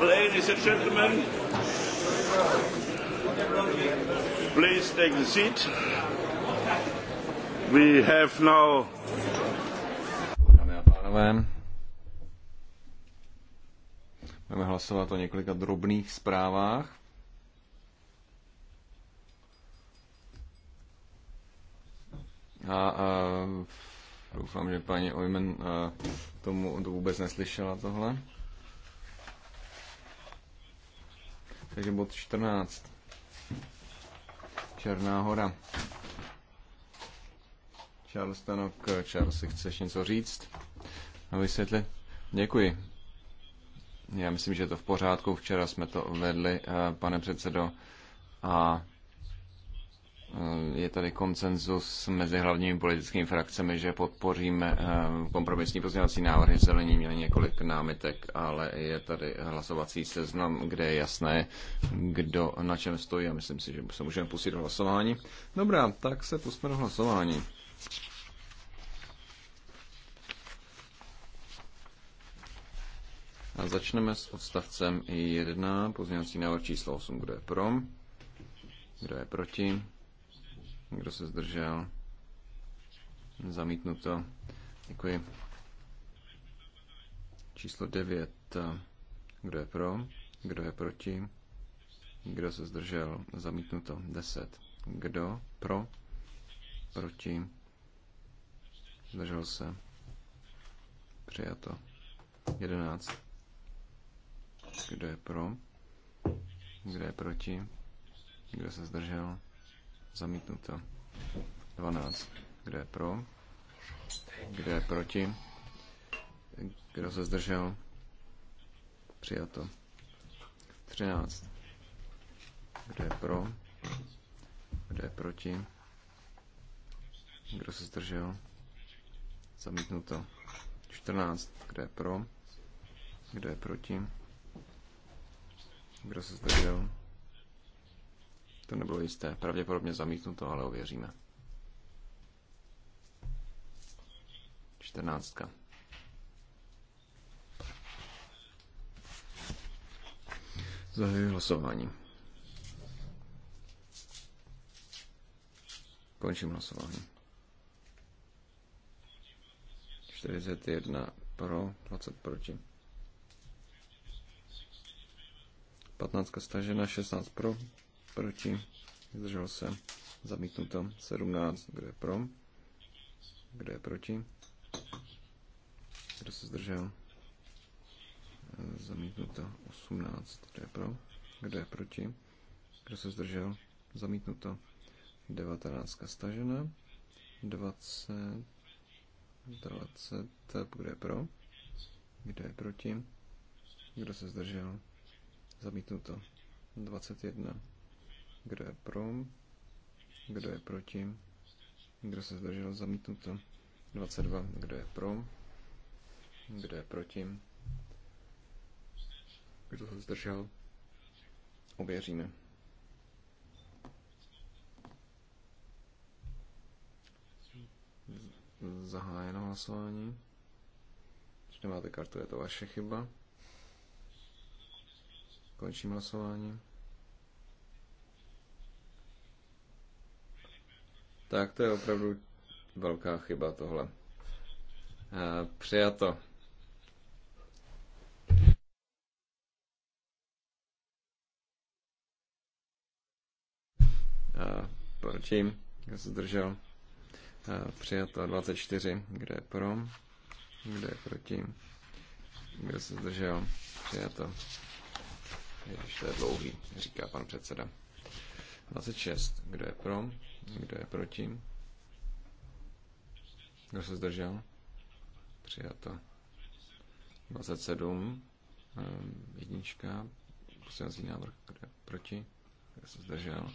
Ladies and gentlemen, please take a seat. We have now... budeme hlasovat o několika drobných zprávách. A, a doufám, že paní Ojmen a, tomu to vůbec neslyšela tohle. Takže bod 14. Černá hora. Charles Tanok, Charles, chceš něco říct? A vysvětlit? Děkuji. Já myslím, že je to v pořádku. Včera jsme to vedli, eh, pane předsedo, a je tady konsenzus mezi hlavními politickými frakcemi, že podpoříme eh, kompromisní pozměňovací návrhy. Zelení měli několik námitek, ale je tady hlasovací seznam, kde je jasné, kdo na čem stojí a myslím si, že se můžeme pustit do hlasování. Dobrá, tak se pustíme do hlasování. A začneme s odstavcem 1, pozměňovací návrh číslo 8, kdo je pro, kdo je proti. Kdo se zdržel? Zamítnuto. Děkuji. Číslo 9. Kdo je pro? Kdo je proti? Kdo se zdržel? Zamítnuto. 10. Kdo? Pro? Proti? Zdržel se? Přijato. 11. Kdo je pro? Kdo je proti? Kdo se zdržel? Zamítnuto. 12. Kdo je pro? Kdo je proti? Kdo se zdržel? Přijato. 13. Kdo je pro? Kdo je proti? Kdo se zdržel? Zamítnuto. 14. Kdo je pro? Kdo je proti? Kdo se zdržel? To nebylo jisté. Pravděpodobně zamítnuto, ale ověříme. Čtrnáctka. Zahajuji hlasování. Končím hlasování. 41 pro, 20 proti. 15 stažena, 16 pro, Proti? Zdržel se. Zamítnuto. 17. Kdo je pro? Kdo je proti? Kdo se zdržel? Zamítnuto. 18. Kdo je pro? Kdo je proti? Kdo se zdržel? Zamítnuto. 19. Stažena. 20. 20. Kdo je pro? Kdo je proti? Kdo se zdržel? Zamítnuto. 21. Kdo je pro? Kdo je proti? Kdo se zdržel? Zamítnuto. 22. Kdo je pro? Kdo je proti? Kdo se zdržel? Ověříme. Zahájeno hlasování. Když nemáte kartu, je to vaše chyba. Končím hlasování. tak to je opravdu velká chyba tohle. Eh, přijato. Eh, proti, Já se držel. Eh, přijato 24, kde je pro, kde je proti, kde se zdržel? Přijato. Ježiš, to je dlouhý, říká pan předseda. 26, Kde je pro, kdo je proti? Kdo se zdržel? Přijato. 27. Ehm, jednička. Poslanecký návrh. Kdo je proti? Kdo se zdržel?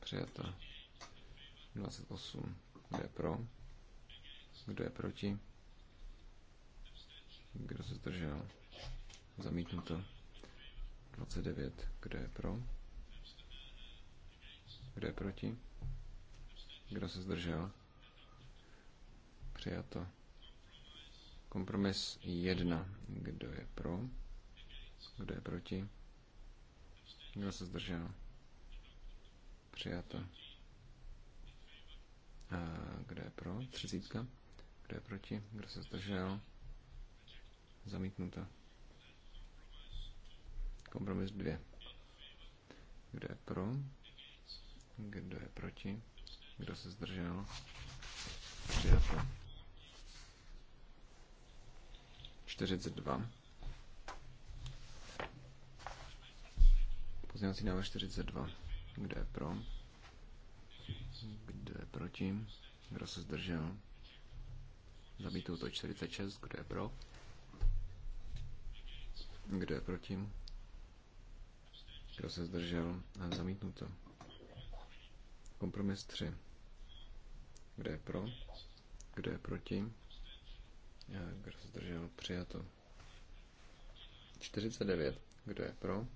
Přijato. 28. Kdo je pro? Kdo je proti? Kdo se zdržel? Zamítnuto. 29. Kdo je pro? Kdo je proti? Kdo se zdržel? Přijato. Kompromis 1. Kdo je pro? Kdo je proti? Kdo se zdržel? Přijato. A kdo je pro? Třicítka. Kdo je proti? Kdo se zdržel? Zamítnuto. Kompromis 2. Kdo je pro? Kdo je proti? Kdo se zdržel? Přijato. 42. Pozměňovací návrh 42. Kdo je pro? Kdo je proti? Kdo se zdržel? Zabítou to 46. Kdo je pro? Kdo je proti? Kdo se zdržel? Zamítnuto. Kompromis 3. Kdo je pro? Kdo je proti? Kdo se zdržel? Přijato. 49. Kdo je pro?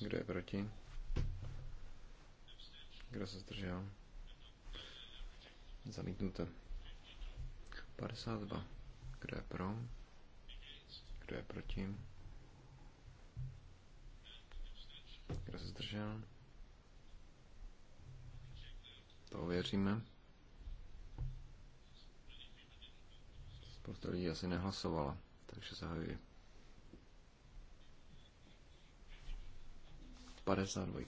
Kdo je proti? Kdo se zdržel? Zamítnuto. 52. Kdo je pro? Kdo je proti? Kdo se zdržel? To ověříme. Spousta lidí asi nehlasovala, takže zahajuji. 52.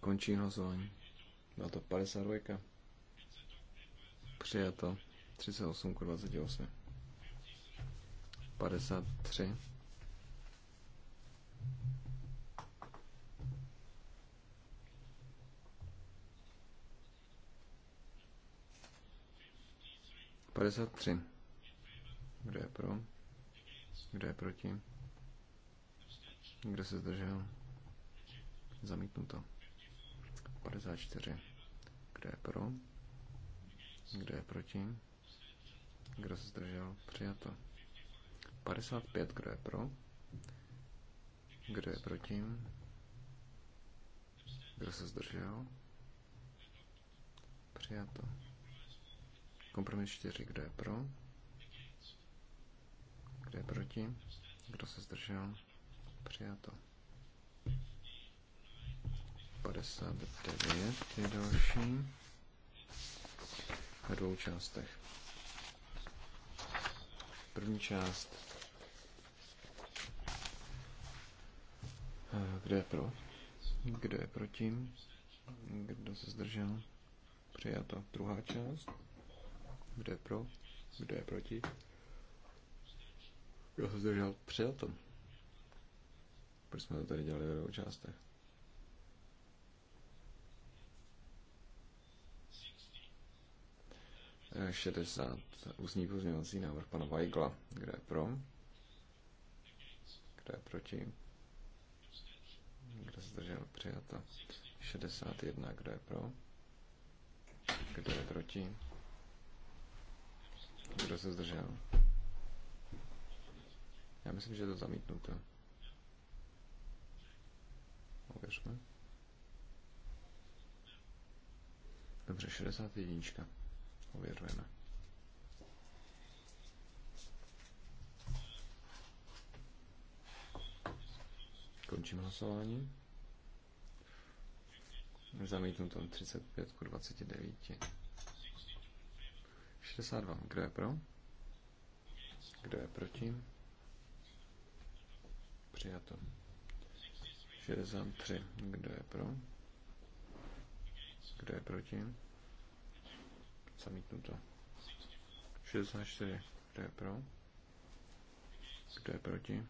Končí hlasování. Byla to 52. Přijato 38 k 28. 53. 53. Kdo je pro? Kdo je proti? Kdo se zdržel? Zamítnuto. 54. Kdo je pro? Kdo je proti? Kdo se zdržel? Přijato. 55. Kdo je pro? Kdo je proti? Kdo se zdržel? Přijato. Kompromis 4, kdo je pro? Kdo je proti? Kdo se zdržel? Přijato. 59 je další. Ve dvou částech. První část. Eh, kdo je pro? Kdo je proti? Kdo se zdržel? Přijato. Druhá část. Kdo je pro? Kdo je proti? Kdo se zdržel? při tom? Proč jsme to tady dělali ve dvou částech? E, 60 ústní pozměnací návrh pana Weigla. Kdo je pro? Kdo je proti? Kdo se zdržel? Přijato. 61. Kdo je pro? Kdo je proti? Kdo se zdržel? Já myslím, že je to zamítnuto. Ověřme. Dobře, 61. Ověřujeme. Končím hlasování. Zamítnuto 35 ku 29. 62. Kdo je pro? Kdo je proti? Přijato. 63. Kdo je pro? Kdo je proti? Zamítnuto. 64. Kdo je pro? Kdo je proti?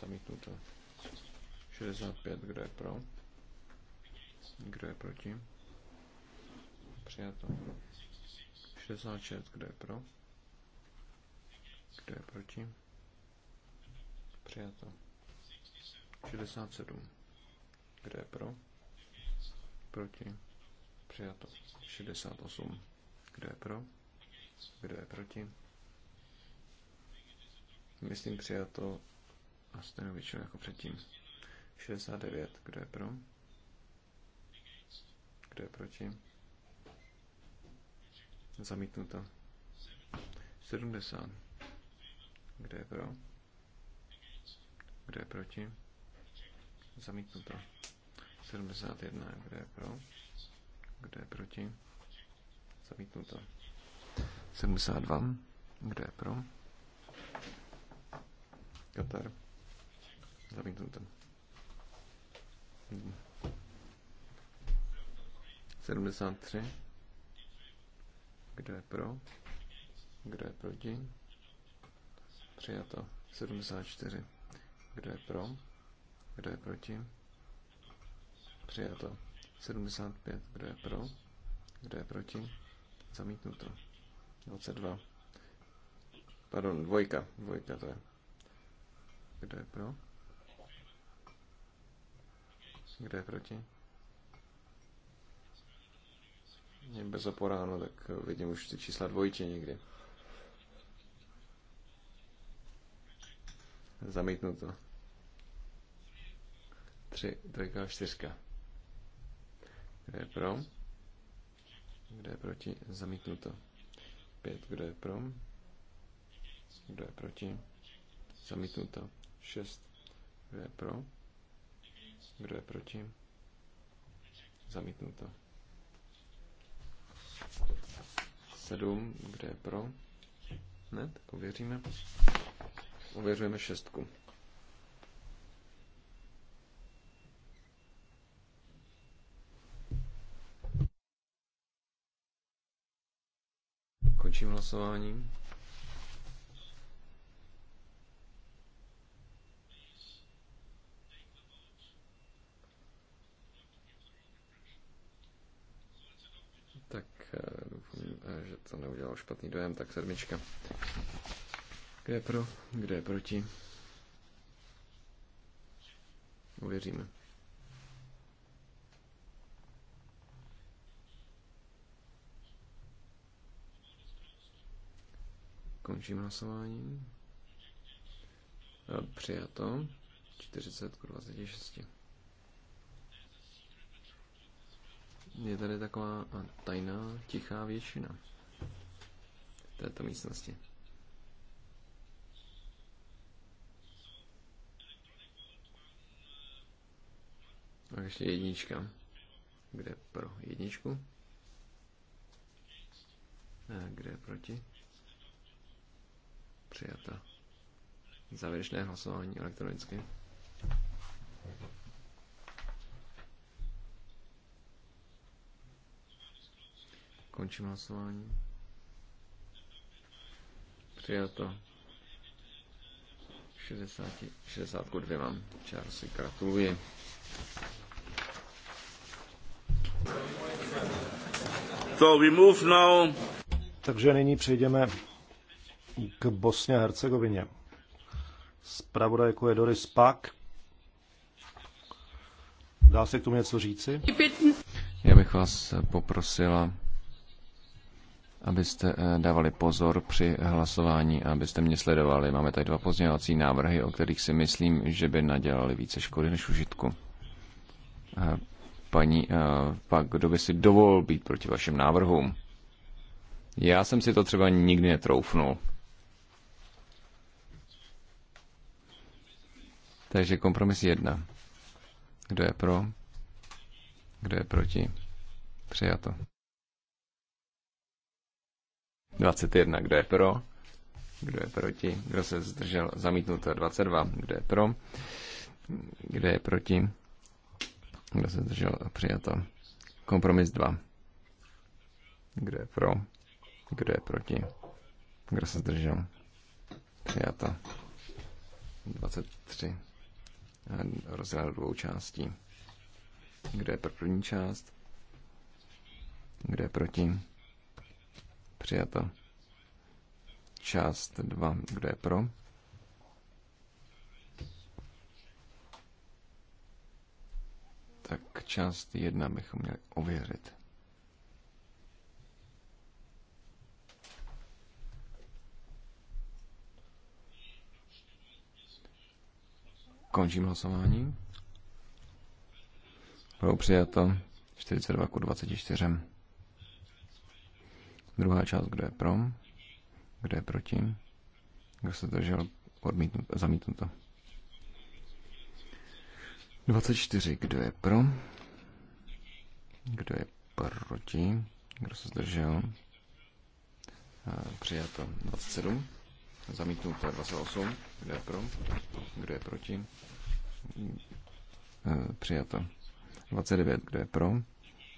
Zamítnuto. 65. Kdo je pro? Kdo je proti? Přijato. 66, kdo je pro? Kdo je proti? Přijato. 67. Kdo je pro? Proti. Přijato. 68. Kdo je pro? Kdo je proti? Myslím přijato a stejnou většinu jako předtím. 69. Kdo je pro? Kdo je proti? Zamítnuto. 70. Kde je pro? Kde je proti? Zamítnuto. 71. Kde je pro? Kde je proti? Zamítnuto. 72. Kde je pro? Katar. Zamítnuto. 73. Kdo je pro? Kdo je proti? Přijato. 74. Kdo je pro? Kdo je proti? Přijato. 75. Kdo je pro? Kdo je proti? Zamítnuto. 22. Pardon, dvojka. Dvojka to je. Kdo je pro? Kdo je proti? je bez opora, no, tak vidím už ty čísla dvojitě někdy. Zamítnu to. Tři, trojka čtyřka. Kde je pro? Kde je proti? to. Pět, kdo je pro? Kdo je proti? to. Šest, kdo je pro? Kdo je proti? to. 7, kde je pro? Ne, tak ověříme. Ověřujeme šestku. Končím hlasování. dělal špatný dojem, tak sedmička. Kde je pro, kde je proti? Uvěříme. Končím hlasování. E, přijato. 40 k 26. Je tady taková tajná, tichá většina této místnosti. A ještě jednička. Kde pro jedničku? A kde je proti? Přijata. Závěrečné hlasování elektronicky. Končím hlasování. Přijato. 60, 62 mám. Charlesi, gratuluji. So we move now. Takže nyní přejdeme k Bosně a Hercegovině. Spravodajku je Doris Pak. Dá se k tomu něco říci? Já bych vás poprosila, abyste eh, dávali pozor při hlasování a abyste mě sledovali. Máme tady dva pozměňovací návrhy, o kterých si myslím, že by nadělali více škody než užitku. Eh, paní, eh, pak kdo by si dovolil být proti vašim návrhům? Já jsem si to třeba nikdy netroufnul. Takže kompromis jedna. Kdo je pro? Kdo je proti? Přijato. 21. Kdo je pro? Kdo je proti? Kdo se zdržel? Zamítnuto 22. Kdo je pro? Kdo je proti? Kdo se zdržel? Přijato. Kompromis 2. Kdo je pro? Kdo je proti? Kdo se zdržel? Přijato. 23. rozdělal dvou částí. Kdo je pro první část? Kdo je proti? přijata Část 2. Kdo je pro? Tak část 1 bychom měli ověřit. Končím hlasování. Bylo přijato 42 ku 24. Druhá část, kdo je pro, kdo je proti, kdo se držel odmítnut, zamítnuto. 24, kdo je pro, kdo je proti, kdo se zdržel, eh, přijato 27, zamítnuto 28, kdo je pro, kdo je proti, eh, přijato 29, kdo je pro,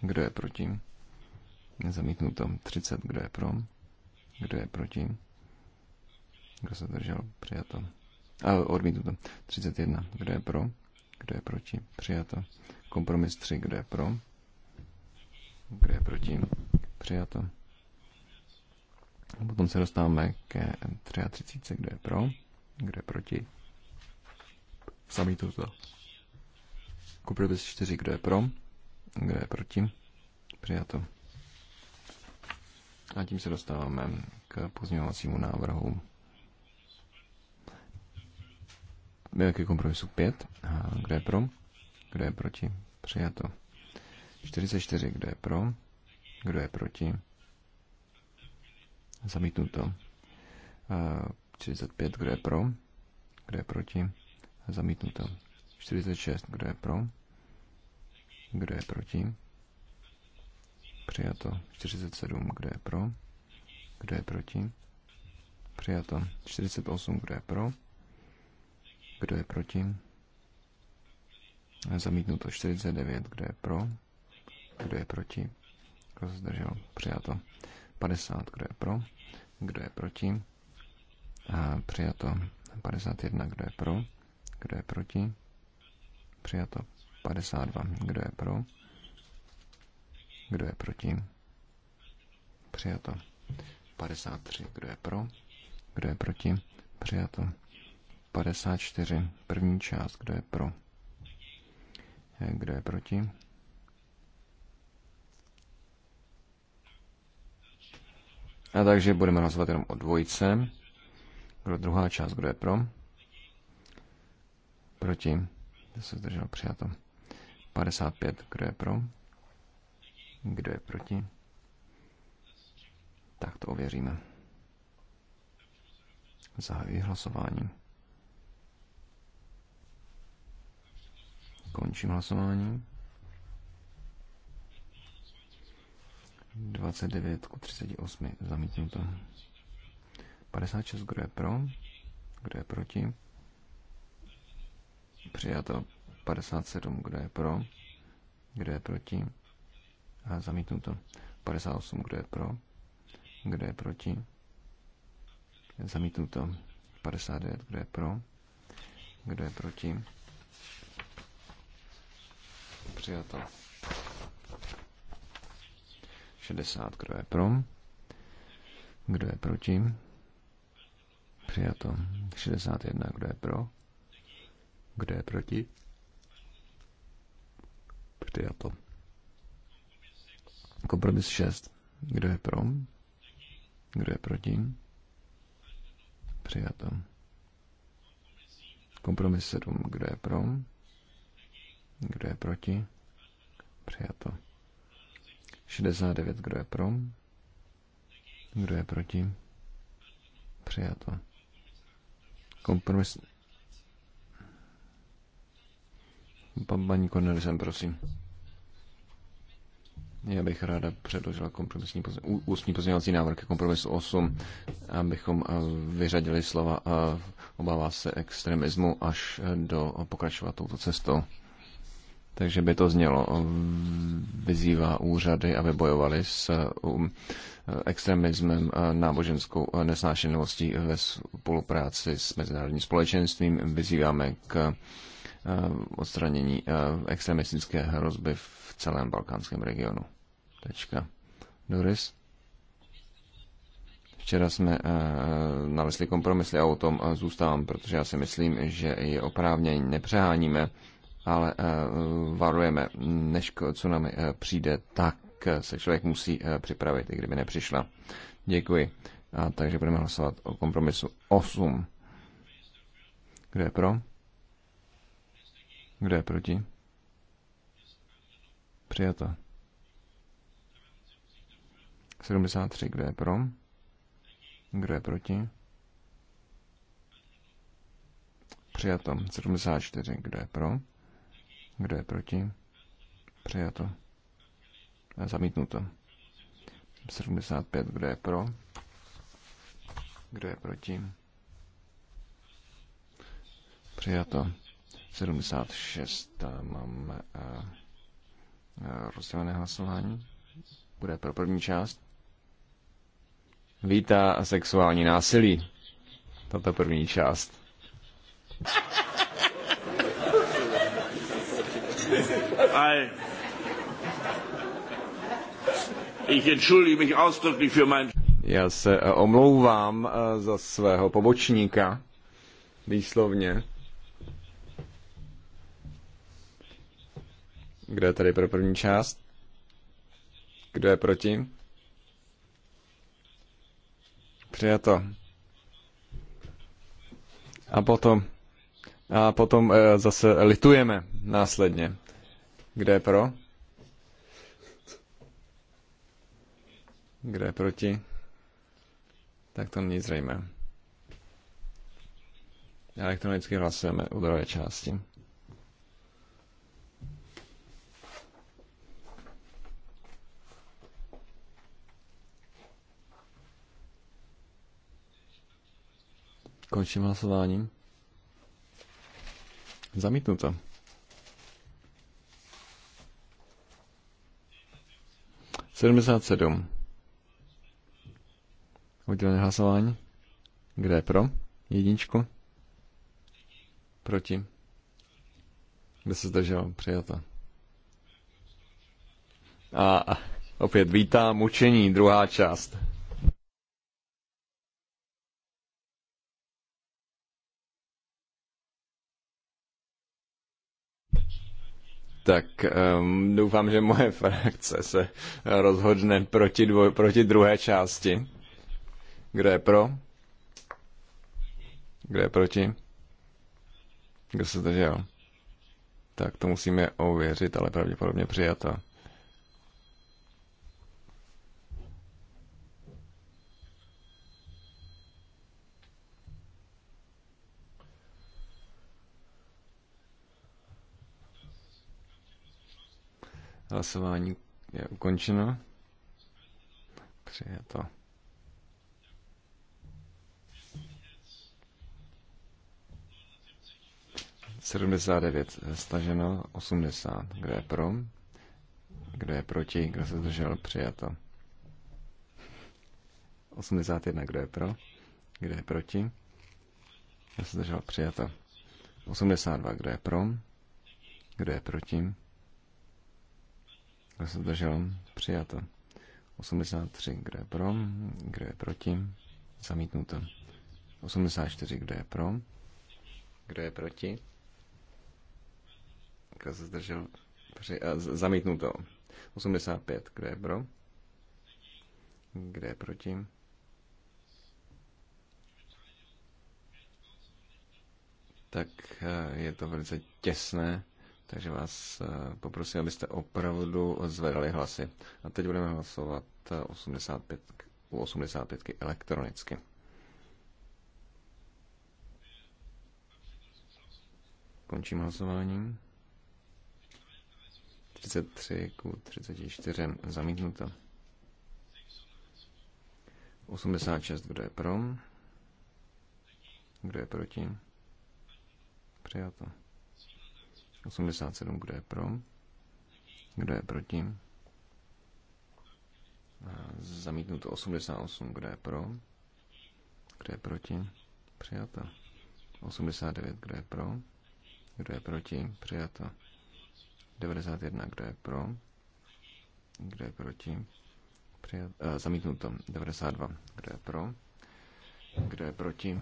kdo je proti, Zamítnuto. 30. Kdo je pro? Kdo je proti? Kdo se držel? Přijato. A odmítnuto. 31. Kdo je pro? Kdo je proti? Přijato. Kompromis 3. Kdo je pro? Kdo je proti? Přijato. A potom se dostáváme ke 33. Kdo je pro? Kdo je proti? Zamítnuto. Kompromis 4. Kdo je pro? Kdo je proti? Přijato. A tím se dostáváme k pozměňovacímu návrhu ke kompromisu 5. A kdo je pro? Kdo je proti? Přijato. 44. Kdo je pro? Kdo je proti? Zamítnuto. 45. Kdo je pro? Kdo je proti? Zamítnuto. 46. Kdo je pro? Kdo je proti? Přijato. 47. Kdo je pro? Kdo je proti? Přijato. 48. Kdo je pro? Kdo je proti? Zamítnuto 49. Kdo je pro? Kdo je proti? Kdo se zdržel? Přijato. 50. Kdo je pro? Kdo je proti? A přijato. 51. Kdo je pro? Kdo je proti? Přijato. 52. Kdo je pro? Kdo je proti? Přijato. 53. Kdo je pro? Kdo je proti? Přijato. 54. První část. Kdo je pro? Eh, kdo je proti? A takže budeme hlasovat jenom o dvojce. Kdo druhá část, kdo je pro? Proti. Kdo se zdržel přijato? 55, kdo je pro? Kdo je proti? Tak to ověříme. Zahajuji hlasování. Končím hlasování. 29 ku 38 zamítnuto. 56, kdo je pro, kdo je proti. Přijato 57, kdo je pro, kdo je proti. A zamítnuto. 58, kdo je pro? Kdo je proti? Zamítnuto. 59, kdo je pro? Kdo je proti? Přijato. 60, kdo je pro? Kdo je proti? Přijato. 61, kdo je pro? Kdo je proti? Přijato. Kompromis 6. Kdo je pro? Kdo je proti? Přijato. Kompromis 7. Kdo je pro? Kdo je proti? Přijato. 69. Kdo je pro? Kdo je proti? Přijato. Kompromis... Paní Kornelisem, prosím. Já bych ráda předložila kompromisní pozně, ústní pozměňovací návrh ke kompromisu 8, abychom eh, vyřadili slova eh, obává se extremismu až eh, do pokračovat touto cestou. Takže by to znělo, vyzývá úřady, aby bojovali s um, extremismem, náboženskou nesnášenlivostí ve spolupráci s mezinárodním společenstvím. Vyzýváme k Eh, odstranění eh, extremistické hrozby v celém balkánském regionu. Tečka. Doris? Včera jsme eh, nalezli kompromisy a o tom zůstávám, protože já si myslím, že je oprávnění nepřeháníme, ale varujeme, než tsunami přijde, tak se člověk musí připravit, i kdyby nepřišla. Děkuji. A takže budeme hlasovat o kompromisu 8. Kdo je pro? Kdo je proti? Přijato. 73. Kdo je pro? Kdo je proti? Přijato. 74. Kdo je pro? Kdo je proti? Přijato. Zamítnuto. 75. Kdo je pro? Kdo je proti? Přijato. 76 mám rozdělené hlasování. Bude pro první část. Vítá sexuální násilí. Tato první část. I, ich entschuldige mich ausdrücklich für mein... Já se e, omlouvám e, za svého pobočníka, výslovně. Kdo je tady pro první část? Kdo je proti? Přijato. A potom, a potom e, zase litujeme následně. Kde je pro? Kde je proti? Tak to není zřejmé. Elektronicky hlasujeme u druhé části. Končím hlasování. Zamítnuto. Sedmdesát sedm. Udělené hlasování. Kde je pro? Jedničku. Proti. Kde se zdržel? Přijato. A opět vítám učení, druhá část. tak um, doufám, že moje frakce se rozhodne proti, dvoj, proti druhé části. Kdo je pro? Kdo je proti? Kdo se dělal? Tak to musíme ověřit, ale pravděpodobně přijato. Hlasování je ukončeno. Přijato. Sedmdesát devět eh, staženo, osmdesát. Kdo je pro? Kdo je proti? Kdo se zdržel? Přijato. 81, kdo je pro? Kdo je proti? Kdo se zdržel? Přijato. 82, kdo je pro? Kdo je proti? Kdo se zdržel? Přijato. 83, kdo je pro? Kdo je proti? Zamítnuto. 84, kdo je pro? Kdo je proti? Kdo se zdržel? Při... zamítnuto. 85, kdo je pro? Kdo je proti? Tak eh, je to velice těsné. Takže vás eh, poprosím, abyste opravdu zvedali hlasy. A teď budeme hlasovat 85, eh, u 85 elektronicky. Končím hlasování. 33 ku 34 zamítnuto. 86, kdo je pro? Kdo je proti? Přijato. 87, kdo je pro, kdo je proti. Zamítnuto 88, kdo je pro, kdo je proti, přijato. 89, kdo je pro, kdo je proti, přijato. 91, kdo je pro, kdo je proti, Přijato. zamítnuto. 92, kdo je pro, kdo je proti,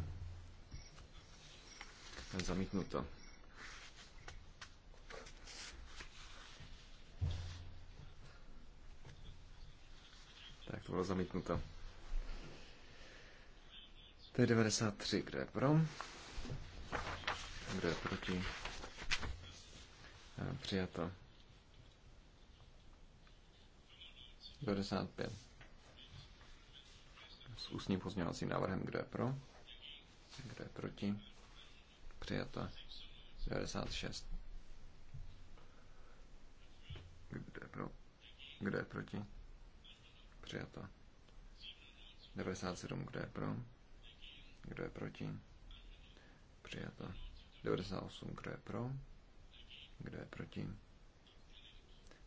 zamítnuto. Tak to bylo zamítnuto. To je 93, kdo je pro? Kdo je proti? Eh, přijato. 95. S ústním pozměňovacím návrhem, kdo je pro? Kdo je proti? Přijato. 96. Kdo je pro? Kdo je proti? Přijato. 97, kdo je pro? Kdo je proti? Přijato. 98, kdo je pro? Kdo je proti?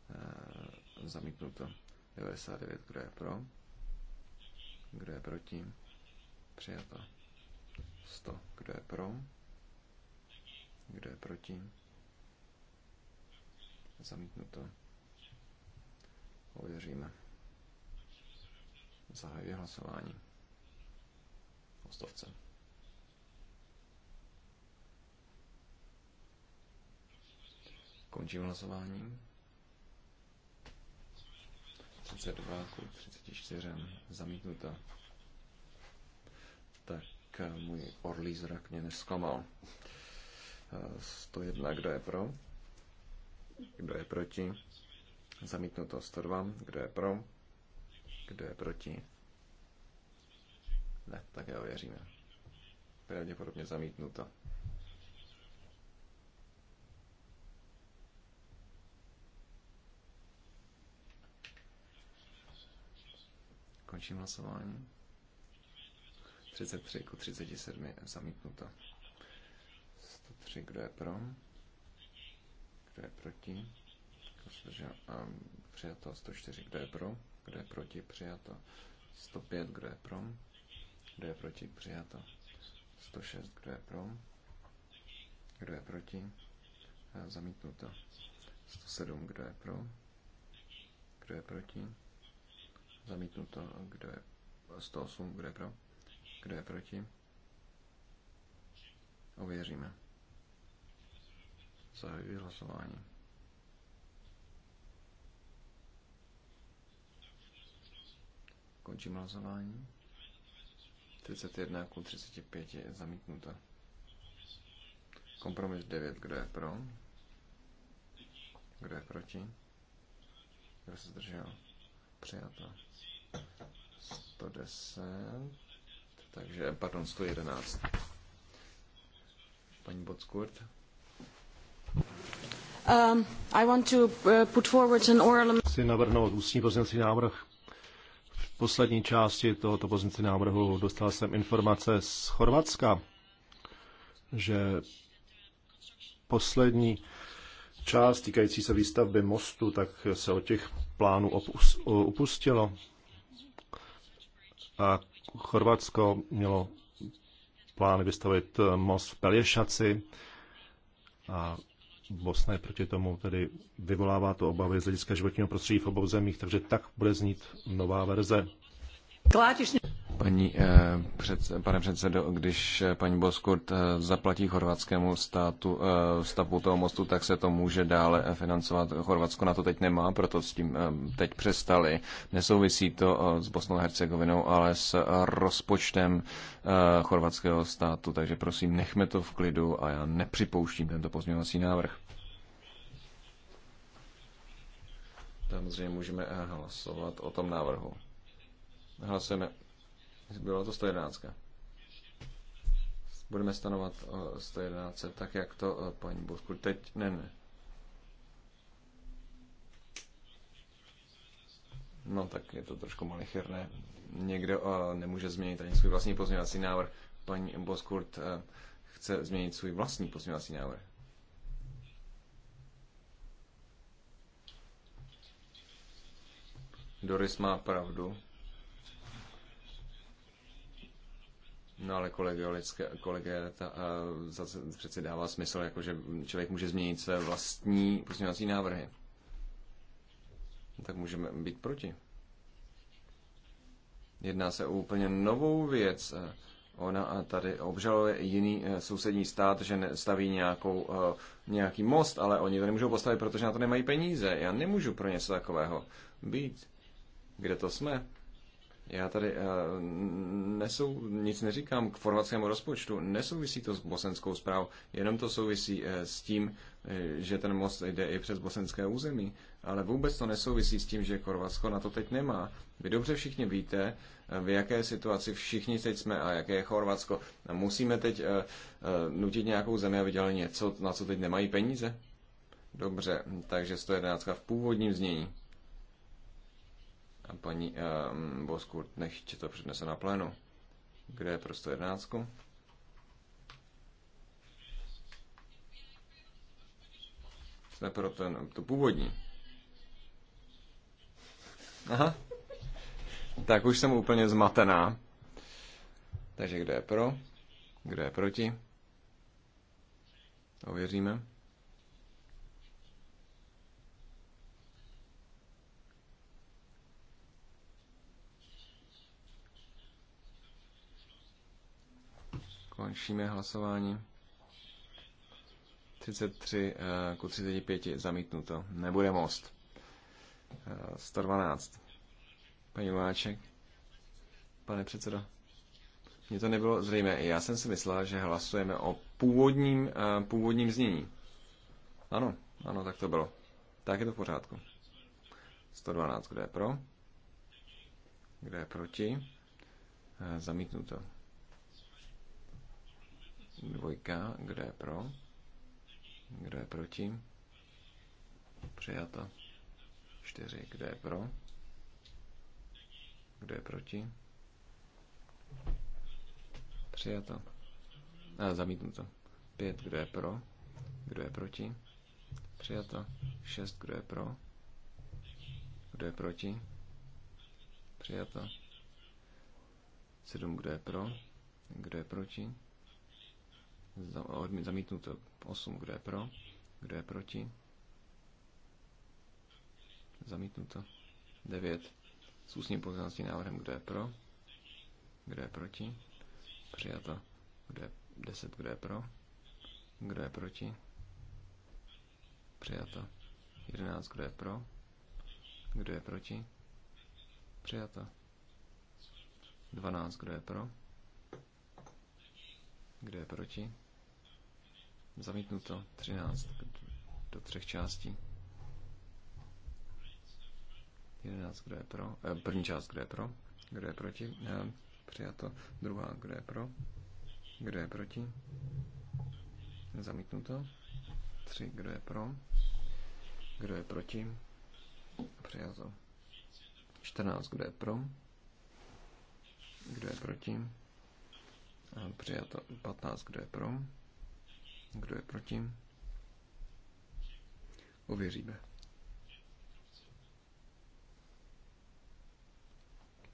E, zamítnuto. 99, kdo je pro? Kdo je proti? Přijato. 100, kdo je pro? Kdo je proti? Zamítnuto. Ověříme. Zahajuji hlasování. Ostovce. Končím hlasování. 32 k 34 zamítnuta. Tak eh, můj orlý zrak mě nesklamal. 101, eh, kdo je pro? Kdo je proti? Zamítnuto 102, kdo je pro? Kdo je proti? Ne, tak já ověříme. Pravděpodobně zamítnuto. Končím hlasování. 33 ku 37 je zamítnuto. 103, kdo je pro? Kdo je proti? Kdo se držel? A ehm, přijato 104, kdo je pro? kdo je proti, přijato. 105, kdo je pro, kdo je proti, přijato. 106, kdo je pro, kdo je proti, eh, zamítnuto. 107, kdo je pro, kdo je proti, zamítnuto, kdo je 108, kdo je pro, kdo je proti. Ověříme. Zahajuji hlasování. Končím hlasování. 31 k 35 je zamítnuto. Kompromis 9, kdo je pro? Kdo je proti? Kdo se zdržel? Přijato. 110, takže, pardon, 111. Paní Bockurt. Um, I want to uh, put forward an oral... Chci navrhnout ústní pozměnací návrh poslední části tohoto pozměnci návrhu dostal jsem informace z Chorvatska, že poslední část týkající se výstavby mostu, tak se od těch plánů upustilo. A Chorvatsko mělo plány vystavit most v Pelješaci a Bosna je proti tomu, tedy vyvolává to obavy z hlediska životního prostředí v obou zemích, takže tak bude znít nová verze. Klátišně. Paní, eh, před, pane předsedo, když eh, paní Boskurt eh, zaplatí chorvatskému státu stavbu toho mostu, tak se to může dále financovat. Chorvatsko na to teď nemá, proto s tím teď přestali. Nesouvisí to s Bosnou a Hercegovinou, ale s rozpočtem chorvatského státu, takže prosím, nechme to v klidu a já nepřipouštím tento pozměňovací návrh. Tam zřejmě můžeme hlasovat o tom návrhu. Hlasujeme bylo to 111. Budeme stanovat eh, o 111, tak jak to eh, paní Bosku teď, ne, ne. No tak je to trošku malicherné. Někdo uh, nemůže změnit ani svůj vlastní pozměňovací návrh. Paní Boskurt uh, chce změnit svůj vlastní pozměňovací návrh. Doris má pravdu. No ale kolegialita přeci dává smysl, jako že člověk může změnit své vlastní pozměňovací návrhy. Tak můžeme být proti. Jedná se o úplně novou věc. Ona tady obžaluje jiný e, sousední stát, že staví nějakou, e, nějaký most, ale oni to nemůžou postavit, protože na to nemají peníze. Já nemůžu pro něco takového být. Kde to jsme? Já tady eh, nesou, nic neříkám k formatskému rozpočtu, nesouvisí to s bosenskou zprávou, jenom to souvisí eh, s tím, eh, že ten most jde i přes bosenské území, ale vůbec to nesouvisí s tím, že Chorvatsko na to teď nemá. Vy dobře všichni víte, v jaké situaci všichni teď jsme a jaké je Chorvatsko. Musíme teď nutit nějakou zemi, aby dělali něco, na co teď nemají peníze? Dobře, takže 111 v původním znění paní um, Boskurt, nechť to přednese na plénu. Kde je pro 111? Jsme pro ten, tu původní. Aha. Tak už jsem úplně zmatená. Takže kde je pro? Kde je proti? Ověříme. Končíme hlasování. 33 eh, ku 35 zamítnuto. Nebude most. 112. Pani Váček. Pane předsedo. Mně to nebylo zřejmé. Já jsem si myslel, že hlasujeme o původním, eh, původním znění. Ano, ano, tak to bylo. Tak je to v pořádku. 112, kde je pro? Kde je proti? Eh, zamítnuto. Dvojka, kdo je pro? Kdo je proti? přijato, Čtyři, kdo je pro? Kdo je proti? Přijato. A zamítnuto. Pět, kdo je pro? Kdo je proti? Přijato. Šest, kdo je pro? Kdo je proti? Přijato. Sedm, kdo je pro? Kdo je proti? Zamítnuto 8. Kdo je pro? Kdo je proti? Zamítnuto 9. S ústním pozornostním návrhem. Kdo je pro? Kdo je proti? Přijato. Kdo je 10. Kdo je pro? Kdo je proti? Přijato. 11. Kdo je pro? Kdo je proti? Přijato. 12. Kdo je pro? Kdo je proti? Zamítnuto 13 do třech částí. 11, kdo je pro? Eh, první část, kdo je pro? Kdo je proti? Eh, přijato. Druhá, kdo je pro? Kdo je proti? Zamítnuto. 3. kdo je pro? Kdo je proti? Přijato. 14, kdo je pro? Kdo je proti? Přijato 15. Kdo je pro? Kdo je proti? Ověříme.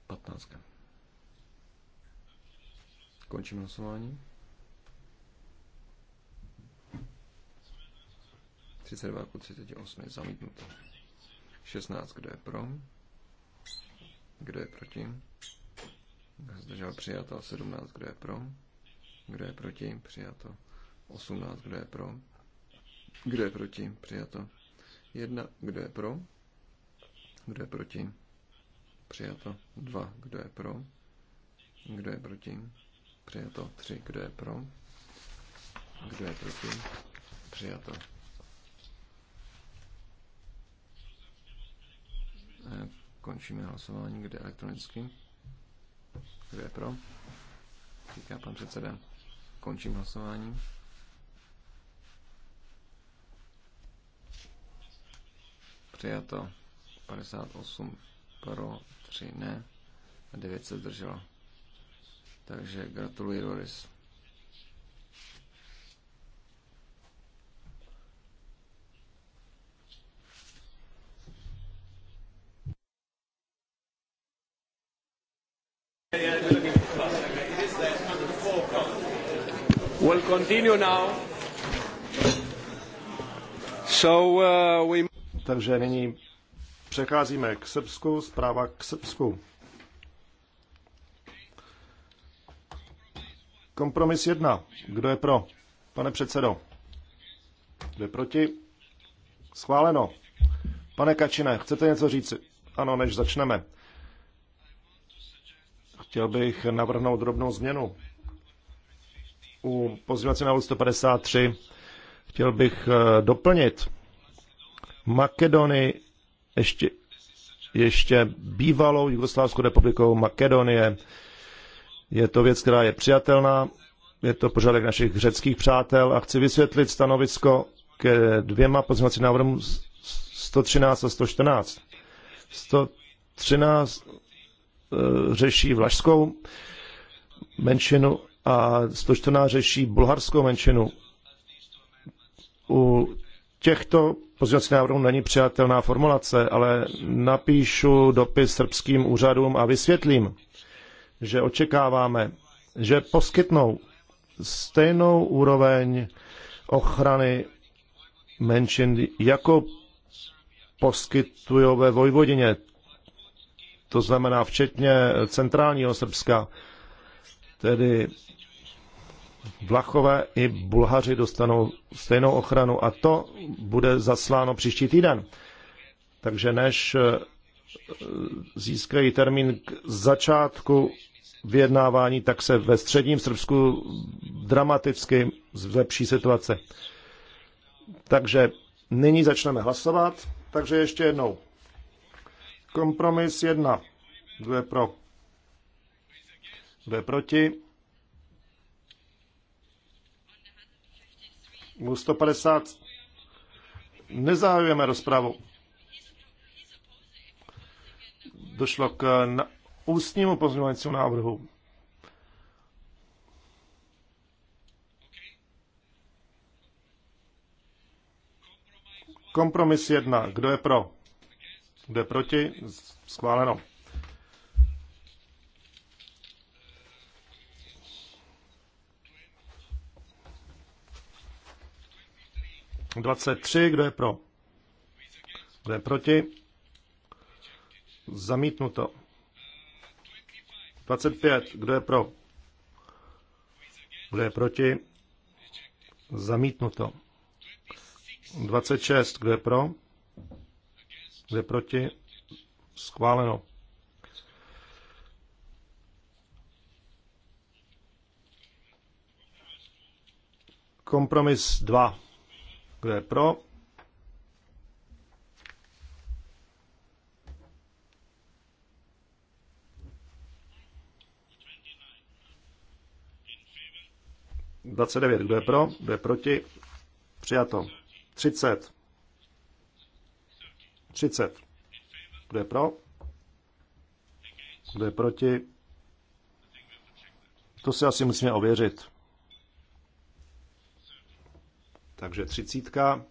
15. Končím hlasování. 32 ku 38 je zamítnuto. 16. Kdo je pro? Kdo je proti? zdržel přijato 17, kdo je pro, kdo je proti, přijato 18, kdo je pro, kdo je proti, přijato 1, kdo je pro, kdo je proti, přijato 2, kdo je pro, kdo je proti, přijato 3, kdo je pro, kdo je proti, přijato. Eh, končíme hlasování, kde elektronicky. Kdo je pro? Říká pan předseda. Končím hlasování. Přijato 58 pro, 3 ne a 9 se zdrželo. Takže gratuluji Doris. We'll continue now. So, uh, we... Takže nyní přecházíme k Srbsku, zpráva k Srbsku. Kompromis jedna. Kdo je pro? Pane předsedo. Kdo je proti? Schváleno. Pane Kačine, chcete něco říct? Ano, než začneme. Chtěl bych navrhnout drobnou změnu. U pozvěvací návrhu 153 chtěl bych eh, doplnit Makedony ještě, ještě bývalou Jugoslávskou republikou Makedonie. Je to věc, která je přijatelná, je to požadavek našich řeckých přátel a chci vysvětlit stanovisko ke dvěma pozměňovacím návrhům 113 a 114. 113 Eh, řeší vlašskou menšinu a 114 řeší bulharskou menšinu. U těchto pozvěcí návrhů není přijatelná formulace, ale napíšu dopis srbským úřadům a vysvětlím, že očekáváme, že poskytnou stejnou úroveň ochrany menšin, jako poskytují ve Vojvodině to znamená včetně centrálního Srbska, tedy Vlachové i Bulhaři dostanou stejnou ochranu a to bude zasláno příští týden. Takže než eh, získají termín k začátku vyjednávání, tak se ve středním Srbsku dramaticky zlepší situace. Takže nyní začneme hlasovat. Takže ještě jednou. Kompromis 1. Kdo je pro? Kdo je proti? U 150 nezahajujeme rozpravu. Došlo k na, ústnímu pozměňovacímu návrhu. Kompromis 1. Kdo je pro? Kdo je proti? Schváleno. Dvacet tři, kdo je pro? Kdo je proti? Zamítnuto. pět. Kdo je pro? Kdo je proti? Zamítnuto. šest. Kdo je pro? Kde proti? Schváleno. Kompromis 2. Kdo je pro? Dvacet devět. Kdo je pro? Kdo je proti? Přijato. Třicet. 30. Kdo je pro? Kdo je proti? To si asi musíme ověřit. Takže třicítka.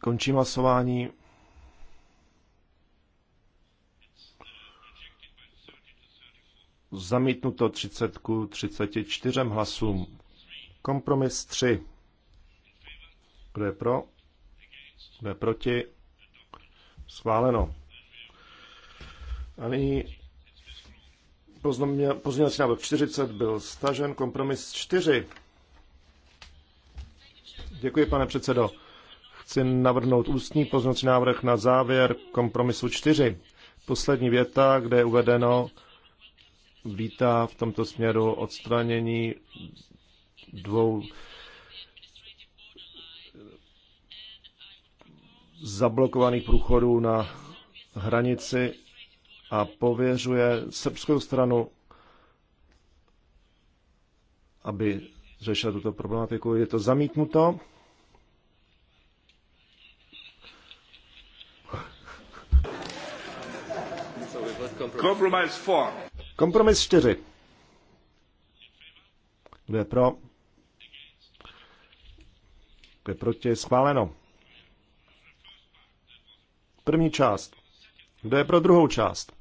Končím hlasování. Zamítnuto 30 ku 34 hlasům. Kompromis 3. Kdo je pro? Kdo je proti? Schváleno. A nyní pozměňovací návrh 40 byl stažen, kompromis 4. Děkuji, pane předsedo. Chci navrhnout ústní pozměňovací návrh na závěr kompromisu 4. Poslední věta, kde je uvedeno, vítá v tomto směru odstranění dvou zablokovaných průchodů na hranici a pověřuje srbskou stranu, aby řešila tuto problematiku. Je to zamítnuto. Kompromis 4. Kompromis 4. Kdo je pro? Kdo je proti? Schváleno. První část. Kdo je pro druhou část?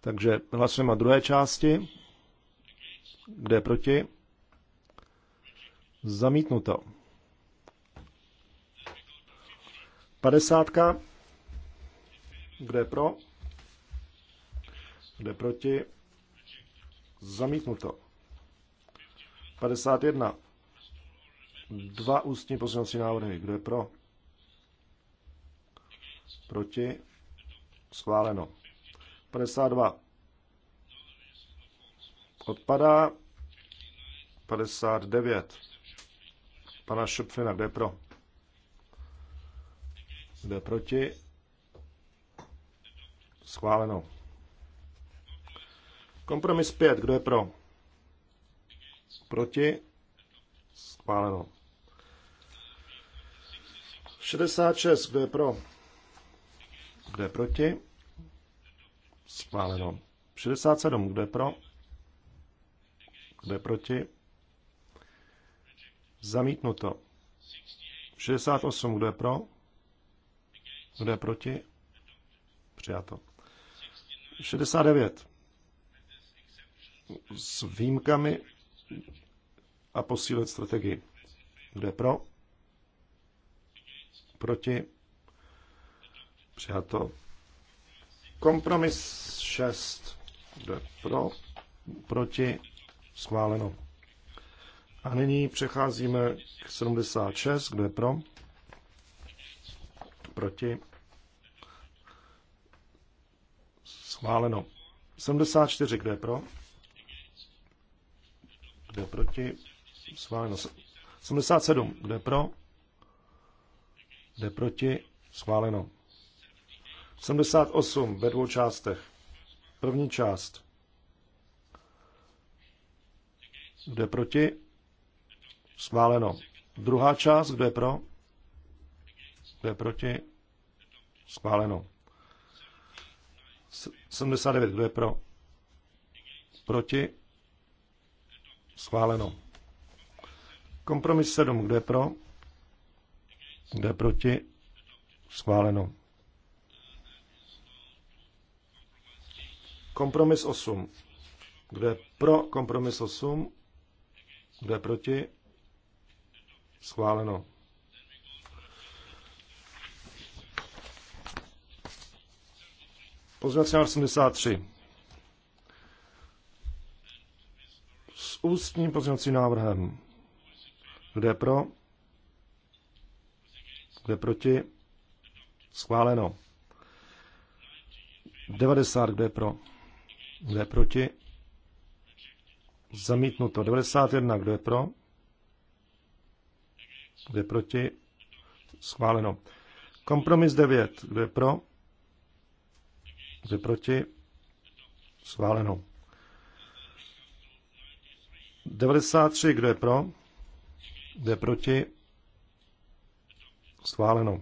Takže hlasujeme o druhé části. Kdo je proti? Zamítnuto. Padesátka. Kdo je pro? Kdo je proti? Zamítnuto. 51. Dva ústní poslanci návrhy. Kdo je pro? Proti? Schváleno. 52. Odpadá. 59. Pana Šupfina, kde pro? Kde proti? Schváleno. Kompromis 5. Kdo je pro? Proti? Schváleno. 66. Kdo je pro? Kdo je proti? Schváleno. 67. Kdo je pro? Kdo je proti? Zamítnuto. 68. Kdo je pro? Kdo je proti? Přijato. 69. S výjimkami a posílit strategii. Kdo je pro? Proti? Přijato. Kompromis 6. Kdo je pro? Proti? Schváleno. A nyní přecházíme k 76. Kdo je pro? Proti? Schváleno. 74. Kdo je pro? Kdo je proti? Schváleno. 77. Kdo je pro? Kdo je proti? Schváleno. 78 ve dvou částech. První část. Kdo je proti? Schváleno. Druhá část, kdo je pro? Kdo je proti? Schváleno. 79, kdo je pro? Proti? Schváleno. Kompromis 7, kdo je pro? Kdo je proti? Schváleno. Kompromis 8. Kdo je pro kompromis 8? Kdo je proti? Schváleno. Pozměnací 83. S ústním pozměnacím návrhem. Kdo je pro? Kdo je proti? Schváleno. 90, kdo je pro? Kdo je proti? Zamítnuto. 91. Kdo je pro? Kdo je proti? Schváleno. Kompromis 9. Kdo je pro? Kdo je proti? Schváleno. 93. Kdo je pro? Kdo je proti? Schváleno.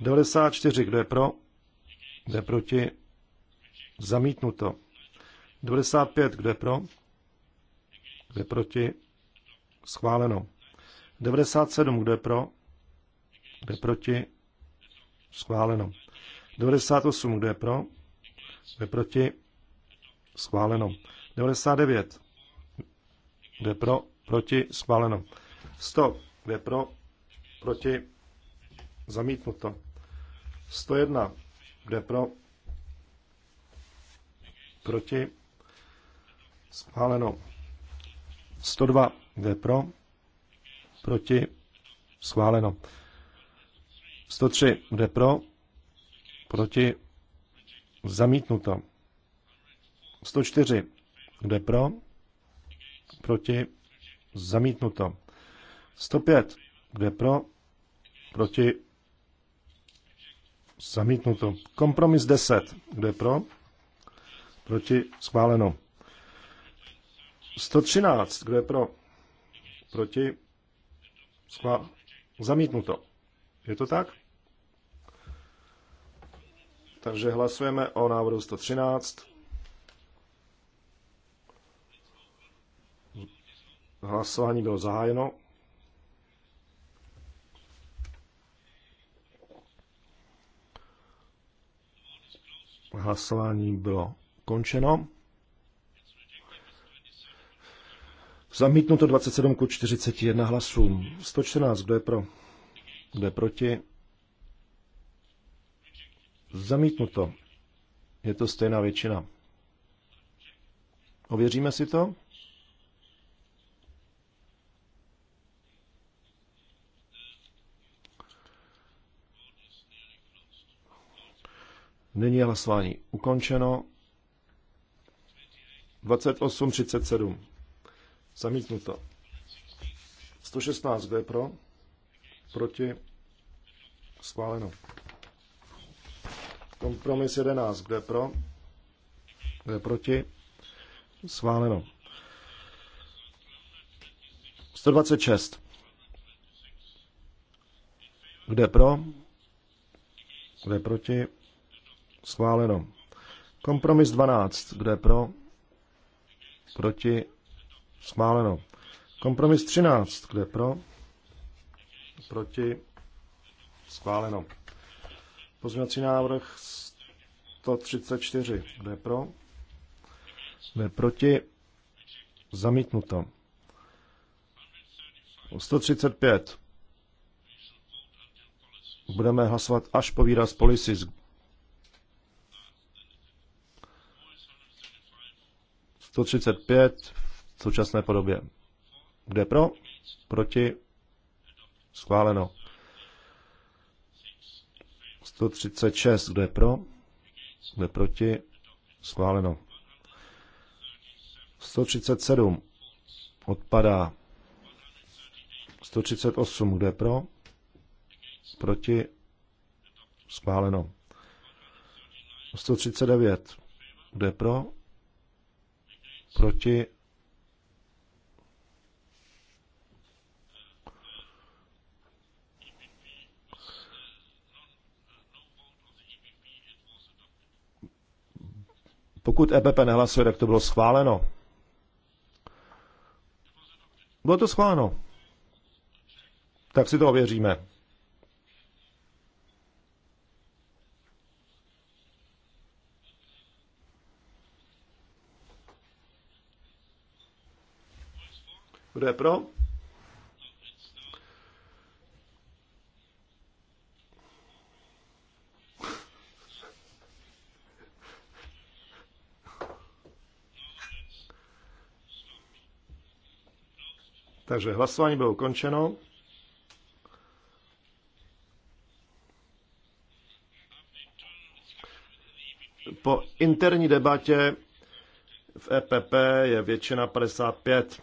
94. Kdo je pro? Kdo je proti? Zamítnuto. 95, kdo je pro? Kdo je proti? Schváleno. 97, kdo je pro? Kdo je proti? Schváleno. 98, kdo je pro? Kdo je proti? Schváleno. 99, kdo je pro? Proti? Schváleno. 100, kdo je pro? Proti? Zamítnuto. 101, kdo je pro? Proti? Schváleno. 102. jde pro? Proti? Schváleno. 103. jde pro? Proti? Zamítnuto. 104. jde pro? Proti? Zamítnuto. 105. jde pro? Proti? Zamítnuto. Kompromis 10. jde pro? Proti? Schváleno. 113, kdo je pro? Proti? Schvál. Zamítnuto. Je to tak? Takže hlasujeme o návrhu 113. Hlasování bylo zahájeno. Hlasování bylo končeno. Zamítnuto 27 ku 41 hlasům. 114, kdo je pro? Kdo je proti? Zamítnuto. Je to stejná většina. Ověříme si to? Nyní hlasování ukončeno. 28.37. Zamítnuto. 116, kdo pro? Proti? Schváleno. Kompromis 11, kdo pro? Kdo proti? Schváleno. 126. Kdo pro? Kdo proti? Schváleno. Kompromis 12. Kdo pro? Proti? Schváleno. Kompromis 13. Kdo je pro? Proti? Schváleno. Pozměňovací návrh 134. Kdo je pro? Kdo je proti? Zamítnuto. 135. Budeme hlasovat až po výraz To 35 v současné podobě. Kde pro? Proti? Schváleno. 136, Kde pro? Kde proti? Schváleno. 137 odpadá. 138, Kde pro? Proti? Schváleno. 139, Kde pro? Proti? Pokud EPP nehlasuje, tak to bylo schváleno. Bylo to schváleno. Tak si to ověříme. Kdo je pro? Takže hlasování bylo ukončeno. Po interní debatě v EPP je většina 55.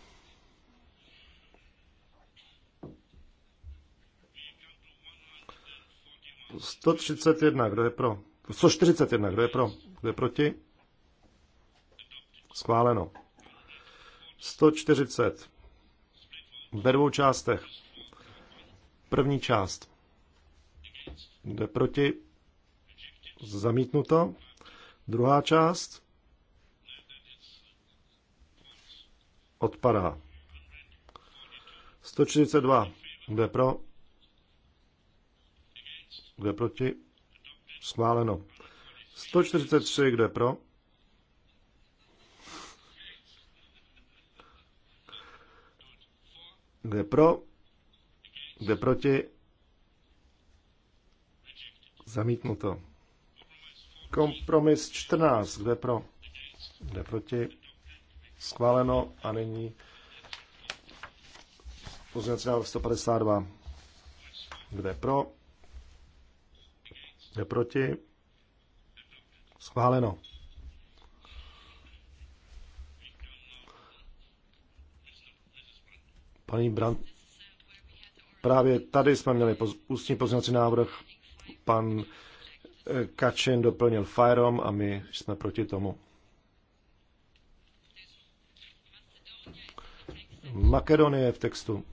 Po 131, kdo je pro? 141 kdo je pro? Kdo je proti? Schváleno. 140 ve dvou částech. První část jde proti zamítnuto. Druhá část odpadá. 142 jde pro, jde proti, schváleno. 143 jde pro, Kde pro? Kde proti? Zamítnuto. Kompromis 14. Kde pro? Kde proti? Schváleno a nyní pozměnací 152. Kde pro? Kde proti? Schváleno. Paní Brand, právě tady jsme měli poz, ústní pozměnací návrh. Pan eh, Kačin doplnil Firom a my jsme proti tomu. Makedonie v textu.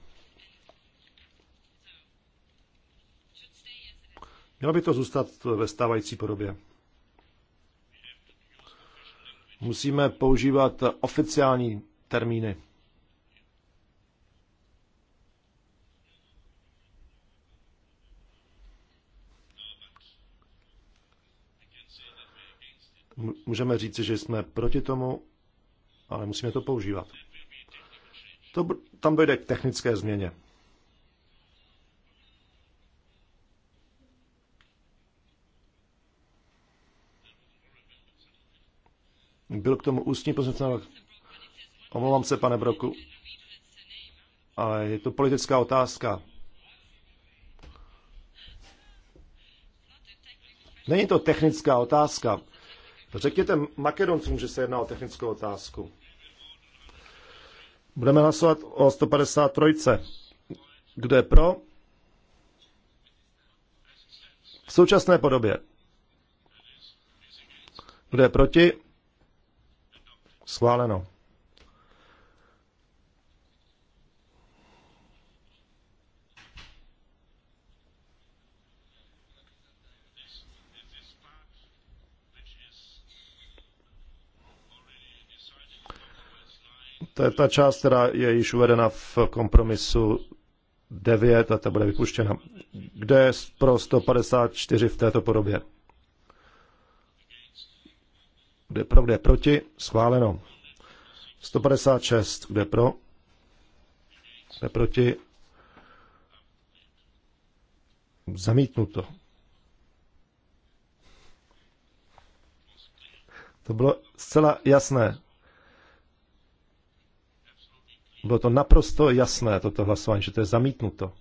Mělo by to zůstat ve stávající podobě. Musíme používat oficiální termíny. můžeme říci, že jsme proti tomu, ale musíme to používat. To, tam dojde k technické změně. Byl k tomu ústní pozměnce. Omlouvám se, pane Broku, ale je to politická otázka. Není to technická otázka, Řekněte Makedoncům, že se jedná o technickou otázku. Budeme hlasovat o 153. Kdo je pro? V současné podobě. Kdo je proti? Schváleno. To je ta část, která je již uvedena v kompromisu 9 a ta bude vypuštěna. Kde je pro 154 v této podobě? Kde pro, kde proti? Schváleno. 156, kde pro? Kde proti? Zamítnuto. To bylo zcela jasné. Bylo to naprosto jasné, toto hlasování, že to je zamítnuto.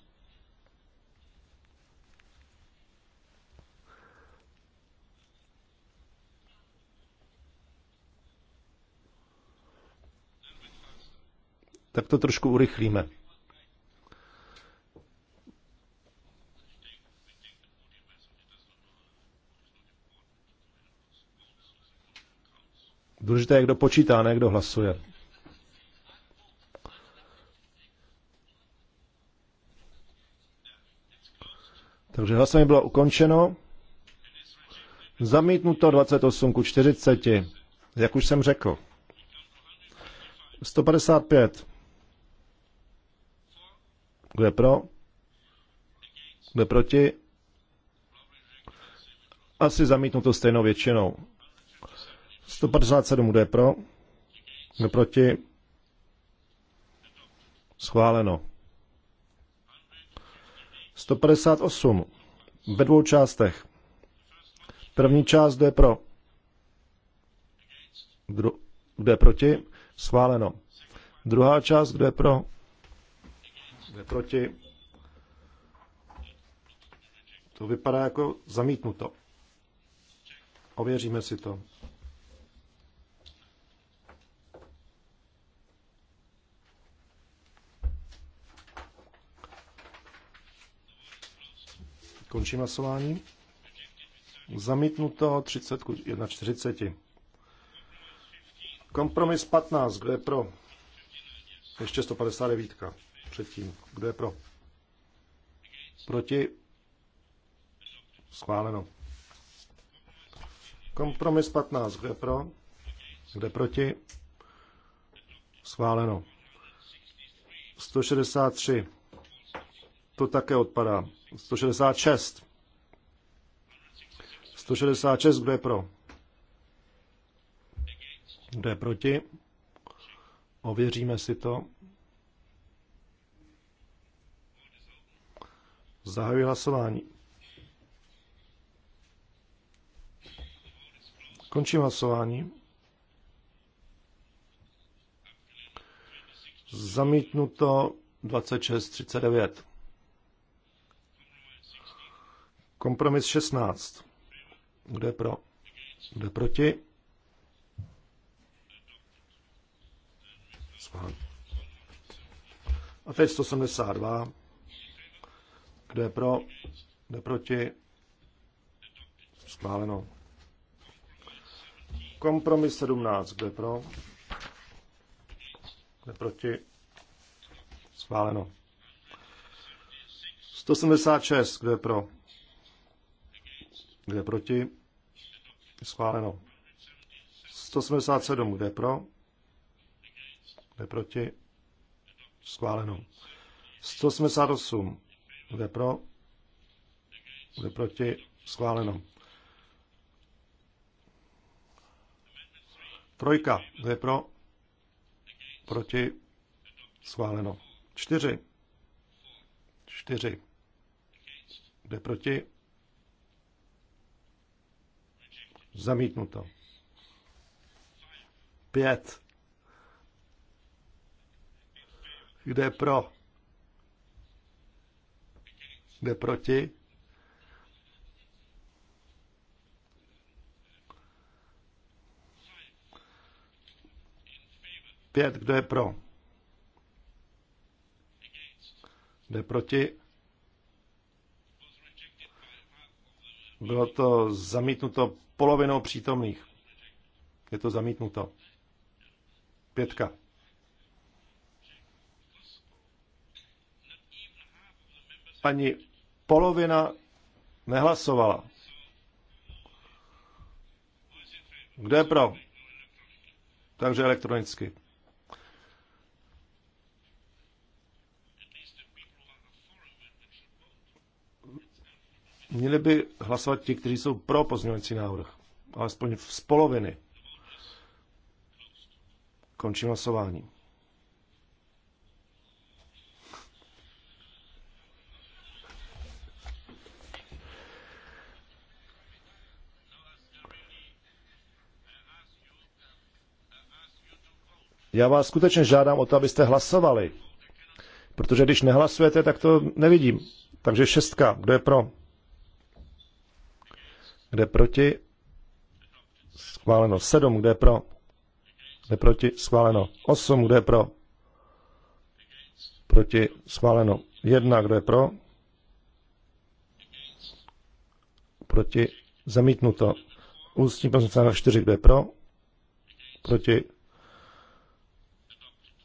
Tak to trošku urychlíme. Důležité je, kdo počítá, ne kdo hlasuje. Takže hlasování bylo ukončeno. Zamítnuto 28 ku 40, jak už jsem řekl. 155. Kdo je pro? Kdo je proti? Asi zamítnuto stejnou většinou. 157, kdo je pro? Kdo proti? Schváleno. 158 ve dvou částech. První část, kdo je pro? Dru- kdo je proti? Schváleno. Druhá část, kdo je pro? Kdo je proti? To vypadá jako zamítnuto. Ověříme si to. Končím hlasování. Zamítnuto 30 ku 41. Kompromis 15. Kdo je pro? Ještě 159. Předtím. Kdo je pro? Proti? Schváleno. Kompromis 15. Kdo je pro? Kdo je proti? Schváleno. 163. To také odpadá. 166. 166, kdo je pro? Kdo je proti? Ověříme si to. Zahajuji hlasování. Končím hlasování. Zamítnuto 2639. Kompromis 16. Kdo je pro? Kdo je proti? Schválně. A teď 172. Kdo je pro? Kdo je proti? Schváleno. Kompromis 17. Kdo je pro? Kdo je proti? Schváleno. 176. Kdo je pro? Kdo proti? Schváleno. 177. Kdo pro? Kdo proti? Schváleno. 188. Kdo pro? Kdo proti? Schváleno. Trojka. kde pro? Proti? Schváleno. Čtyři. Čtyři. Kde proti? Zamítnuto. Pět. Kde je pro? Kde je proti? Pět. Kdo je pro? Kde proti? Bylo to zamítnuto polovinou přítomných. Je to zamítnuto. Pětka. Ani polovina nehlasovala. Kdo je pro? Takže elektronicky. Měli by hlasovat ti, kteří jsou pro pozměňovací návrh, alespoň v poloviny. Končím hlasování. Já vás skutečně žádám o to, abyste hlasovali. Protože když nehlasujete, tak to nevidím. Takže šestka, kdo je pro? kde proti, schváleno 7, kde pro, kde proti, schváleno 8, kde pro, proti, schváleno 1, kde pro, proti, zamítnuto. Ústní pozměnce 4, kde pro, proti,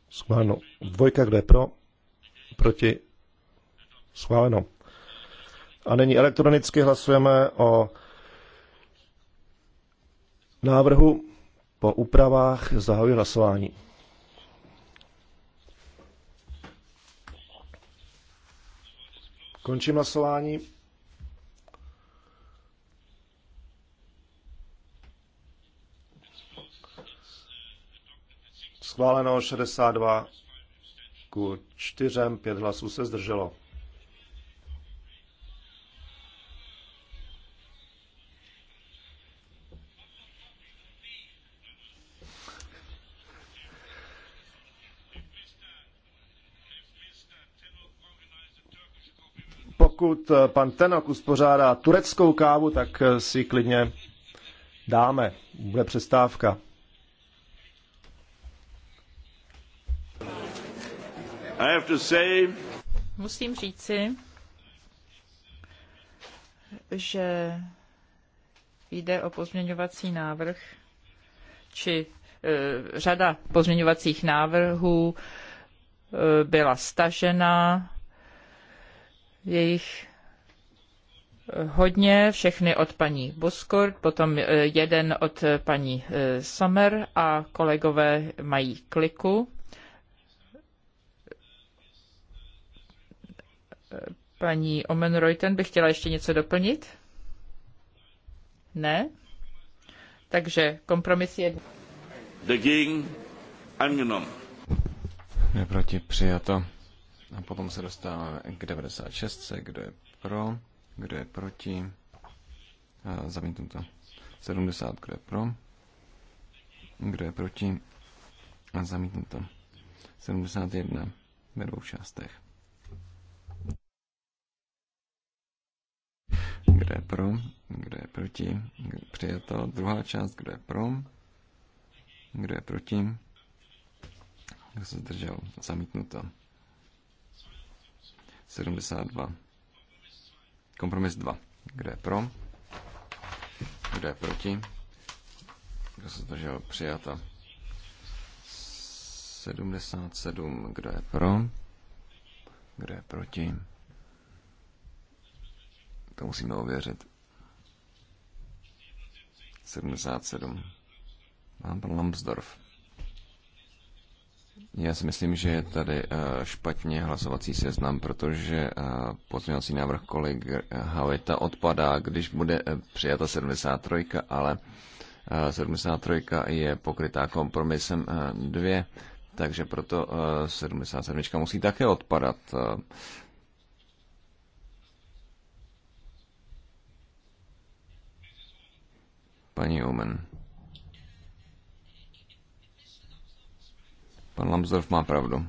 schváleno 2, kde pro, proti, schváleno. A nyní elektronicky hlasujeme o návrhu po úpravách zahajuji hlasování. Končím hlasování. Schváleno 62 ku 4, 5 hlasů se zdrželo. pokud pan Tenok uspořádá tureckou kávu, tak si klidně dáme. Bude přestávka. I have to say... Musím říci, že jde o pozměňovací návrh, či e, řada pozměňovacích návrhů e, byla stažena je jich eh, hodně, všechny od paní Buskurt, potom eh, jeden od eh, paní Sommer a kolegové mají kliku. Paní Omenreuten by chtěla ještě něco doplnit? Ne? Takže kompromis je... Dagegen angenommen. Neproti přijato. A potom se dostáváme k 96, kdo je pro, kdo je proti. to. 70, kdo je pro, kdo je proti. A to. 71 ve dvou částech. Kdo je pro, kdo je proti. Přijato. Druhá část, kdo je pro, kdo je proti. Kdo se zdržel? Zamítnuto. 72. Kompromis 2. Kdo je pro? Kdo je proti? Kdo se zdržel? Přijata. 77. Kdo je pro? Kdo je proti? To musíme ověřit. 77. Mám pan Lambsdorff. Já si myslím, že je tady eh, špatně hlasovací seznam, protože eh, pozměňovací návrh kolik Haveta odpadá, když bude eh, přijata 73, ale 73 je pokrytá kompromisem 2, takže proto 77 musí také odpadat. Paní Omen. Pan Lambsdorff má pravdu.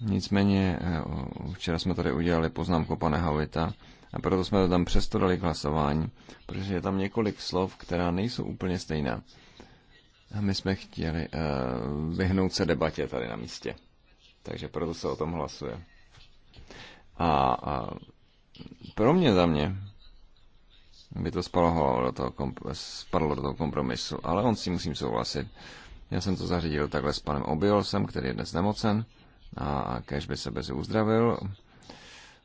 Nicméně eh, včera jsme tady udělali poznámku pana Havita a proto jsme to tam přesto dali k hlasování, protože je tam několik slov, která nejsou úplně stejná. A my jsme chtěli uh, vyhnout se debatě tady na místě. Takže proto se o tom hlasuje. A, a pro mě za mě by to spadlo do toho, komp- spadlo do toho kompromisu, ale on si musím souhlasit. Uh, já jsem to zařídil takhle s panem Obiolsem, který je dnes nemocen a kež by se bez uzdravil.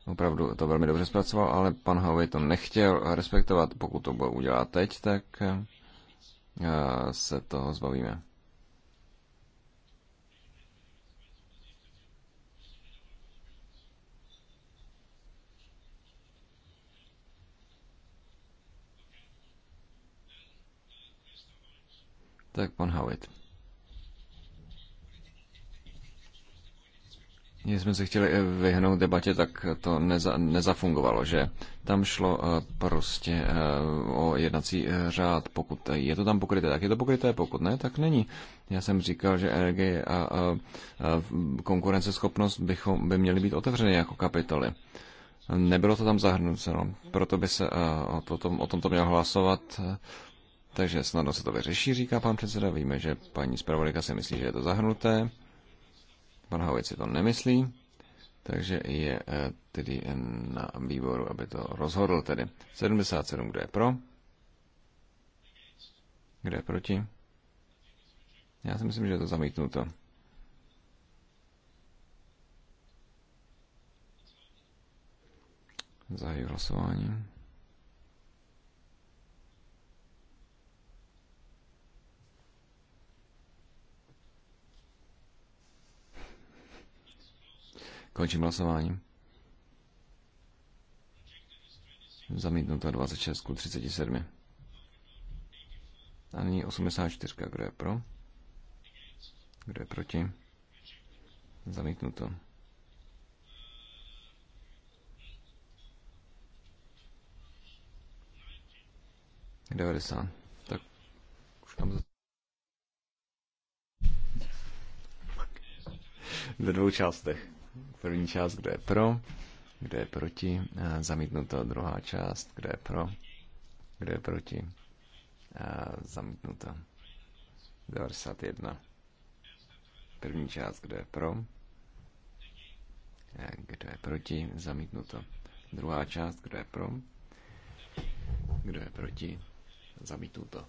Opravdu to velmi dobře zpracoval, ale pan Howie to nechtěl respektovat. Pokud to bude udělat teď, tak eh, se toho zbavíme. Tak pan Howitt. Když jsme se chtěli eh, vyhnout debatě, tak to neza, nezafungovalo, že? Tam šlo eh, prostě eh, o jednací řád. Pokud je to tam pokryté, tak je to pokryté, pokud ne, tak není. Já jsem říkal, že energie a, a, konkurenceschopnost bychom, by měly být otevřeny jako kapitoly. Nebylo to tam zahrnuceno, proto by se o, to, tom, o to mělo hlasovat. Takže snadno se to vyřeší, říká pan předseda. Víme, že paní zpravodajka si myslí, že je to zahrnuté. Pan si to nemyslí, takže je eh, tedy eh, na výboru, aby to rozhodl tedy. 77, kdo je pro? Kdo je proti? Já si myslím, že je to zamítnuto. Zahajuji hlasování. Končím hlasování. Zamítnuto 26 ku 37. A nyní 84. Kdo je pro? Kdo je proti? Zamítnuto. Tak už tam... Ve dvou částech. První část, kdo je pro, kdo je proti, zamítnuto. Druhá část, kdo je pro, kdo je proti, zamítnuto. 91. První část, kdo je pro, kdo je proti, zamítnuto. Druhá část, kdo je pro, kdo je proti, zamítnuto.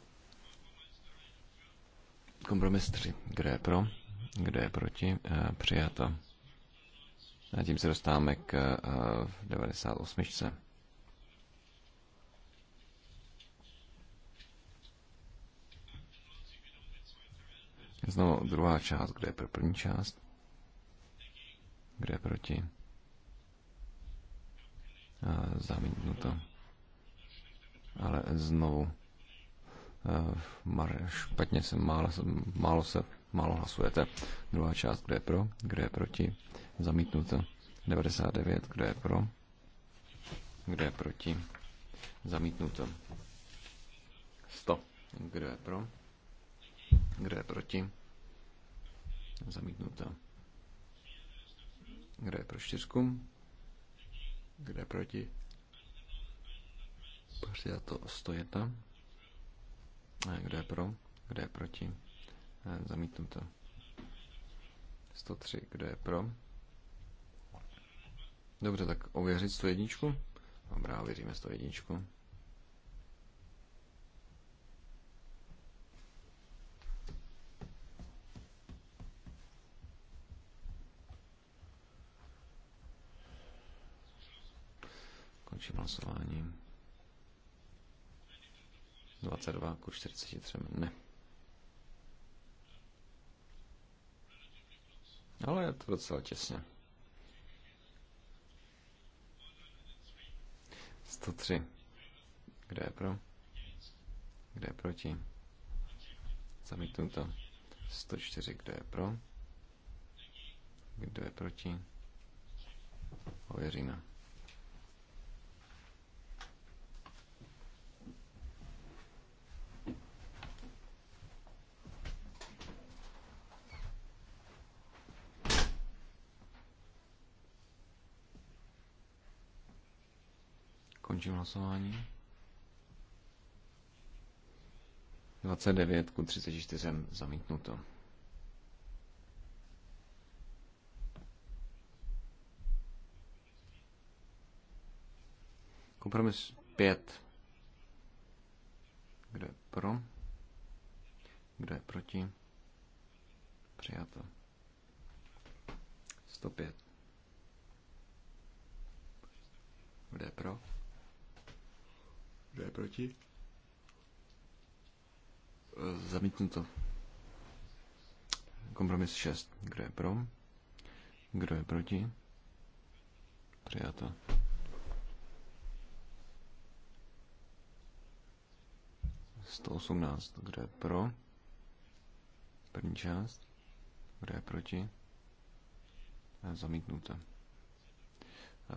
Kompromis 3. Kdo je pro? Kdo je proti? Přijato. A tím se dostáváme k 98. Eh, znovu druhá část, kde je pro první část, kde je proti. Zamítnuto. Ale znovu eh, špatně se málo, málo se málo hlasujete. Druhá část, kde je pro, kde je proti Zamítnuto. 99. Kdo je pro? Kdo je proti? Zamítnuto. 100. Kdo je pro? Kdo je proti? Zamítnuto. Kdo je pro čtyřku? Kdo je proti? Přijato 101. Kdo je pro? Kdo je proti? Zamítnuto. 103. Kdo je pro? Dobře, tak ověřit tu jedničku. Dobrá, ověříme tu jedničku. Končím hlasování. 22 ku 43. Ne. Ale je to docela těsně. 103. Kdo je pro? Kdo je proti? Zamítnuto. 104. Kdo je pro? Kdo je proti? Ověříme. Končím hlasování. 29 ku 34 zamítnuto. Kompromis 5. Kdo je pro? Kdo je proti? Přijato. 105. Kdo je pro? Kdo je proti? Zamítnuto. Kompromis 6. Kdo je pro? Kdo je proti? Přijato. Sto osmnáct. Kdo je pro? První část. Kdo je proti? Zamítnuto.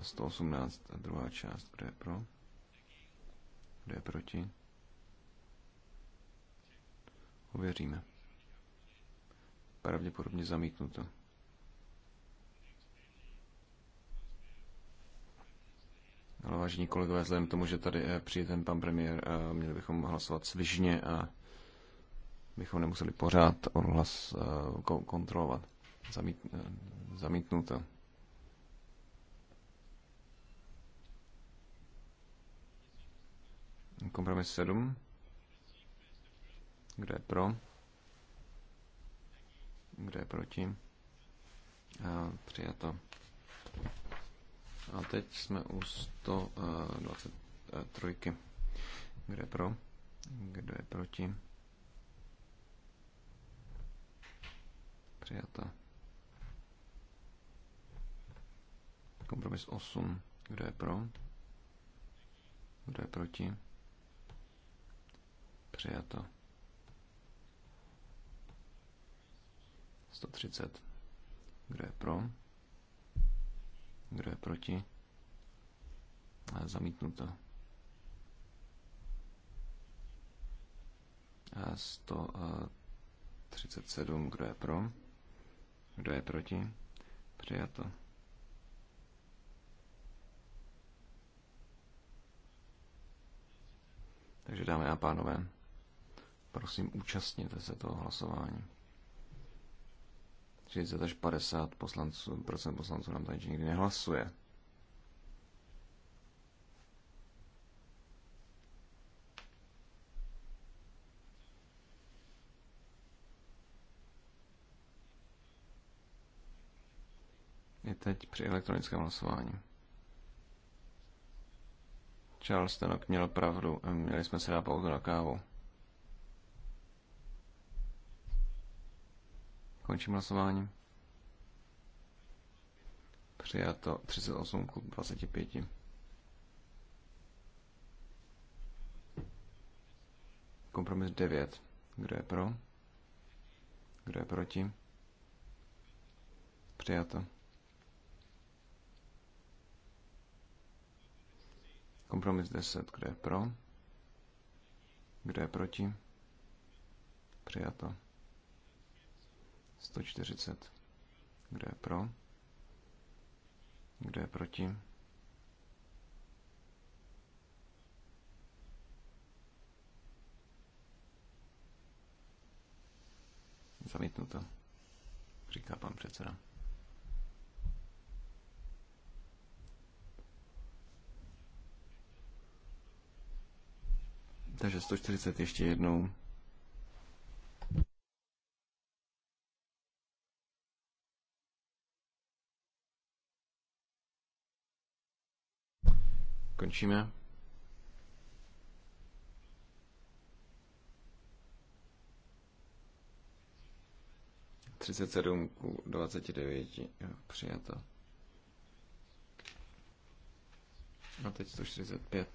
118. osmnáct. druhá část. Kdo je pro? Kdo je proti? Uvěříme. Pravděpodobně zamítnuto. Ale vážení kolegové, vzhledem k tomu, že tady eh, přijde ten pan premiér, eh, měli bychom hlasovat svižně a bychom nemuseli pořád odhlas eh, kontrolovat. Zamít, zamítnuto. Kompromis 7. Kdo je pro? Kdo je proti? A přijato. A teď jsme u 123. Eh, eh, Kdo je pro? Kdo je proti? Přijato. Kompromis 8. Kdo je pro? Kdo je proti? Přijato. 130. Kdo je pro? Kdo je proti? A zamítnuto. A 137. Kdo je pro? Kdo je proti? Přijato. Takže dámy a pánové, Prosím, účastněte se toho hlasování. 30 až 50 poslanců, procent poslanců nám tady nikdy nehlasuje. Je teď při elektronickém hlasování. Charles Tenok měl pravdu, měli jsme se dát pauzu na kávu. Končím hlasování. Přijato 38 klub 25. Kompromis 9. Kdo je pro? Kdo je proti? Přijato. Kompromis 10. Kdo je pro? Kdo je proti? Přijato. 140. Kdo je pro? Kdo je proti? Zamítnuto, říká pan předseda. Takže 140 ještě jednou. Končíme. Třicet sedm ku dvaceti devěti. Přijato. A teď sto čtyřicet pět.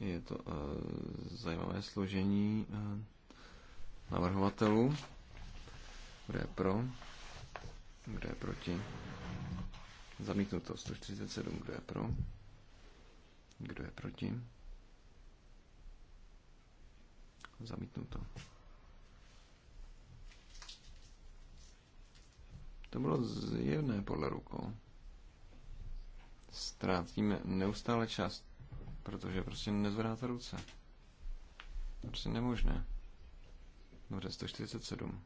Je to uh, zajímavé složení uh, navrhovatelů. Kdo je pro? Kdo je proti? Zamítnuto 147. Kdo je pro? Kdo je proti? Zamítnuto. To bylo zjevné podle rukou. Ztrácíme neustále čas, protože prostě nezvedáte ruce. Prostě nemožné. Dobře, 147.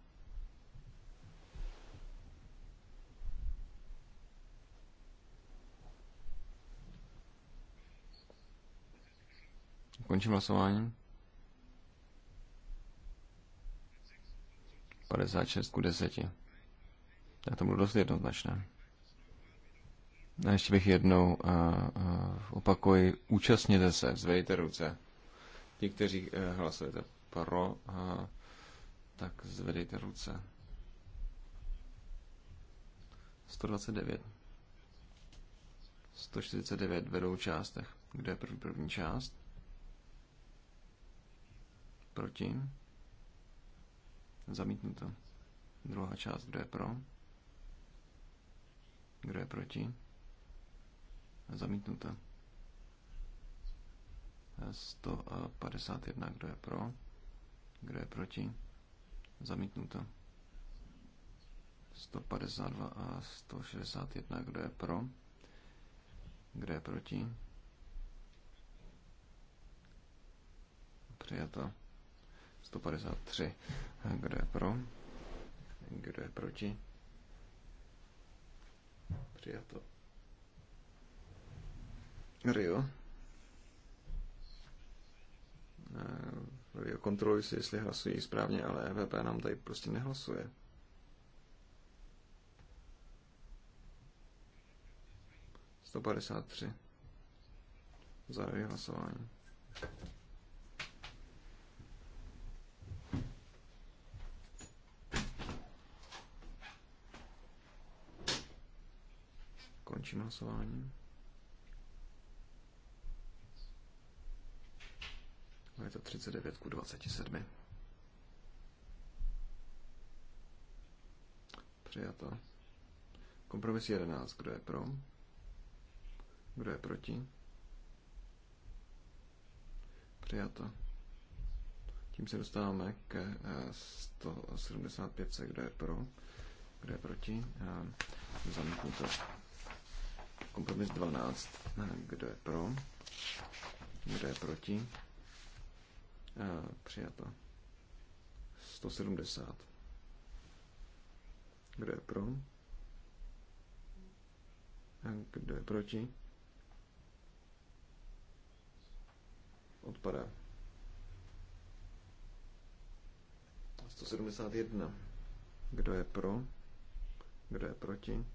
Končím hlasování. 56 ku 10. Já to bylo dost jednoznačné. A ještě bych jednou a, a, opakuji, účastněte se, zvejte ruce. Ti, kteří a, e, hlasujete pro, a, tak zvedejte ruce. 129. 149 vedou částech. Kde je první, první část? Proti? Zamítnuto. Druhá část, kdo je pro? Kdo je proti? Zamítnuto. 151, kdo je pro? Kdo je proti? Zamítnuto. 152 a 161, kdo je pro? Kdo je proti? Přijato. 153. Kdo je pro? Kdo je proti? Přijato. Rio. Eh, Rio, kontroluj si, jestli hlasují správně, ale EVP nám tady prostě nehlasuje. Sto padesát tři. Zároveň hlasování. Končím hlasování. A Je to 39 ku 27. Přijato. Kompromis 11. Kdo je pro? Kdo je proti? Přijato. Tím se dostáváme k 175, eh, kdo je pro, kdo je proti. Eh, Zamítnu to. Kompromis 12. Eh, kdo je pro? Kdo je proti? Eh, přijato. 170. Kdo je pro? A eh, kdo je proti? Odpadá. 171. Kdo je pro? Kdo je proti?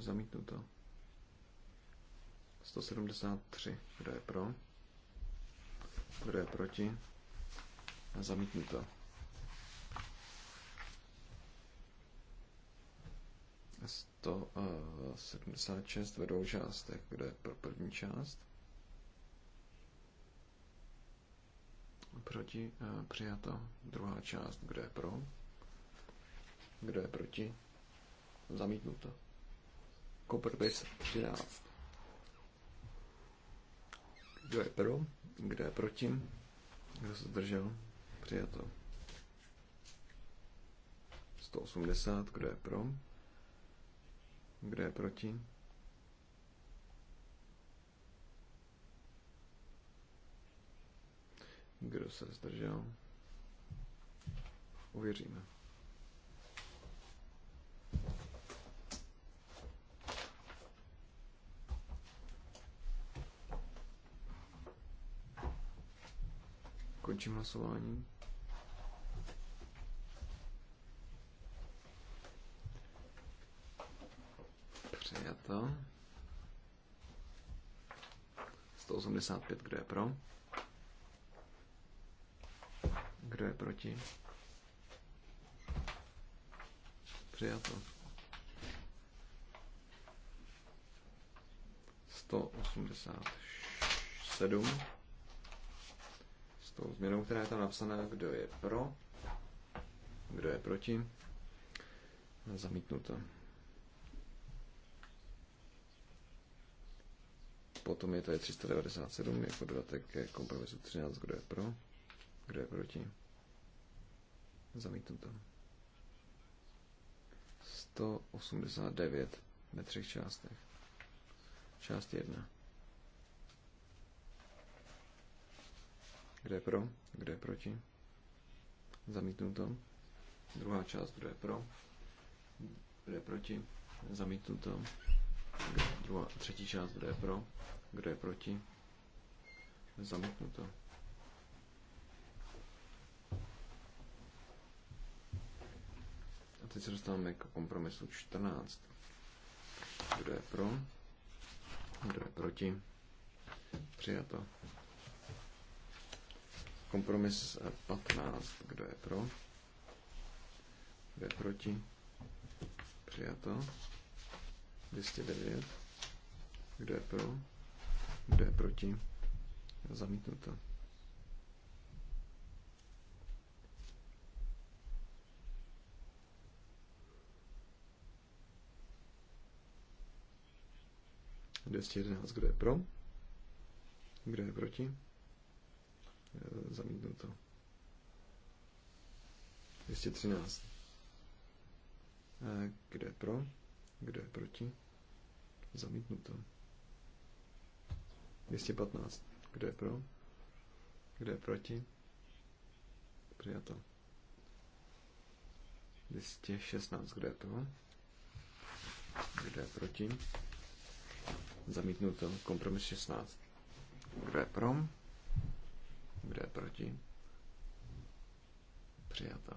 Zamítnuto. 173. Kdo je pro? Kdo je proti? Zamítnuto. to. uh, 76 ve dvou částech. Kdo je pro první část? Proti eh, přijato. Druhá část. Kdo je pro? Kdo je proti? Zamítnuto. Base 13. Kdo je pro? Kdo je proti? Kdo se zdržel? Přijato. 180. Kdo je pro? Kdo je proti? Kdo se zdržel? Uvěříme. Končím hlasování. Přijato. 185, kdo je pro? Kdo je proti? Přijato. 187 tou změnou, která je tam napsaná, kdo je pro, kdo je proti. Zamítnuto. Potom je tady 397 jako dodatek ke kompromisu 13, kdo je pro, kdo je proti. Zamítnuto. 189 ve třech částech. Část 1. Kde je pro? Kde je proti? Zamítnuto. Druhá část, kdo je pro? Kdo je proti? Zamítnuto. Druhá, třetí část, kdo je pro? Kdo je proti? Zamítnuto. A teď se dostáváme k kompromisu 14. Kdo je pro? Kdo je proti? Přijato. Kompromis 15. Kdo je pro? Kdo je proti? Přijato. 209. Kdo je pro? Kdo je proti? Zamítnuto. Dvěstě jedenáct, kdo je pro? Kdo je proti? Eh, zamítnuto. 213. Kdo je pro? Kdo je proti? Zamítnuto. 215. Kdo je pro? Kdo je proti? Přijato. 216. Kdo je pro? Kdo je proti? Zamítnuto. Kompromis 16. Kdo je pro? Kdo je proti? Přijato.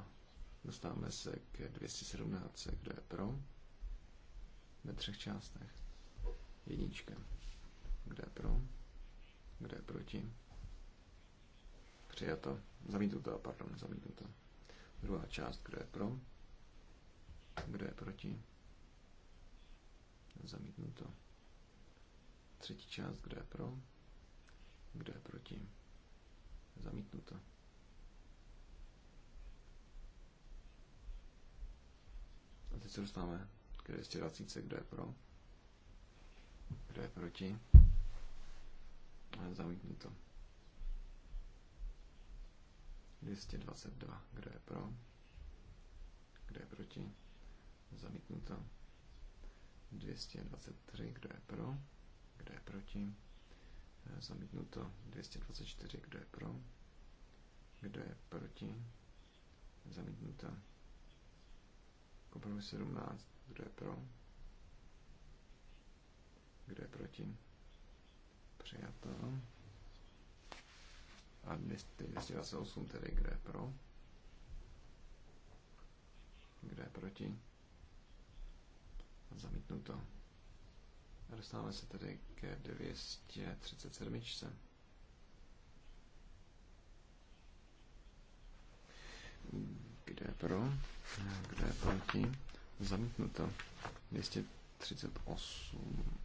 Dostáváme se k 217. Kdo je pro? Ve třech částech. Jednička. Kdo je pro? Kdo je proti? Přijato. Zamítnuto, pardon, zamítnuto. Druhá část, kdo je pro? Kdo je proti? Zamítnuto. Třetí část, kdo je pro? Kdo je proti? Zamítnuto. A teď se dostáváme k 220, kdo je pro, kdo je proti. A eh, zamítnuto. 222, kdo je pro, kdo je proti. Zamítnuto. 223, kdo je pro, kdo je proti Zamítnuto 224. Kdo je pro? Kdo je proti? Zamítnuto. Kompromis 17. Kdo je pro? Kdo je proti? Přijato. A 228 tedy, kdo je pro? Kdo je proti? Zamítnuto. A Dostáváme se tedy k 237. Kde je pro? Kde je proti? Zamítnuto. 238.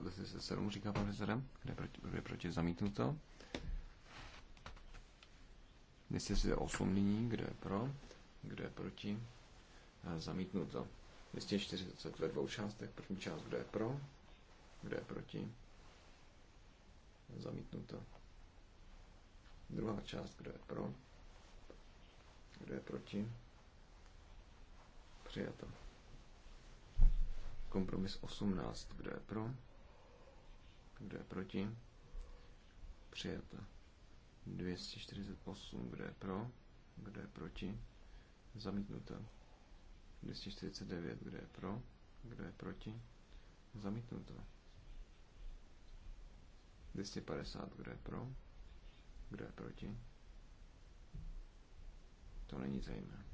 237 říká pan Vezera. Kde je proti? Kde proti? Zamítnuto. 238 nyní. Kde je pro? Kde je proti? Zamítnuto. 240 ve dvou částech. První část, kdo je pro, kdo je proti. Zamítnuto. Druhá část, kdo je pro, kdo je proti. Přijato. Kompromis 18, kdo je pro, kdo je proti. Přijato. 248, kdo je pro, kdo je proti. Zamítnuto. 249, kdo je pro, kdo je proti, zamítnuto. 250, kdo je pro, kdo je proti. To není zajímavé.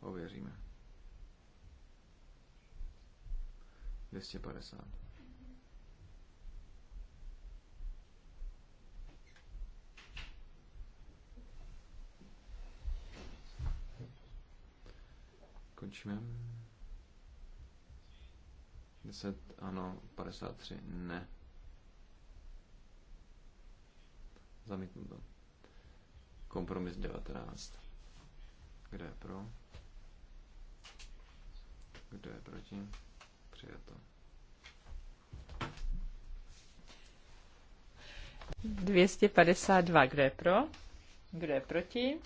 Ověříme. 250. Končíme. 10 ano, 53 ne. Zamítnu to. Kompromis 19. Kdo je pro? Kdo je proti? Přijato. 252. Kdo je pro? Kdo je proti?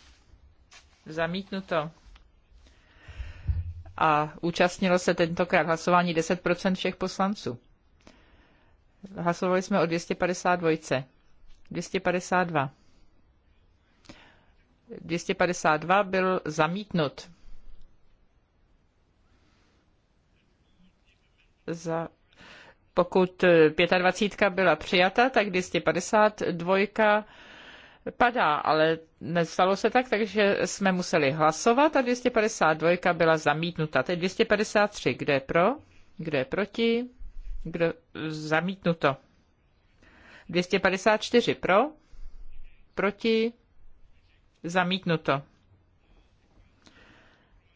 Zamítnuto a účastnilo se tentokrát hlasování 10% všech poslanců. Hlasovali jsme o 252. 252. 252 byl zamítnut. Za, pokud 25 byla přijata, tak 252 padá, ale nestalo se tak, takže jsme museli hlasovat a 252 byla zamítnuta. Teď 253, kde je pro, kde je proti, kdo zamítnuto. 254 pro, proti, zamítnuto.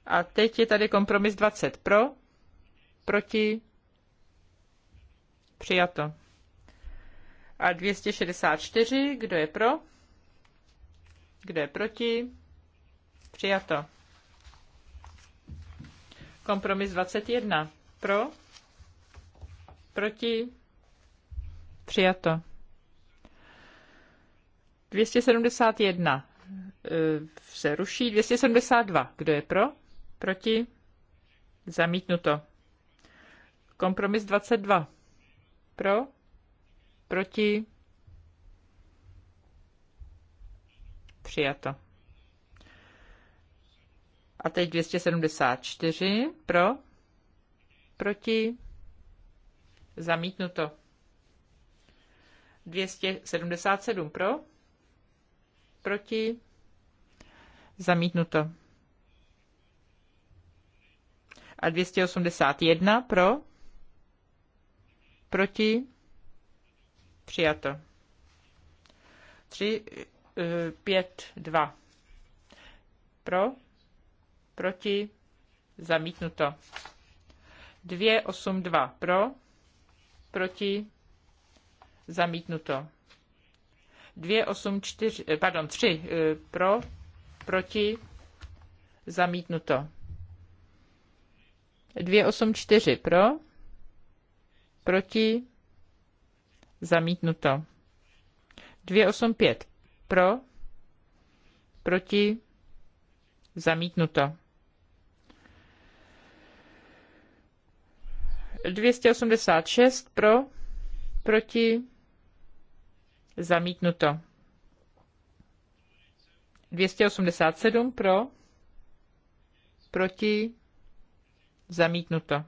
A teď je tady kompromis 20 pro, proti, přijato. A 264, kdo je pro? Kdo je proti? Přijato. Kompromis 21. Pro? Proti? Přijato. 271 e, se ruší. 272. Kdo je pro? Proti? Zamítnuto. Kompromis 22. Pro? Proti? Přijato. A teď 274 pro, proti, zamítnuto. 277 pro, proti, zamítnuto. A 281 pro, proti, přijato. 3, 5-2. Pro, proti, zamítnuto. 2-8-2 pro, proti, zamítnuto. 2-8-4, eh, pardon, 3 eh, pro, proti, zamítnuto. čtyři pro, proti, zamítnuto. 285 pro? Proti? Zamítnuto. 286 pro, proti, zamítnuto. 287 pro, proti, zamítnuto.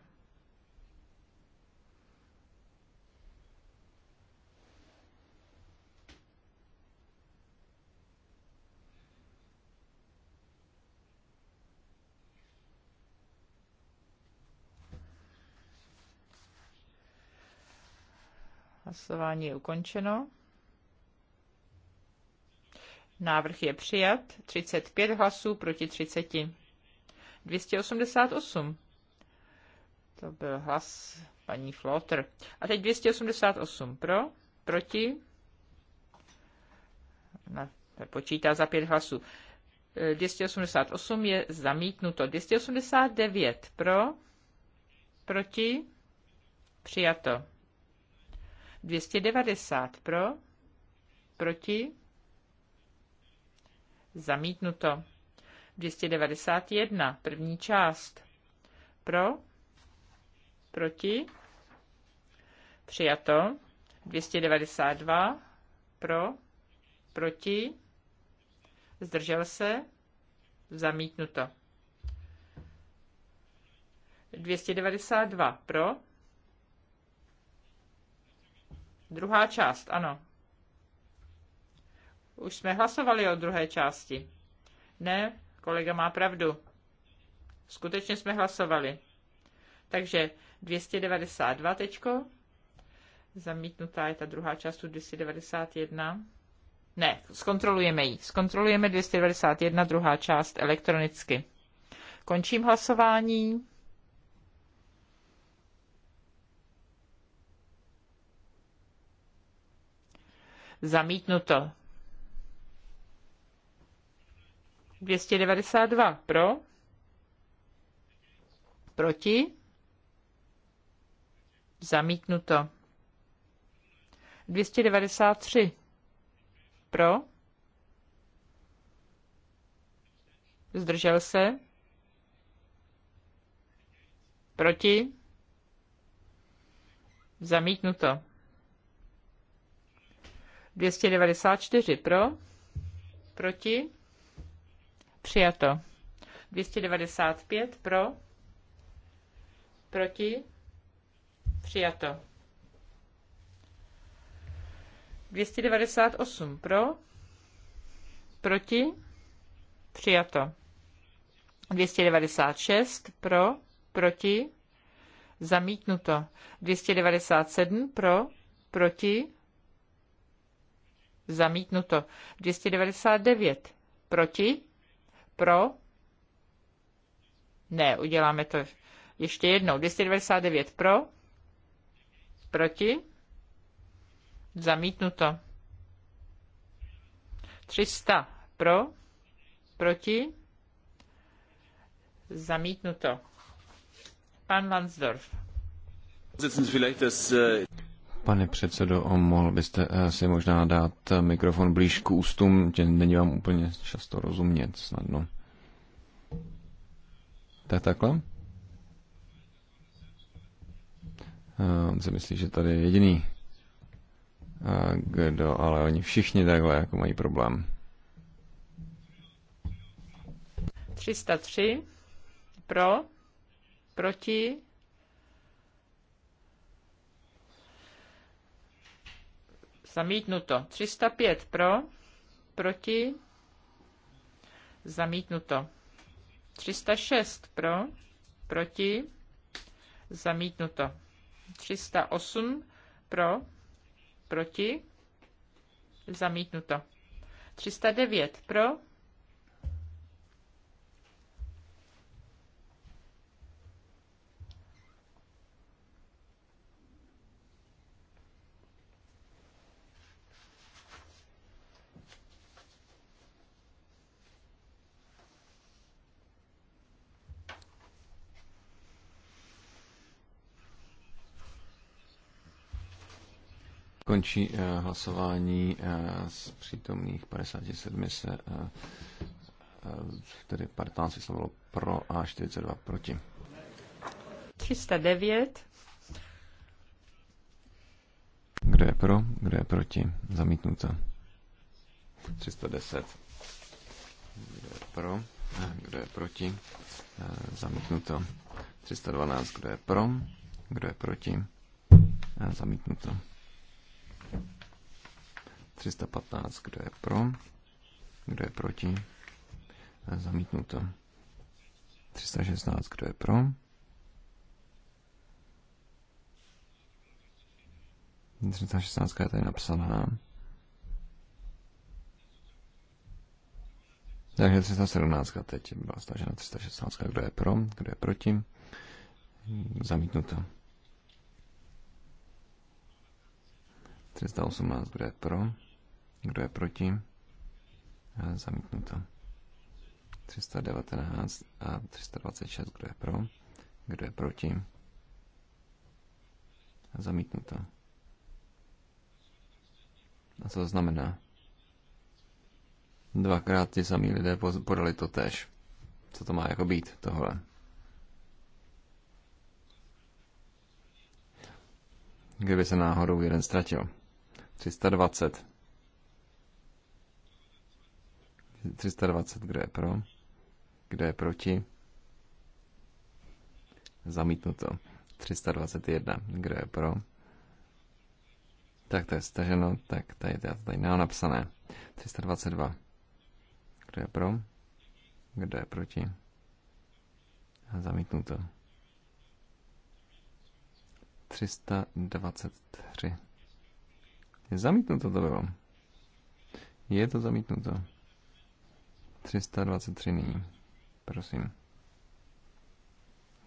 Hlasování je ukončeno. Návrh je přijat. 35 hlasů proti 30. 288. To byl hlas paní Flotter. A teď 288 pro, proti. Ne, počítá za pět hlasů. 288 e, je zamítnuto. 289 pro, proti, přijato. 290 pro, proti, zamítnuto. 291, první část, pro, proti, přijato. 292, pro, proti, zdržel se, zamítnuto. 292 pro, Druhá část, ano. Už jsme hlasovali o druhé části. Ne, kolega má pravdu. Skutečně jsme hlasovali. Takže 292 tečko. Zamítnutá je ta druhá část u 291. Ne, zkontrolujeme ji. Zkontrolujeme 291, druhá část elektronicky. Končím hlasování. Zamítnuto. 292 pro. Proti. Zamítnuto. 293 pro. Zdržel se. Proti. Zamítnuto. 294 pro, proti, přijato. 295 pro, proti, přijato. 298 pro, proti, přijato. 296 pro, proti, zamítnuto. 297 pro, proti, Zamítnuto. 299. Proti? Pro? Ne, uděláme to ještě jednou. 299 pro? Proti? Zamítnuto. 300 pro? Proti? Zamítnuto. Pan Lansdorf. Vielleicht das, äh, Pane předsedo, mohl byste eh, si možná dát eh, mikrofon blíž k ústům, tě není vám úplně často rozumět snadno. Tak takhle? Eh, on si myslí, že tady je jediný, kdo, ale oni všichni takhle jako mají problém. 303 pro, proti, Zamítnuto. 305 pro, proti, zamítnuto. 306 pro, proti, zamítnuto. 308 pro, proti, zamítnuto. 309 pro, končí eh, hlasování eh, z přítomných 57 se eh, tedy partán 15 slovalo pro a 42 proti. 309. Kdo je pro, kdo je proti? Zamítnuto. 310. Kdo je pro, kdo je proti? Zamítnuto. 312. Kdo je pro, kdo je proti? Zamítnuto. 315, kdo je pro, kdo je proti, zamítnuto. 316, kdo je pro, 316 je tady napsaná. Takže 317 teď byla stažena 316, kdo je pro, kdo je proti. Zamítnuto. 318, kdo je pro, kdo je proti, eh, zamítnuto. 319 a 326, kdo je pro, kdo je proti, zamítnuto. A co to znamená? Dvakrát ti samí lidé podali to tež. Co to má jako být, tohle? Kdyby se náhodou jeden ztratil. 320. 320, kdo je pro? Kdo je proti? Zamítnuto. 321, kdo je pro? Tak to je staženo, tak tady, tady, tady nemám napsané. 322. Kdo je pro? Kdo je proti? A zamítnuto. 323. Zamítnuto to bylo. Je to zamítnuto. 323 nyní. Prosím.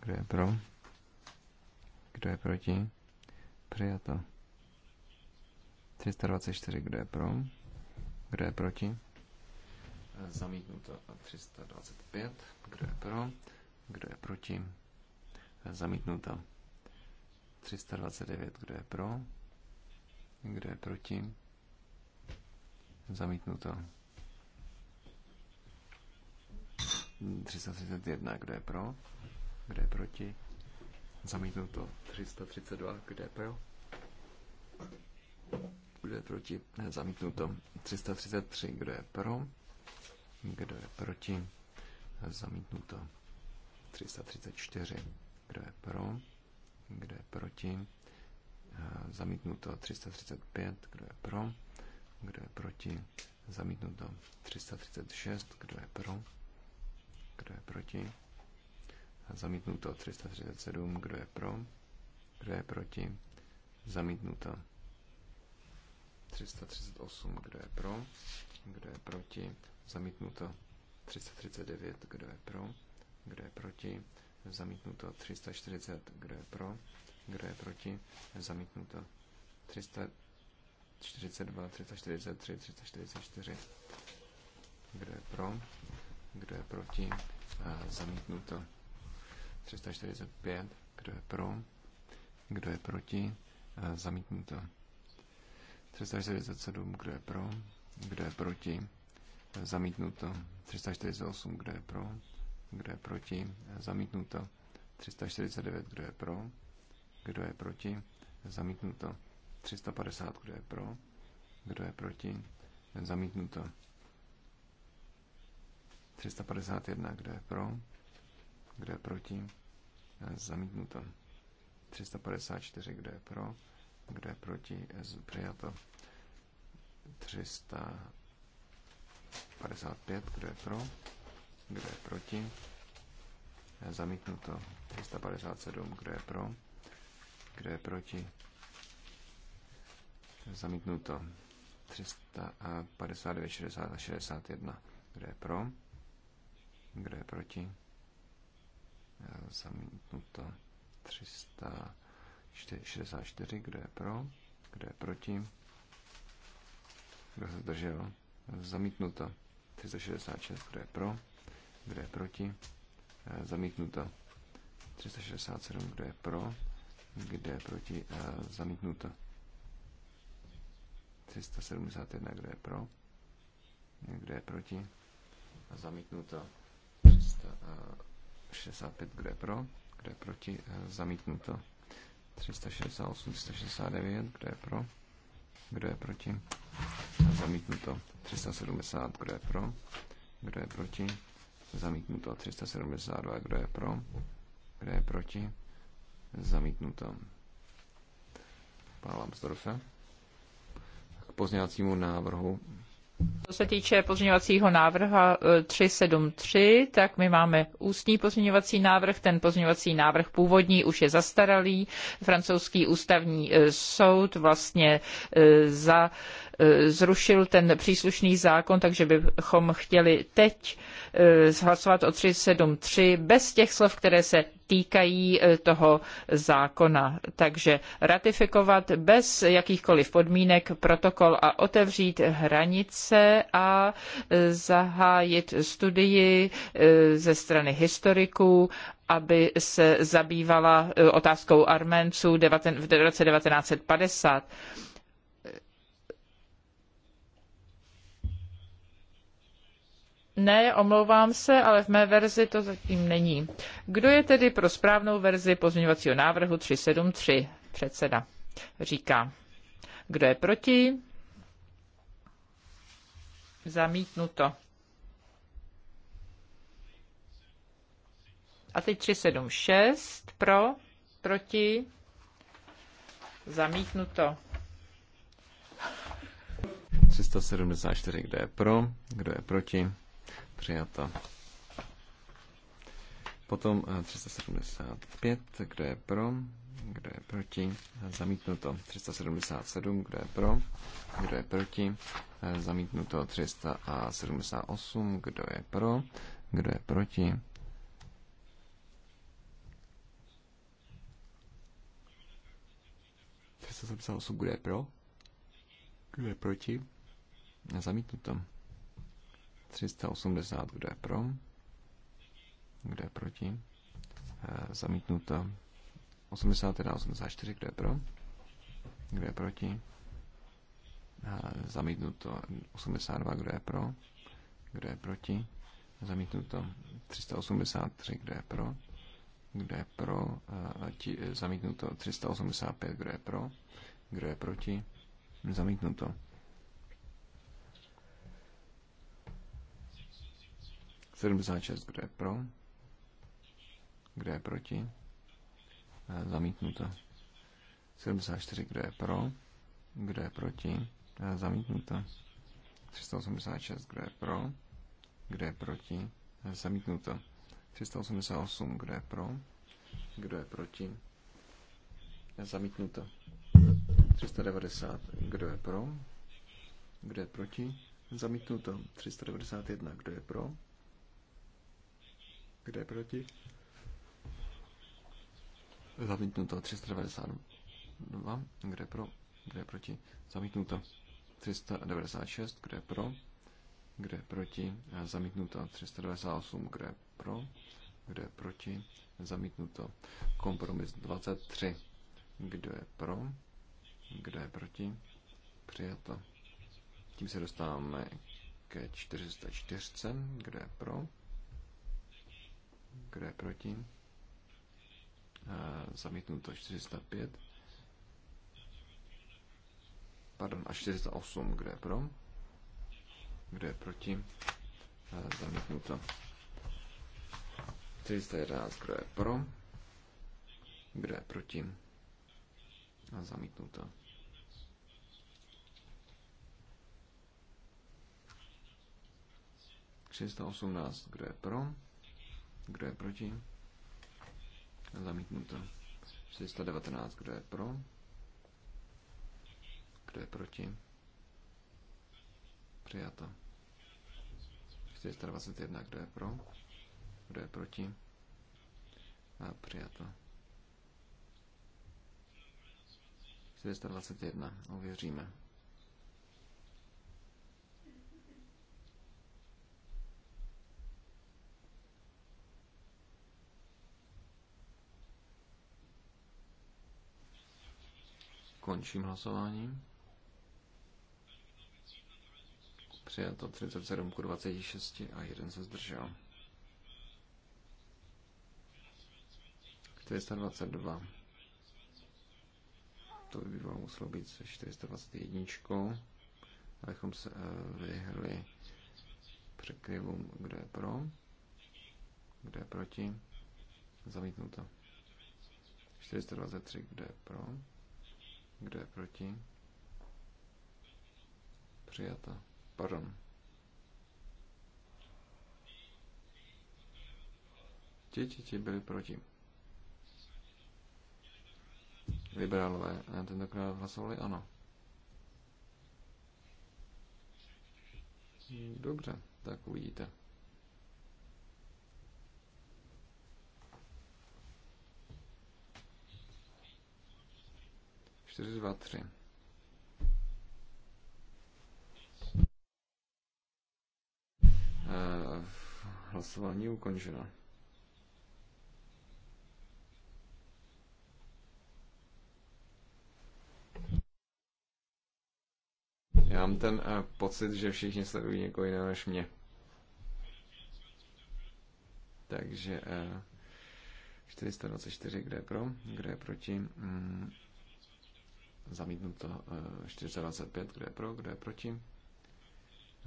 Kdo je pro? Kdo je proti? Přijato. 324, kdo je pro? Kdo je proti? Zamítnuto 325, kdo je pro? Kdo je proti? Zamítnuto 329, kdo je pro? Kdo je proti? Zamítnuto. 331. Kdo je pro? Kdo je proti? Zamítnuto. 332. Kdo je pro? Kdo je proti? Zamítnuto. 333. Kdo je pro? Kdo je proti? Zamítnuto. 334. Kdo je pro? Kdo je proti? Zamítnuto 335, kdo je pro, kdo je proti. Zamítnuto 336, kdo je pro, kdo je proti. Zamítnuto 337, kdo je pro, kdo je proti. Zamítnuto 338, kdo je pro, kdo je proti. Zamítnuto 339, kdo je pro, kdo je proti. Zamítnuto 340, kdo je pro, kdo je proti? Zamítnuto. 342, 343, 344. Kdo je pro? Kdo je proti? Zamítnuto. 345. Kdo je pro? Kdo je proti? Zamítnuto. 347. Kdo je pro? Kdo je proti? Zamítnuto. 348. Kdo je pro? Kdo je proti? Zamítnuto. 349. Kdo je pro? Kdo je proti? Zamítnuto. 350. Kdo je pro? Kdo je proti? Zamítnuto. 351. Kdo je pro? Kdo je proti? Zamítnuto. 354. Kdo je pro? Kdo je proti? Přijato. 355. Kdo je pro? Kdo je proti? Zamítnuto. 357. Kdo je pro? Kdo je proti? Zamítnuto. 359, 60 a 61. Kdo je pro? Kdo je proti? Zamítnuto. 364. Kdo je pro? Kdo je proti? Kdo se zdržel? Zamítnuto. 366. Kdo je pro? Kdo je proti? Zamítnuto. 367. Kdo je pro? kde je proti eh, zamítnuto. 371, kde je pro, kde je proti zamítnuto. 365, kde je pro, kde je proti zamítnuto. 368, 369, kde je pro, kdo je proti? Zamítnuto 370, eh, eh, kdo je pro? Kdo je proti? Zamítnuto 372, kdo je pro? Kdo je proti? Zamítnuto. Pana Lambsdorfe. K pozněvacímu návrhu co se týče pozměňovacího návrhu 373, eh, tak my máme ústní pozměňovací návrh. Ten pozměňovací návrh původní už je zastaralý. Francouzský ústavní eh, soud vlastně eh, za, zrušil ten příslušný zákon, takže bychom chtěli teď hlasovat o 373 bez těch slov, které se týkají e, toho zákona. Takže ratifikovat bez jakýchkoliv podmínek protokol a otevřít hranice a e, zahájit studii e, ze strany historiků aby se zabývala otázkou Arménců v roce 1950. Ne, omlouvám se, ale v mé verzi to zatím není. Kdo je tedy pro správnou verzi pozměňovacího návrhu 373? Předseda říká. Kdo je proti? Zamítnuto. A teď 376 pro, proti, zamítnuto. 374, kdo je pro, kdo je proti, Přijata. Potom 375, eh, kdo je pro, kdo je proti, eh, zamítnuto 377, kdo je pro, kdo je proti, eh, zamítnuto 378, kdo je pro, kdo je proti. osm, kdo je pro, kdo je proti, Zamítnu to. 380, eh, eh, kdo je pro? Kdo je proti? Zamítnuto. 81, 84, eh, kdo je pro? Kdo je proti? Zamítnuto. 82, kdo je pro? Kdo je proti? Zamítnuto. 383, kdo je pro? Kdo je pro? Zamítnuto. 385, kdo je pro? Kdo je proti? Zamítnuto. 76, kdo je pro? Kdo je proti? Zamítnuto. 74, kdo je pro? Kdo je proti? Zamítnuto. 386, kdo je pro? Kdo je proti? Zamítnuto. 388, kdo je pro? Kdo je proti? Zamítnuto. 390, kdo je pro? Kdo je proti? Zamítnuto. 391, kdo je pro? Kde je proti? Zamítnuto 392. Kde je pro? Kde je proti? Zamítnuto 396. Kde je pro? Kde je proti? Zamítnuto 398. Kde je pro? Kde je proti? Zamítnuto. Kompromis 23. Kdo je pro? Kdo je proti? Přijato. Tím se dostáváme ke 404. Kdo je pro? Kdo je proti? Eh, zamítnuto 405. Pardon, a 408. Kdo je pro? Kdo je proti? Eh, zamítnuto. 411. Kdo je pro? Kdo je proti? A zamítnuto. Třista osmnáct, kdo je pro? Kdo je proti? Zamítnuto. 319, Kdo je pro? Kdo je proti? Přijato. 421. Kdo je pro? Kdo je proti? A přijato. 421. Ověříme. Končím hlasování. Přijato 37 k 26 a jeden se zdržel. 422. To by bylo muselo být se 421, abychom se eh, vyhli překryvům, kde je pro, kde je proti, zamítnuto. 423, kde je pro, kdo je proti? Přijata. Pardon. Ti byli proti. Liberálové eh, tentokrát hlasovali ano. Dobře, tak uvidíte. 4, 2, 3. Hlasování ukončeno. Já mám ten uh, pocit, že všichni sledují někoho jiného než mě. Takže uh, 424, kde je pro, kde je proti. Mm, Zamítnuto 425, eh, kdo je pro, kdo je proti.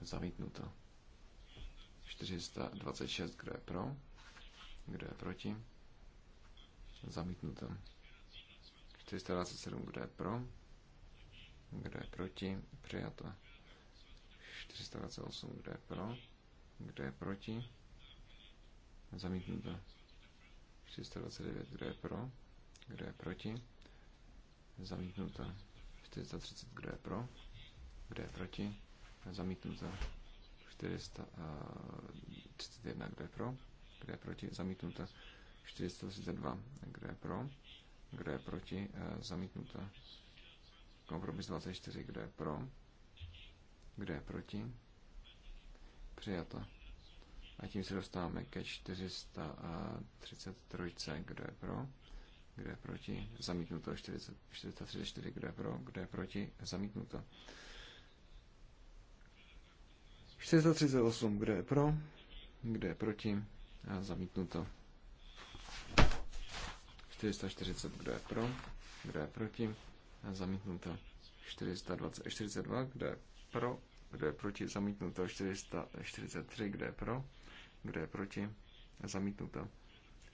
Zamítnuto 426, kdo je pro, kdo je proti. Zamítnuto 427, kdo je pro, kdo je proti. Přijato 428, kdo je pro, kdo je proti. Zamítnuto 429, kdo je pro, kdo je proti Zamítnuté 430, kdo je pro? Kdo je proti? Zamítnuté 431, eh, kdo je pro? Kdo je proti? Zamítnuté 432, kdo je pro? Kdo je proti? Eh, zamítnuté Kompromis 24, kdo je pro? Kdo je proti? Přijato. A tím se dostáváme ke 433, eh, kdo je pro? kdo je proti, zamítnuto, 434, kdo je pro, kdo je proti, zamítnuto. 438, kdo je pro, kdo je proti, a zamítnuto. 440, kdo je pro, kdo je proti, a zamítnuto. 420, 42, kdo je pro, kdo je proti, zamítnuto. 443, kdo je pro, kdo je proti, zamítnuto.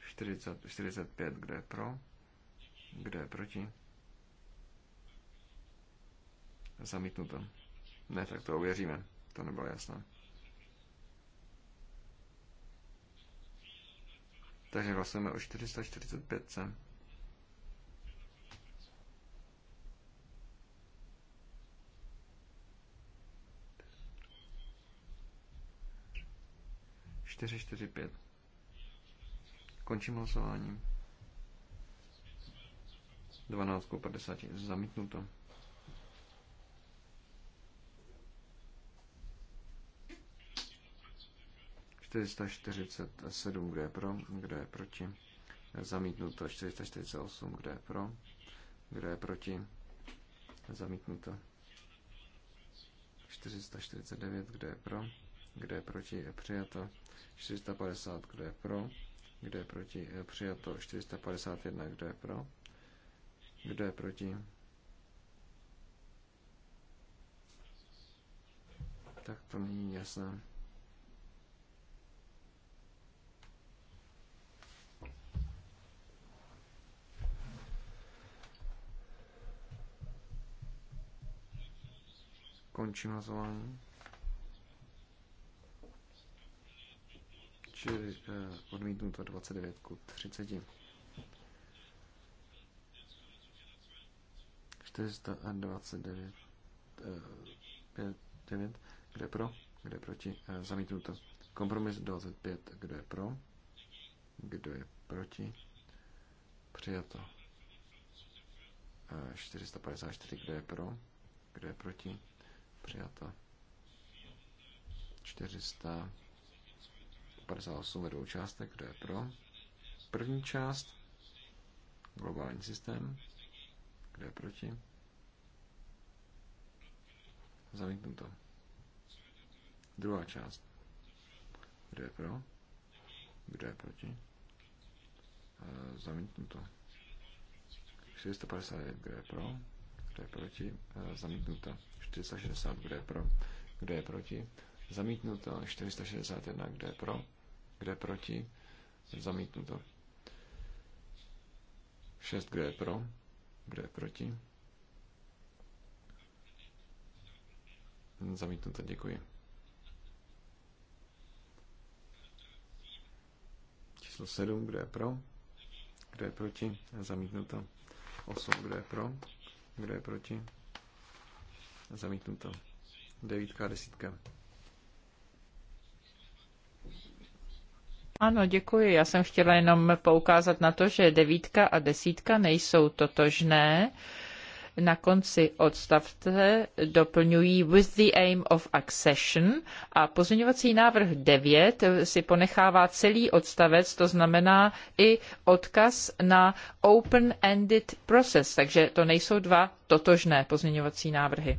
40, 45, kdo je pro, kdo je proti? Zamítnuto. Ne, tak to ověříme. To nebylo jasné. Takže hlasujeme o 445. Čtyři, čtyři, pět. Končím hlasováním. 12 k 50 zamítnuto. sedm, kde je pro, kde je proti. Zamítnuto 448, kde je pro, kde je proti. Zamítnuto 449, kde je pro, kde je proti, je přijato 450, kde je pro, kde je proti, je přijato 451, kde je pro, kdo je proti? Tak to není jasné. Končím hlasování. Čili eh, odmítnuto 29 ku 30. 429 eh, kdo je pro, kdo je proti, eh, zamítnuto. Kompromis 25, kdo je pro, kdo je proti, přijato. 454, eh, kdo je pro, kdo je proti, přijato. 458 vedou částek kdo je pro. První část, globální systém, kdo je proti? Zamítnuto. Druhá část. Kdo je pro? Kdo je proti? E, zamítnuto. 450, kdo je pro? Kdo je proti? E, zamítnuto. 460, kdo je pro? Kdo je proti? Zamítnuto. 461, kdo je pro? Kdo je proti? Zamítnuto. 6, kdo je pro? Kdo je proti? Zamítnuto, děkuji. Číslo 7, kdo je pro? Kdo je proti? Zamítnuto. 8, kdo je pro? Kdo je proti? Zamítnuto. Devítka a desítka. Ano, děkuji. Já jsem chtěla jenom poukázat na to, že devítka a desítka nejsou totožné. Na konci odstavce doplňují with the aim of accession a pozměňovací návrh 9 si ponechává celý odstavec, to znamená i odkaz na open-ended process, takže to nejsou dva totožné pozměňovací návrhy.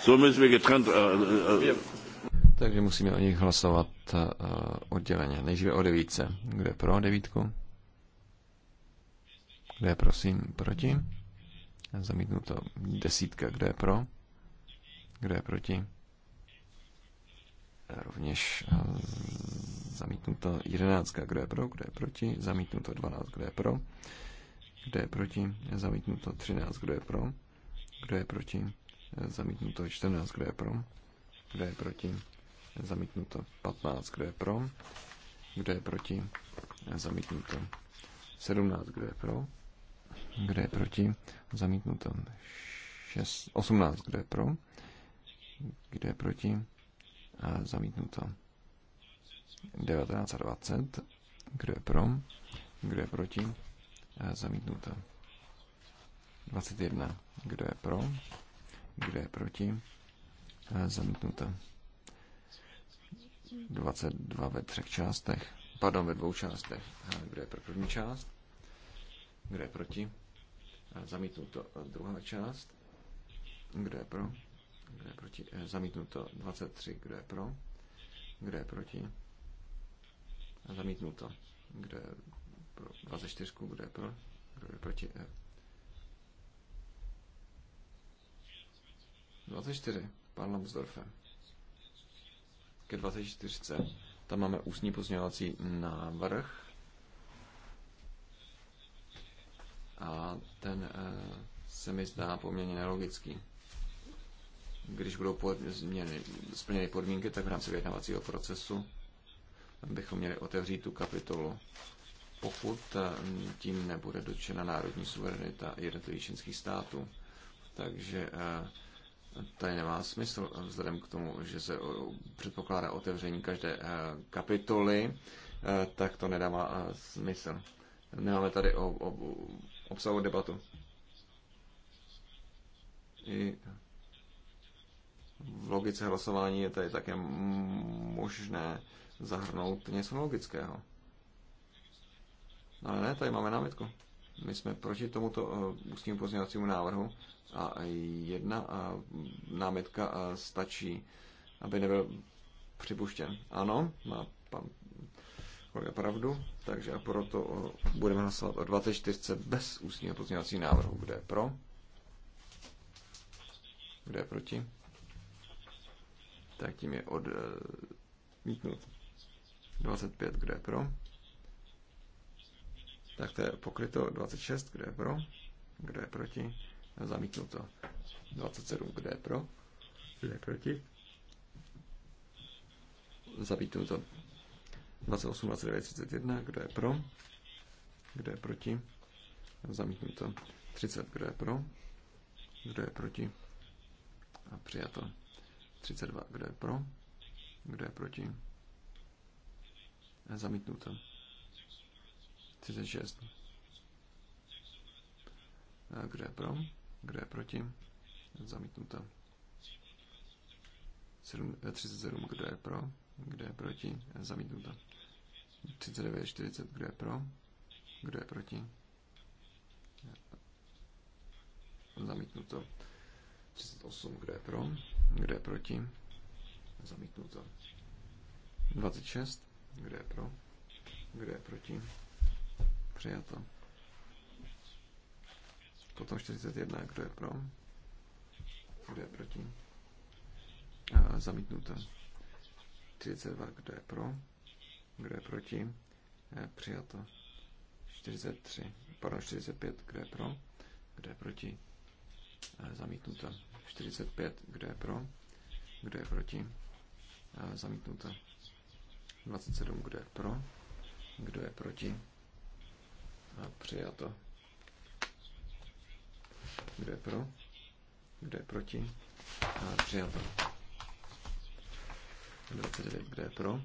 So wir getrennt, äh, äh, äh, takže musíme o nich hlasovat odděleně. Nejdříve o devítce. Kdo je pro devítku? Kdo je prosím proti? Zamítnu to desítka. Kdo je pro? Kdo je proti? Rovněž zamítnu to jedenáctka. Kdo je pro? Kdo je proti? to dvanáct. Kdo je pro? Kdo je proti? to třináct. Kdo je pro? Kdo je proti? to čtrnáct. Kdo je pro? Kdo je proti? Zamítnuto 15, kdo je pro? Kdo je proti? Zamítnuto 17, kdo je pro? Kdo je proti? Zamítnuto 6, 18, kdo je pro? Kdo je proti? A zamítnuto 19 a 20, kdo je pro? Kdo je proti? A zamítnuto 21, kdo je pro? Kdo je proti? A zamítnuto 22 ve třech částech. Pardon, ve dvou částech. Kdo je pro první část? Kdo je proti? Zamítnu to druhá část. Kdo je pro? Kdo je proti? E, Zamítnu to 23. Kdo je pro? Kdo je proti? to. Kdo je pro 24? Kdo je pro? Kdo je proti? 24. E. Pan Lambsdorfe ke 24. Tam máme ústní pozměňovací návrh. A ten eh, se mi zdá poměrně nelogický. Když budou podměny, splněny podmínky, tak v rámci vyjednavacího procesu bychom měli otevřít tu kapitolu. Pokud eh, tím nebude dotčena národní suverenita jednotlivých členských států, takže eh, tady nemá smysl, vzhledem k tomu, že se předpokládá otevření každé eh, kapitoly, eh, tak to nedává eh, smysl. Nemáme tady o, o, obsahu debatu. I v logice hlasování je tady také možné zahrnout něco logického. Ale ne, tady máme námitku. My jsme proti tomuto eh, ústnímu pozměňovacímu návrhu a jedna eh, námitka eh, stačí, aby nebyl připuštěn. Ano, má pan kolega pravdu, takže a proto budeme hlasovat o 24 bez ústního pozměňovacího návrhu. Kdo je pro? Kdo je proti? Tak tím je odmítnut. 25, kdo je pro? Tak to je pokryto 26, kde je pro, kde je proti, to 27, kde je pro, kde je proti, to 28, 29, 31, kde je pro, kde je proti, to 30, kde je pro, kde je proti a přijato 32, kde je pro, kde je proti, to. 36. A kdo je pro? Kdo je proti? Zamítnuto. 37. Eh, kdo je pro? Kdo je proti? Zamítnuto. 39, 40. Kdo je pro? Kdo je proti? Zamítnuto. 38. Kdo je pro? Kdo je proti? Zamítnuto. 26. Kdo je pro? Kdo je proti? Přijato. Potom 41, kdo je pro? Kdo je proti? A zamítnuto. 32, kdo je pro? Kdo je proti? E, přijato. 43, pardon, 45, kdo je pro? Kdo je proti? E, zamítnuto. 45, kdo je pro? Kdo je proti? E, zamítnuto. 27, kdo je pro? Kdo je proti? A přijato. Kdo je pro? Kdo je proti? A přijato. 29. Kdo je pro?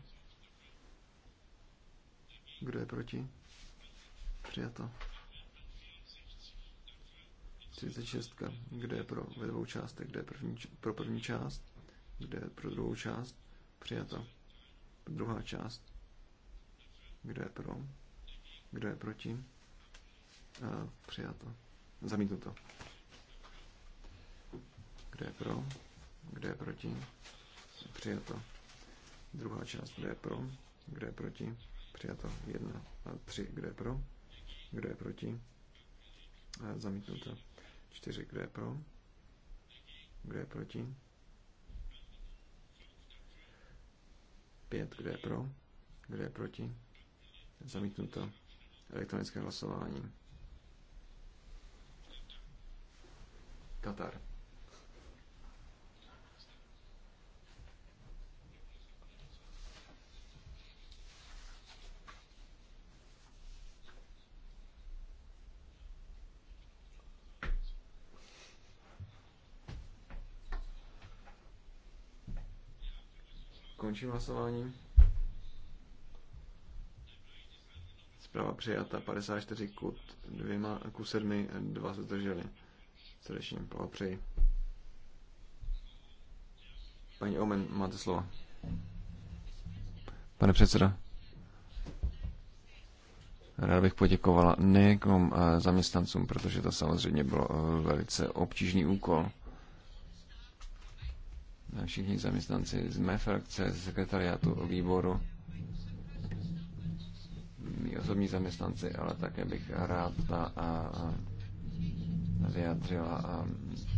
Kdo je proti? Přijato. 36. Kde je pro ve dvou částech? Kde je první, pro první část? Kde je pro druhou část? Přijato. Druhá část. Kdo je pro? Kdo je proti? Přijato. Zamítnuto. Kdo je pro? Kdo je proti? Přijato. Druhá část, kdo je pro? Kdo je proti? Přijato. Jedna a tři, kdo je pro? Kdo je proti? Zamítnuto. Čtyři, kdo je pro? Kdo je proti? Pět, kdo je pro? Kdo je proti? Zamítnuto. Elektronické hlasování. Katar. Končím hlasování. Zpráva přijata 54 kut, dvěma, ku 7, 2 se zdrželi. Srdečně blahopřeji. Paní Omen, máte slovo. Pane předseda, rád bych poděkovala nejenom eh, zaměstnancům, protože to samozřejmě bylo eh, velice obtížný úkol. Eh, všichni zaměstnanci z mé frakce, z sekretariátu výboru, mý osobní zaměstnanci, ale také bych rád a, a vyjádřila a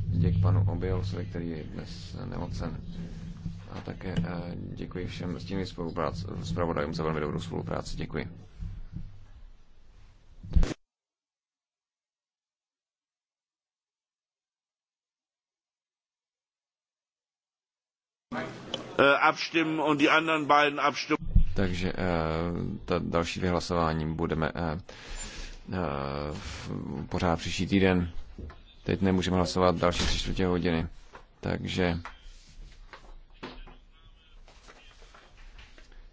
děk panu Obiolsovi, který je dnes nemocen. A také e, děkuji všem s tím zpravodajům za velmi dobrou spolupráci. Děkuji. E, Takže e, ta další vyhlasování budeme pořád příští týden. Teď nemůžeme hlasovat další tři čtvrtě hodiny. Takže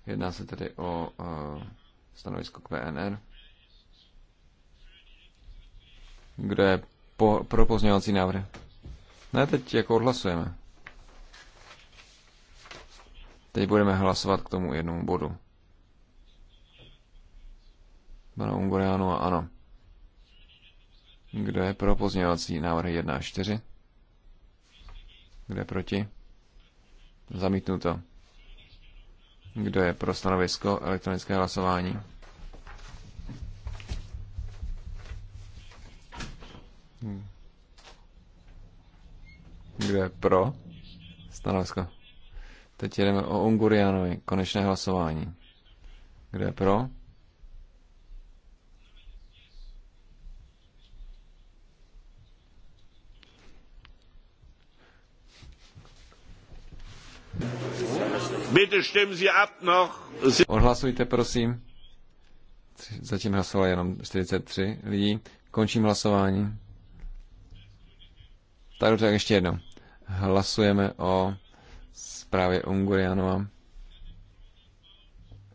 jedná se tedy o stanovisko k VNR, kde je po, pro pozměňovací návrh? Ne, teď jako odhlasujeme. Teď budeme hlasovat k tomu jednomu bodu. Pana Ungoreanu a ano. Kdo je pro pozměňovací návrh 1 a 4? Kdo je proti? to. Kdo je pro stanovisko elektronické hlasování? Kdo je pro stanovisko? Teď jedeme o Ungurianovi. Konečné hlasování. Kdo je pro? Odhlasujte, prosím. Zatím hlasovalo jenom 43 lidí. Končím hlasování. Tak dobře, tak ještě jednou. Hlasujeme o zprávě Ungurianova.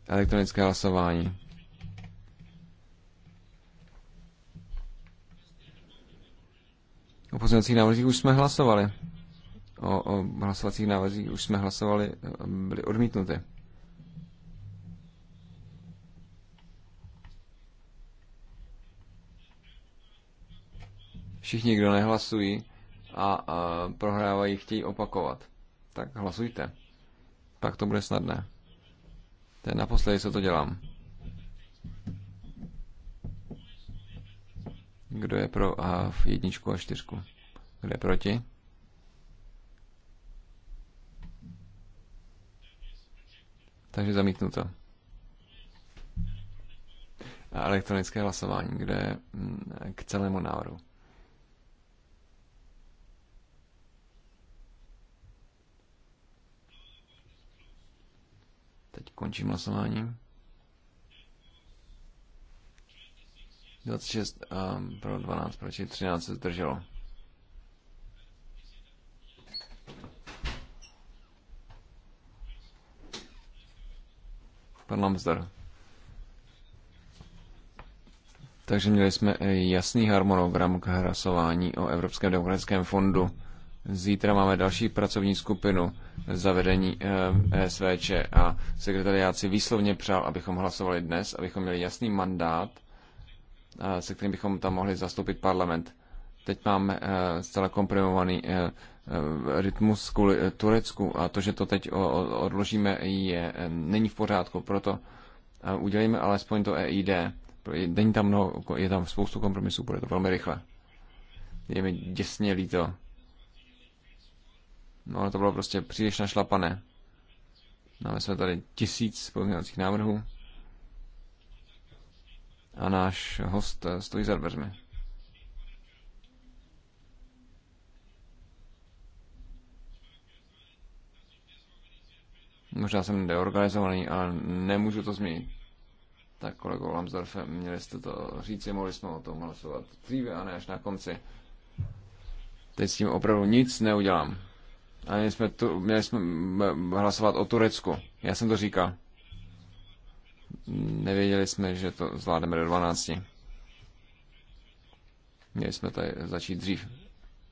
Elektronické hlasování. O pozměňovacích návrzích už jsme hlasovali o, o hlasovacích návrzích už jsme hlasovali, byly odmítnuty. Všichni, kdo nehlasují a, a prohrávají, chtějí opakovat. Tak hlasujte. Pak to bude snadné. To je naposledy, co to dělám. Kdo je pro a v jedničku a čtyřku? Kdo je proti? Takže zamítnuto. A elektronické hlasování, kde mm, k celému návrhu. Teď končím hlasování. 26 um, pro 12 proč 13 se zdrželo. pan Lamsdar. Takže měli jsme eh, jasný harmonogram k hlasování o Evropském demokratickém fondu. Zítra máme další pracovní skupinu zavedení ESVČ eh, a sekretariát si výslovně přál, abychom hlasovali dnes, abychom měli jasný mandát, eh, se kterým bychom tam mohli zastoupit parlament. Teď máme eh, zcela komprimovaný eh, eh, rytmus kvůli Turecku a to, že to teď odložíme, je, není v pořádku. Proto udělejme alespoň to EID. Není tam mnoho, je tam spoustu kompromisů, bude to velmi rychle. Je mi děsně líto. No ale to bylo prostě příliš našlapané. Máme jsme tady tisíc pozměňovacích návrhů a náš host stojí za dveřmi. Možná jsem neorganizovaný, ale nemůžu to změnit. Tak kolego Lamsdorfe, měli jste to říci, mohli jsme o tom hlasovat dříve a ne až na konci. Teď s tím opravdu nic neudělám. A měli jsme, tu, měli jsme hlasovat o Turecku. Já jsem to říkal. Nevěděli jsme, že to zvládneme do 12. Měli jsme tady začít dřív.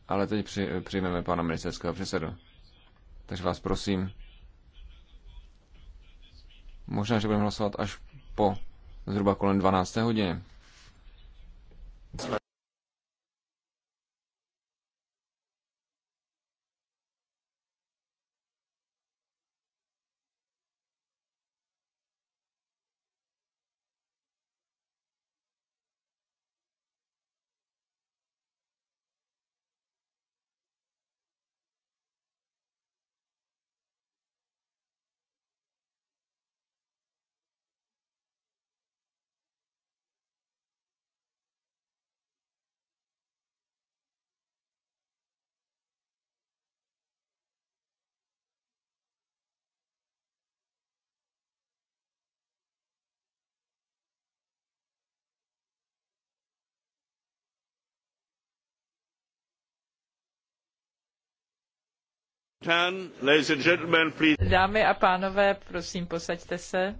Ale teď při, přijmeme pana ministerského předsedu. Takže vás prosím, Možná, že budeme hlasovat až po zhruba kolem 12. hodině. Dámy a pánové, prosím, posaďte se.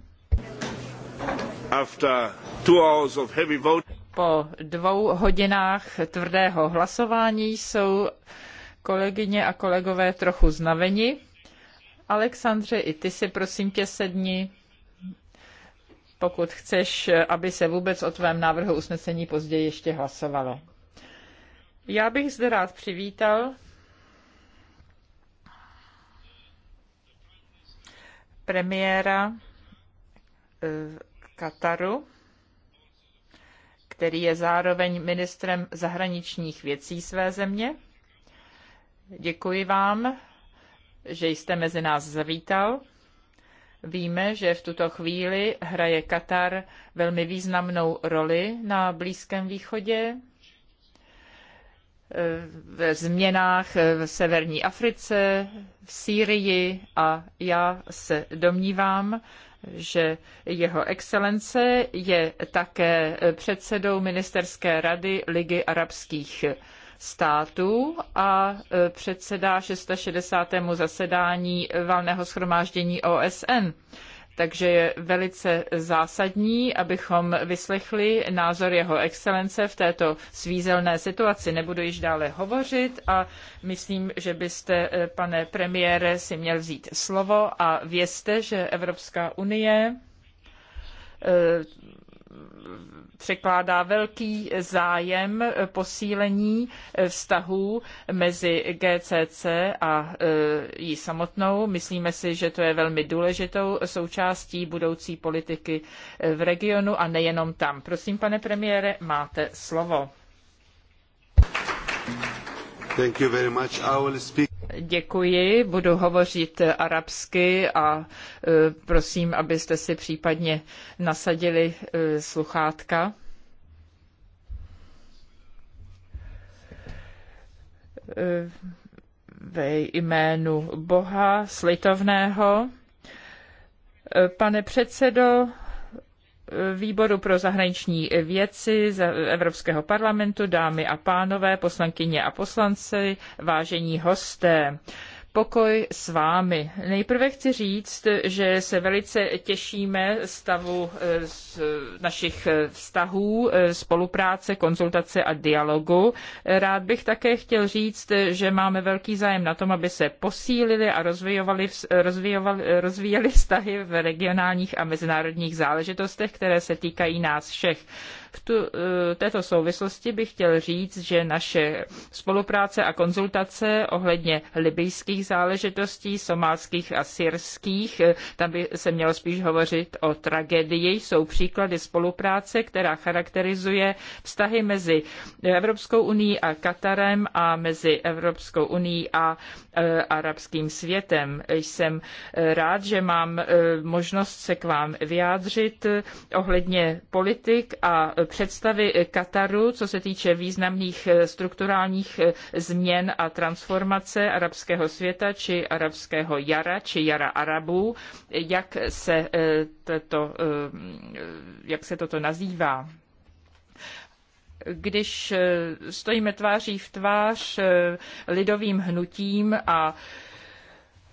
Po dvou hodinách tvrdého hlasování jsou kolegyně a kolegové trochu znaveni. Alexandře, i ty si prosím tě sedni, pokud chceš, aby se vůbec o tvém návrhu usnesení později ještě hlasovalo. Já bych zde rád přivítal premiéra e, Kataru, který je zároveň ministrem zahraničních věcí své země. Děkuji vám, že jste mezi nás zavítal. Víme, že v tuto chvíli hraje Katar velmi významnou roli na Blízkém východě. Eh, ve změnách eh, v severní Africe, v Sýrii a já se domnívám, že jeho excelence je také předsedou ministerské rady Ligy arabských států a eh, předsedá 660. zasedání valného schromáždění OSN. Takže je velice zásadní, abychom vyslechli názor jeho excelence v této svízelné situaci. Nebudu již dále hovořit a myslím, že byste, eh, pane premiére, si měl vzít slovo a vězte, že Evropská unie eh, překládá velký zájem posílení vztahů mezi GCC a e, jí samotnou. Myslíme si, že to je velmi důležitou součástí budoucí politiky e, v regionu a nejenom tam. Prosím, pane premiére, máte slovo. Thank you very much. I will speak. Děkuji, budu hovořit arabsky a e, prosím, abyste si případně nasadili e, sluchátka. E, ve jménu Boha slitovného. Pane předsedo, výboru pro zahraniční věci z Evropského parlamentu, dámy a pánové, poslankyně a poslanci, vážení hosté pokoj s vámi. Nejprve chci říct, že se velice těšíme stavu eh, našich eh, vztahů, eh, spolupráce, konzultace a dialogu. Rád bych také chtěl říct, že máme velký zájem na tom, aby se posílili a rozvíjovali, rozvíjovali, rozvíjeli vztahy v regionálních a mezinárodních záležitostech, které se týkají nás všech. V tu, eh, této souvislosti bych chtěl říct, že naše spolupráce a konzultace ohledně libijských záležitostí, somálských a syrských, eh, tam by se mělo spíš hovořit o tragédii, jsou příklady spolupráce, která charakterizuje vztahy mezi Evropskou unii a Katarem a mezi Evropskou unii a e, arabským světem. Jsem rád, že mám e, možnost se k vám vyjádřit ohledně politik a představy Kataru, co se týče významných eh, strukturálních eh, změn a transformace arabského světa či arabského jara či jara Arabů, jak se, eh, tato, jak se toto nazývá když stojíme tváří v tvář lidovým hnutím a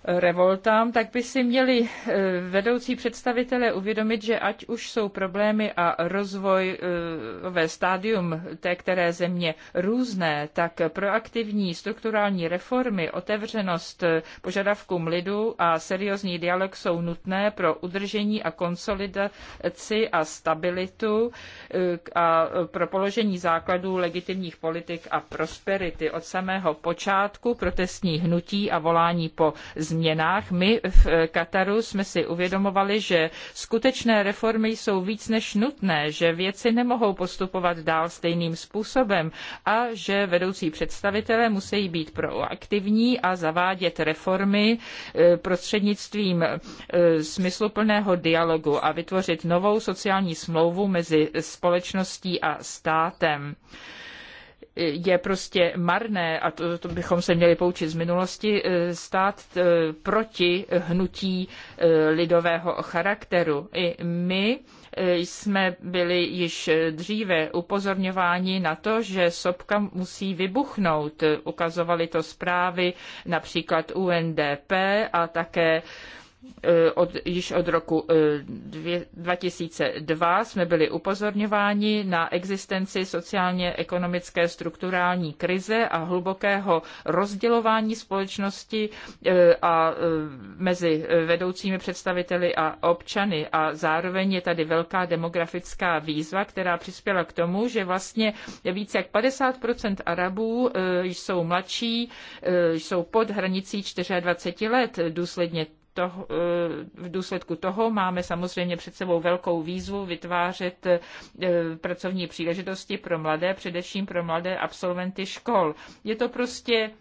revoltám, tak by si měli eh, vedoucí představitelé uvědomit, že ať už jsou problémy a rozvoj eh, ve stádium té které země různé, tak proaktivní strukturální reformy, otevřenost eh, požadavkům lidu a seriózní dialog jsou nutné pro udržení a konsolidaci a stabilitu a pro položení základů legitimních politik a prosperity. Od samého počátku protestní hnutí a volání po změně změnách. My v Kataru jsme si uvědomovali, že skutečné reformy jsou víc než nutné, že věci nemohou postupovat dál stejným způsobem a že vedoucí představitelé musí být proaktivní a zavádět reformy eh, prostřednictvím eh, smysluplného dialogu a vytvořit novou sociální smlouvu mezi společností a státem je prostě marné, a to, to bychom se měli poučit z minulosti, eh, stát eh, proti hnutí eh, lidového charakteru. I my jsme byli již dříve upozorňováni na to, že sopka musí vybuchnout. Ukazovaly to zprávy například UNDP a také Eh, od, již od roku eh, dvě, 2002 jsme byli upozorňováni na existenci sociálně-ekonomické strukturální krize a hlubokého rozdělování společnosti eh, a mezi vedoucími představiteli a občany. A zároveň je tady velká demografická výzva, která přispěla k tomu, že vlastně více jak 50 Arabů jsou mladší, jsou pod hranicí 24 let důsledně toho, eh, v důsledku toho máme samozřejmě před sebou velkou výzvu vytvářet eh, pracovní příležitosti pro mladé, především pro mladé absolventy škol. Je to prostě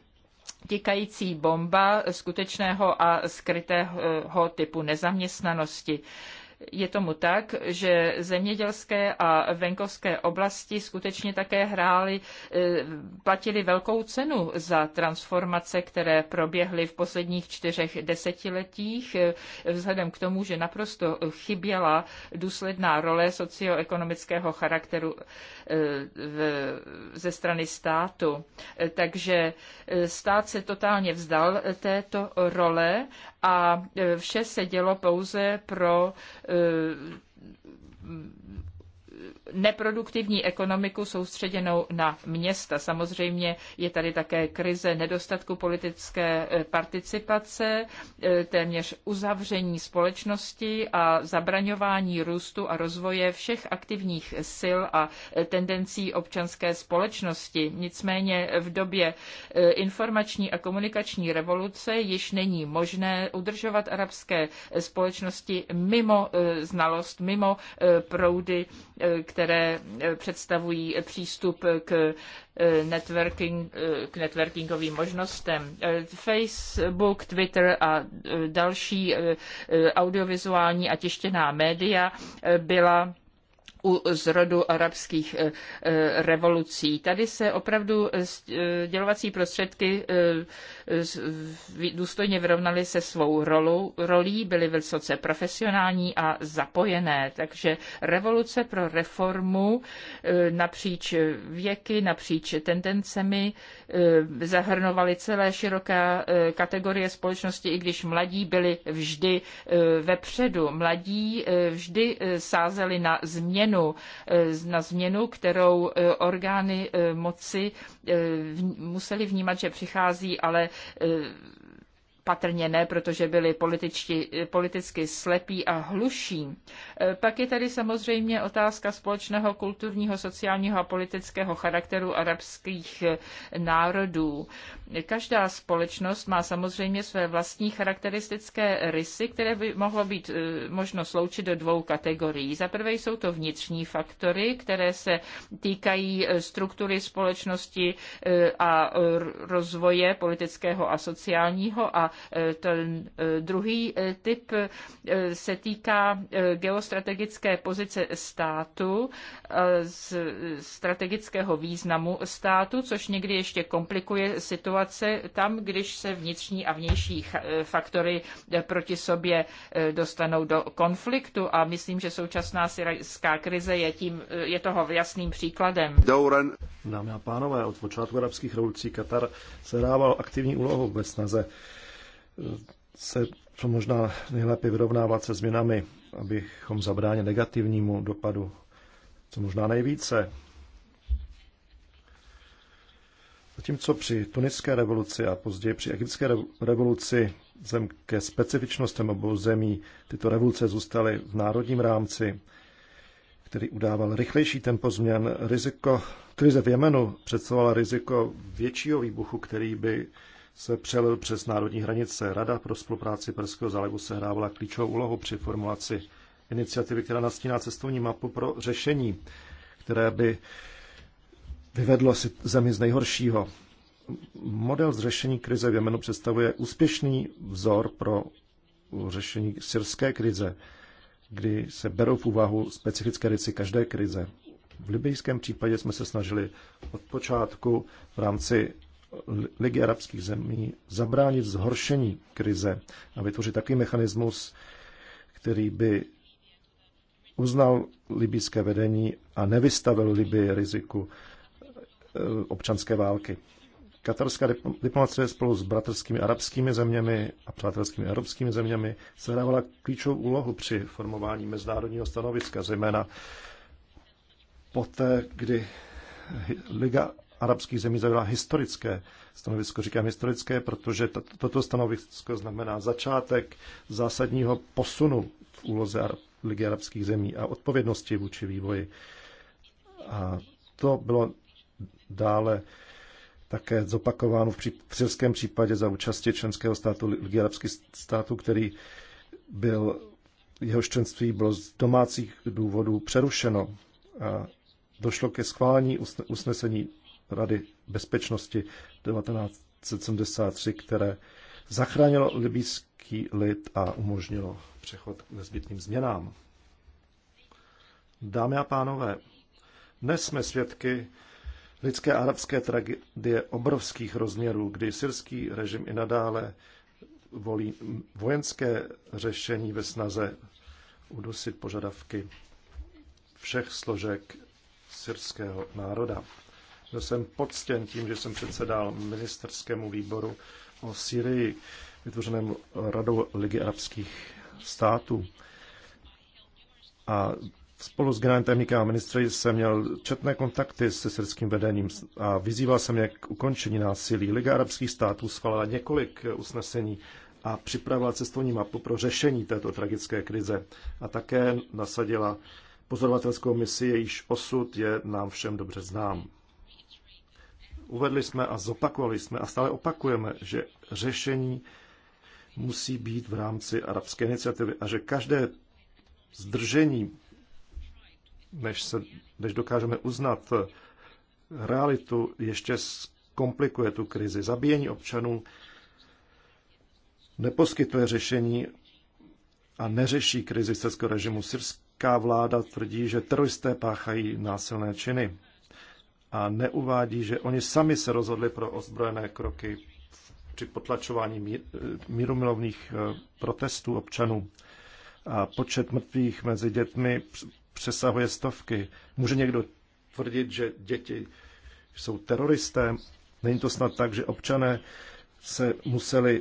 tikající bomba skutečného a skrytého typu nezaměstnanosti je tomu tak, že zemědělské a venkovské oblasti skutečně také hrály, eh, platili velkou cenu za transformace, které proběhly v posledních čtyřech desetiletích, eh, vzhledem k tomu, že naprosto chyběla důsledná role socioekonomického charakteru eh, ze strany státu. Takže stát se totálně vzdal této role a e, vše se dělo pouze pro e, neproduktivní ekonomiku soustředěnou na města. Samozřejmě je tady také krize nedostatku politické eh, participace, eh, téměř uzavření společnosti a zabraňování růstu a rozvoje všech aktivních sil a eh, tendencí občanské společnosti. Nicméně v době informační a komunikační revoluce již není možné udržovat arabské společnosti mimo znalost, mimo proudy které představují přístup k, eh, networking, eh, k networkingovým možnostem. Eh, Facebook, Twitter a další audiovizuální a tištěná média byla u zrodu arabských eh, eh, revolucí. Tady se opravdu eh, dělovací prostředky důstojně vyrovnaly se svou rolou, rolí, byly vysoce profesionální a zapojené. Takže revoluce pro reformu napříč věky, napříč tendencemi zahrnovaly celé široká kategorie společnosti, i když mladí byli vždy vepředu. Mladí vždy sázeli na změnu změnu, eh, na změnu, kterou eh, orgány eh, moci museli vnímat, že přichází, ale patrně ne, protože byli političti, politicky slepí a hluší. Pak je tady samozřejmě otázka společného kulturního, sociálního a politického charakteru arabských národů. Každá společnost má samozřejmě své vlastní charakteristické rysy, které by mohlo být eh, možno sloučit do dvou kategorií. Za prvé jsou to vnitřní faktory, které se týkají eh, struktury společnosti eh, a rozvoje politického a sociálního a ten druhý typ se týká geostrategické pozice státu, strategického významu státu, což někdy ještě komplikuje situaci situace tam, když se vnitřní a vnější eh, faktory eh, proti sobě eh, dostanou do konfliktu a myslím, že současná syrská krize je, tím, je toho jasným příkladem. Douren. Dámy a pánové, od počátku arabských revolucí Katar se sehrával aktivní úlohu ve snaze se co možná nejlépe vyrovnávat se změnami, abychom zabránili negativnímu dopadu co možná nejvíce Zatímco při tuniské revoluci a později při egyptské revoluci zem ke specifičnostem obou zemí tyto revoluce zůstaly v národním rámci, který udával rychlejší tempo změn. Riziko krize v Jemenu představovala riziko většího výbuchu, který by se přelil přes národní hranice. Rada pro spolupráci Perského zálivu hrávala klíčovou úlohu při formulaci iniciativy, která nastíná cestovní mapu pro řešení, které by vyvedlo si zemi z nejhoršího. Model zřešení krize v Jemenu představuje úspěšný vzor pro řešení syrské krize, kdy se berou v úvahu specifické rysy každé krize. V libijském případě jsme se snažili od počátku v rámci Ligy arabských zemí zabránit zhoršení krize a vytvořit takový mechanismus, který by uznal libijské vedení a nevystavil Libii riziku Eh, občanské války. Katarská diplomacie spolu s bratrskými arabskými zeměmi a přátelskými evropskými zeměmi sehrávala klíčovou úlohu při formování mezinárodního stanoviska, zejména poté, kdy Liga arabských zemí zavěla historické stanovisko. Říkám historické, protože toto stanovisko znamená začátek zásadního posunu v úloze Ligy arabských zemí a odpovědnosti vůči vývoji. A to bylo dále také zopakováno v přírském případě za účasti členského státu Ligy arabských států, který byl, jeho členství bylo z domácích důvodů přerušeno. A došlo ke schválení usnesení Rady bezpečnosti 1973, které zachránilo libýský lid a umožnilo přechod k nezbytným změnám. Dámy a pánové, dnes jsme svědky lidské a arabské tragédie obrovských rozměrů, kdy syrský režim i nadále volí vojenské řešení ve snaze udusit požadavky všech složek syrského národa. Byl jsem poctěn tím, že jsem předsedal ministerskému výboru o Syrii, vytvořenému Radou Ligy arabských států. A Spolu s generálním tajemníkem a ministry jsem měl četné kontakty s srdským vedením a vyzýval jsem je k ukončení násilí. Liga arabských států schválila několik usnesení a připravila cestovní mapu pro řešení této tragické krize a také nasadila pozorovatelskou misi, jejíž osud je nám všem dobře znám. Uvedli jsme a zopakovali jsme a stále opakujeme, že řešení musí být v rámci arabské iniciativy a že každé zdržení než, se, než dokážeme uznat realitu, ještě zkomplikuje tu krizi. Zabíjení občanů neposkytuje řešení a neřeší krizi syrského režimu. Syrská vláda tvrdí, že teroristé páchají násilné činy a neuvádí, že oni sami se rozhodli pro ozbrojené kroky při potlačování mír, mírumilovných eh, protestů občanů. A počet mrtvých mezi dětmi přesahuje stovky. Může někdo tvrdit, že děti jsou teroristé? Není to snad tak, že občané se museli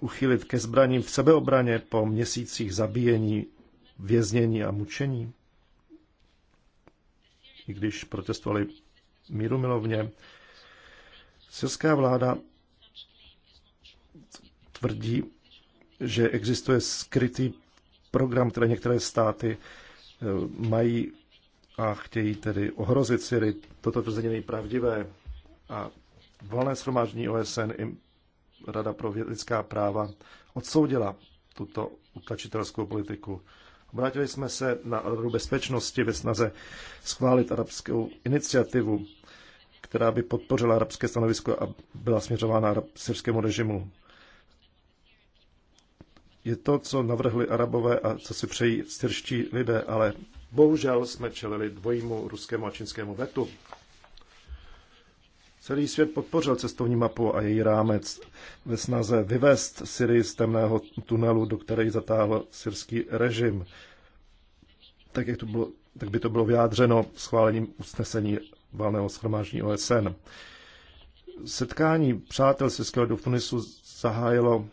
uchylit ke zbraním v sebeobraně po měsících zabíjení, věznění a mučení? I když protestovali míru milovně, syrská vláda tvrdí, že existuje skrytý program, které některé státy Eh, mají a chtějí tedy ohrozit Syrii. Toto tvrzení není pravdivé. A volné shromáždění OSN i Rada pro lidská práva odsoudila tuto utlačitelskou politiku. Obrátili jsme se na Radu bezpečnosti ve snaze schválit arabskou iniciativu, která by podpořila arabské stanovisko a byla směřována syrskému režimu je to, co navrhli Arabové a co si přejí syrští lidé, ale bohužel jsme čelili dvojímu ruskému a čínskému vetu. Celý svět podpořil cestovní mapu a její rámec ve snaze vyvést Syrii z temného tunelu, do které zatáhl syrský režim. Tak, jak to bylo, tak by to bylo vyjádřeno schválením usnesení valného schromáždění OSN. Setkání přátel syrského do Tunisu zahájilo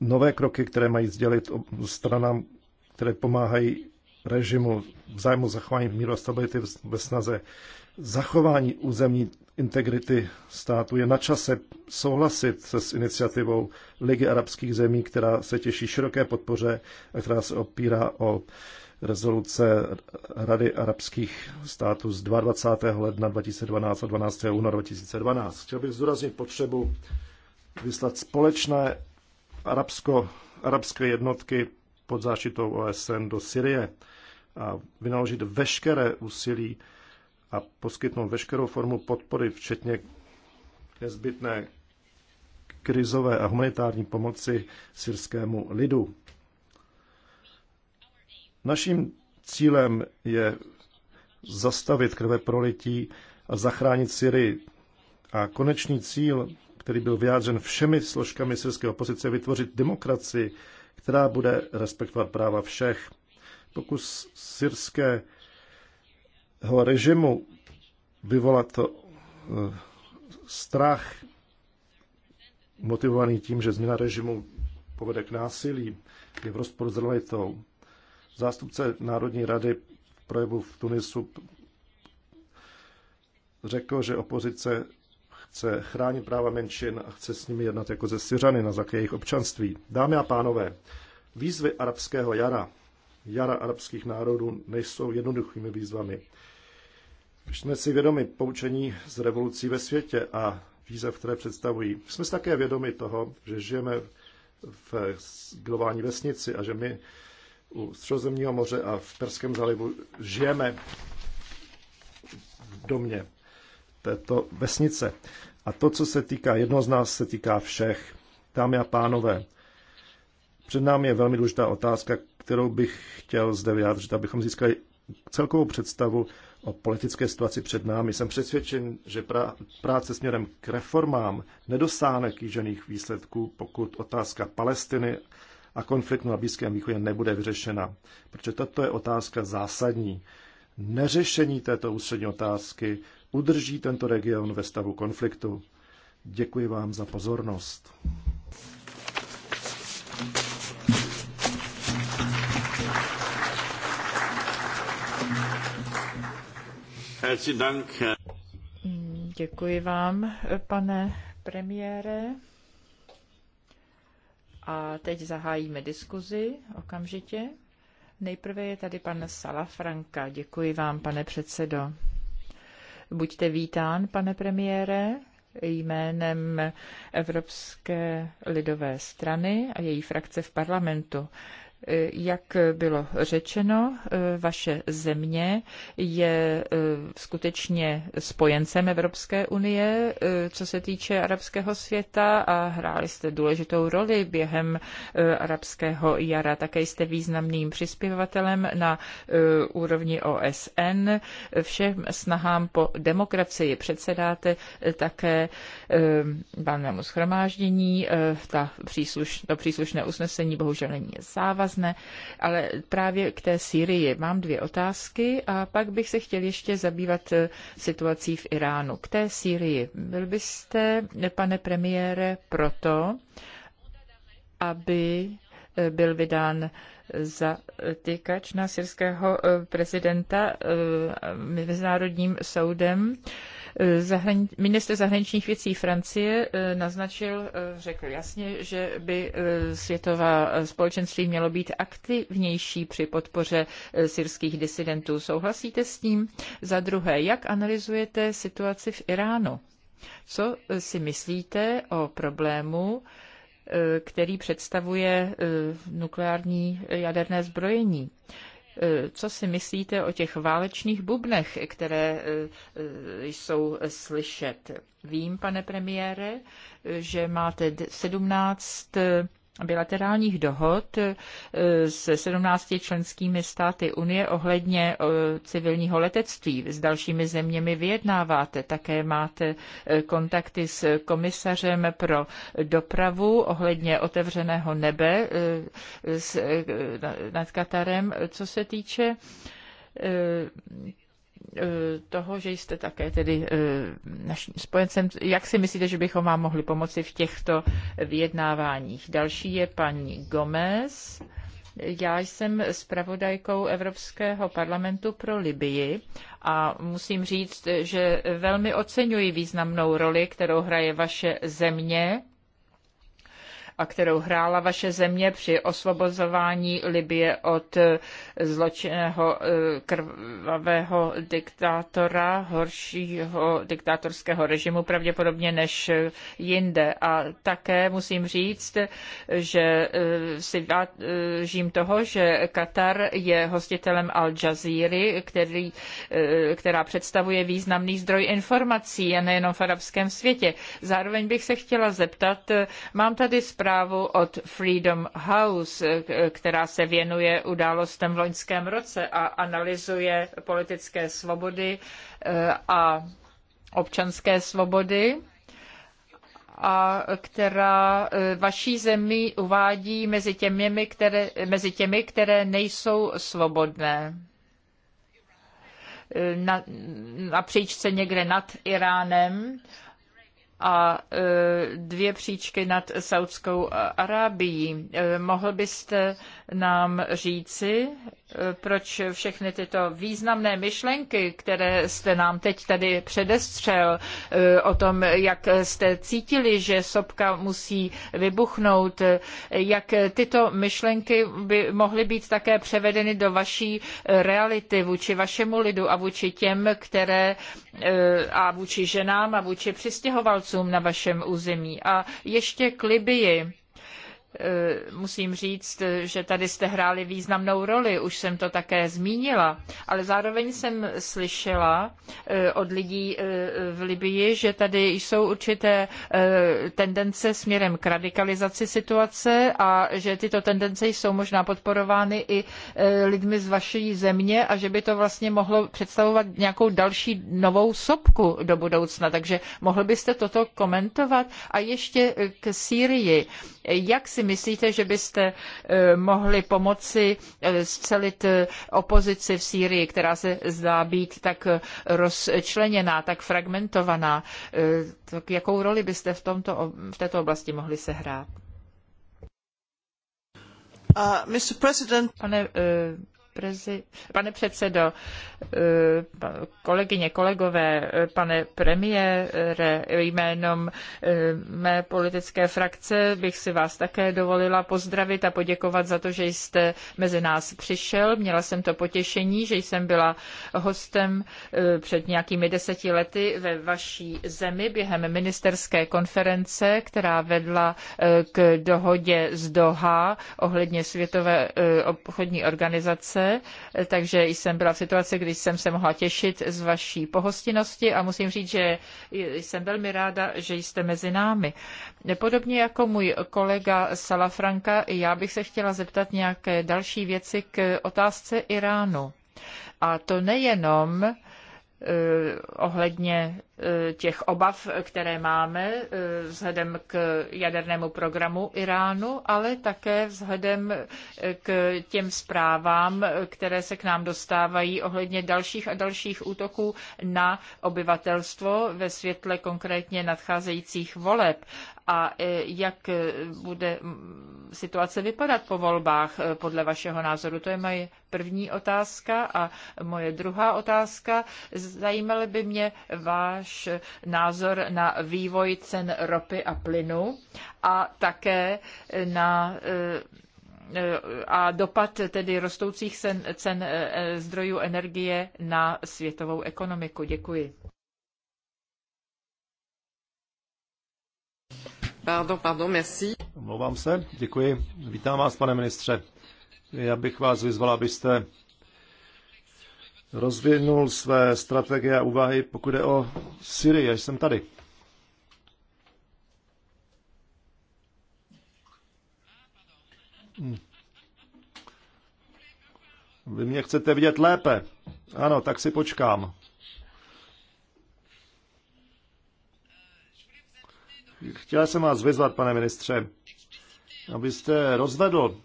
nové kroky, které mají sdělit stranám, které pomáhají režimu v zájmu zachování míru a stability ve snaze zachování územní integrity státu je na čase souhlasit se s iniciativou Ligy arabských zemí, která se těší široké podpoře a která se opírá o rezoluce Rady arabských států z 22. ledna 2012 a 12. února 2012. Chtěl bych zdůraznit potřebu vyslat společné Arabsko, arabské jednotky pod záštitou OSN do Syrie a vynaložit veškeré úsilí a poskytnout veškerou formu podpory, včetně nezbytné krizové a humanitární pomoci syrskému lidu. Naším cílem je zastavit krve prolití a zachránit Syrii. A konečný cíl který byl vyjádřen všemi složkami syrské opozice, vytvořit demokracii, která bude respektovat práva všech. Pokus syrského režimu vyvolat to eh, strach, motivovaný tím, že změna režimu povede k násilí, je v rozporu s realitou. Zástupce Národní rady v projevu v Tunisu řekl, že opozice chce chránit práva menšin a chce s nimi jednat jako ze Syřany na základě jejich občanství. Dámy a pánové, výzvy arabského jara, jara arabských národů, nejsou jednoduchými výzvami. Jsme si vědomi poučení z revolucí ve světě a výzev, které představují. Jsme si také vědomi toho, že žijeme v globální vesnici a že my u Středozemního moře a v Perském zálivu žijeme v domě této vesnice. A to, co se týká jednoho z nás, se týká všech. Dámy a pánové, před námi je velmi důležitá otázka, kterou bych chtěl zde vyjádřit, abychom získali celkovou představu o politické situaci před námi. Jsem přesvědčen, že práce směrem k reformám nedosáhne kýžených výsledků, pokud otázka Palestiny a konfliktu na Blízkém východě nebude vyřešena. Protože tato je otázka zásadní. Neřešení této ústřední otázky udrží tento region ve stavu konfliktu. Děkuji vám za pozornost. Děkuji vám, pane premiére. A teď zahájíme diskuzi okamžitě. Nejprve je tady pan Salafranka. Děkuji vám, pane předsedo. Buďte vítán, pane premiére, jménem Evropské lidové strany a její frakce v parlamentu. Eh, jak bylo řečeno, eh, vaše země je eh, skutečně spojencem Evropské unie, co se týče arabského světa a hráli jste důležitou roli během arabského jara. Také jste významným přispěvatelem na úrovni OSN. Všem snahám po demokracii předsedáte také valnému schromáždění. Ta příslušné, to příslušné usnesení bohužel není závaz prázdné, ale právě k té Syrii mám dvě otázky a pak bych se chtěl ještě zabývat eh, situací v Iránu. K té Syrii byl byste, eh, pane premiére, proto, aby eh, byl vydán týkač na syrského prezidenta Mezinárodním soudem Eh, zahrani- minister zahraničních věcí Francie eh, naznačil, eh, řekl jasně, že by světová společenství mělo být aktivnější při podpoře syrských disidentů. Souhlasíte s tím? Za druhé, jak analyzujete situaci v Iránu? Co si myslíte o problému, který představuje nukleární jaderné zbrojení? Eh, co si myslíte o těch válečných bubnech, které eh, eh, jsou slyšet? Vím, pane premiére, že máte 17 bilaterálních dohod eh, se 17 členskými státy Unie ohledně eh, civilního letectví. S dalšími zeměmi vyjednáváte, také máte eh, kontakty s komisařem pro dopravu ohledně otevřeného nebe nad Katarem. Co se týče Eh, toho, že jste také tedy eh, naším spojencem. Jak si myslíte, že bychom vám mohli pomoci v těchto vyjednáváních? Další je paní Gomez. Já jsem zpravodajkou Evropského parlamentu pro Libii a musím říct, že velmi oceňuji významnou roli, kterou hraje vaše země a kterou hrála vaše země při osvobozování Libie od eh, zločinného eh, krvavého diktátora, horšího diktátorského režimu, pravděpodobně než jinde. A také musím říct, že eh, si vážím toho, že Katar je hostitelem Al Jazeera, který, která představuje významný zdroj informací a nejenom v arabském světě. Zároveň bych se chtěla zeptat, mám tady zprávu, zprávu od Freedom House, která se věnuje událostem v loňském roce a analyzuje politické svobody eh, a občanské svobody a která eh, vaší zemi uvádí mezi těmi, které, mezi těmi, které nejsou svobodné. Eh, na, napříč se někde nad Iránem a e, dvě příčky nad Saudskou Arábií. E, mohl byste nám říci, eh, proč všechny tyto významné myšlenky, které jste nám teď tady předestřel, eh, o tom, jak jste cítili, že sopka musí vybuchnout, eh, jak tyto myšlenky by mohly být také převedeny do vaší reality vůči vašemu lidu a vůči těm, které a vůči ženám a vůči přistěhovalcům na vašem území. A ještě k Libii Eh, musím říct, že tady jste hráli významnou roli, už jsem to také zmínila, ale zároveň jsem slyšela eh, od lidí eh, v Libii, že tady jsou určité tendence směrem k radikalizaci situace a že tyto tendence jsou možná podporovány i lidmi z vaší země a že by to vlastně mohlo představovat nějakou další novou sopku do budoucna. Takže mohl byste toto komentovat? A ještě k Sýrii. Jak si si myslíte, že byste eh, mohli pomoci eh, zcelit eh, opozici v Sýrii, která se zdá být tak rozčleněná, tak fragmentovaná? Tak jakou roli byste v, tomto, v této oblasti mohli sehrát? Uh, Pane prezi... pane předsedo, eh, kolegyně, kolegové, eh, pane premiére, jménem eh, mé politické frakce bych si vás také dovolila pozdravit a poděkovat za to, že jste mezi nás přišel. Měla jsem to potěšení, že jsem byla hostem před nějakými deseti lety ve vaší zemi během ministerské konference, která vedla k dohodě z Doha ohledně Světové obchodní organizace práce, takže jsem byla v situaci, kdy jsem se mohla těšit z vaší pohostinnosti a musím říct, že jsem velmi ráda, že jste mezi námi. Podobně jako můj kolega Salafranka, já bych se chtěla zeptat nějaké další věci k otázce Iránu. A to nejenom Eh, ohledně eh, těch obav, které máme eh, vzhledem k jadernému programu Iránu, ale také vzhledem k těm zprávám, které se k nám dostávají ohledně dalších a dalších útoků na obyvatelstvo ve světle konkrétně nadcházejících voleb a e, jak e, bude situace vypadat po volbách e, podle vašeho názoru? To je moje první otázka a moje druhá otázka. Zajímal by mě váš názor na vývoj cen ropy a plynu a také na a dopad tedy rostoucích cen, cen zdrojů energie na světovou ekonomiku. Děkuji. Pardon, pardon, merci. Omlouvám se, děkuji. Vítám vás, pane ministře. Já bych vás vyzval, abyste rozvinul své strategie a úvahy, pokud je o Syrii, já jsem tady. Hm. Vy mě chcete vidět lépe. Ano, tak si počkám. Chtěl jsem vás vyzvat, pane ministře, abyste rozvedl,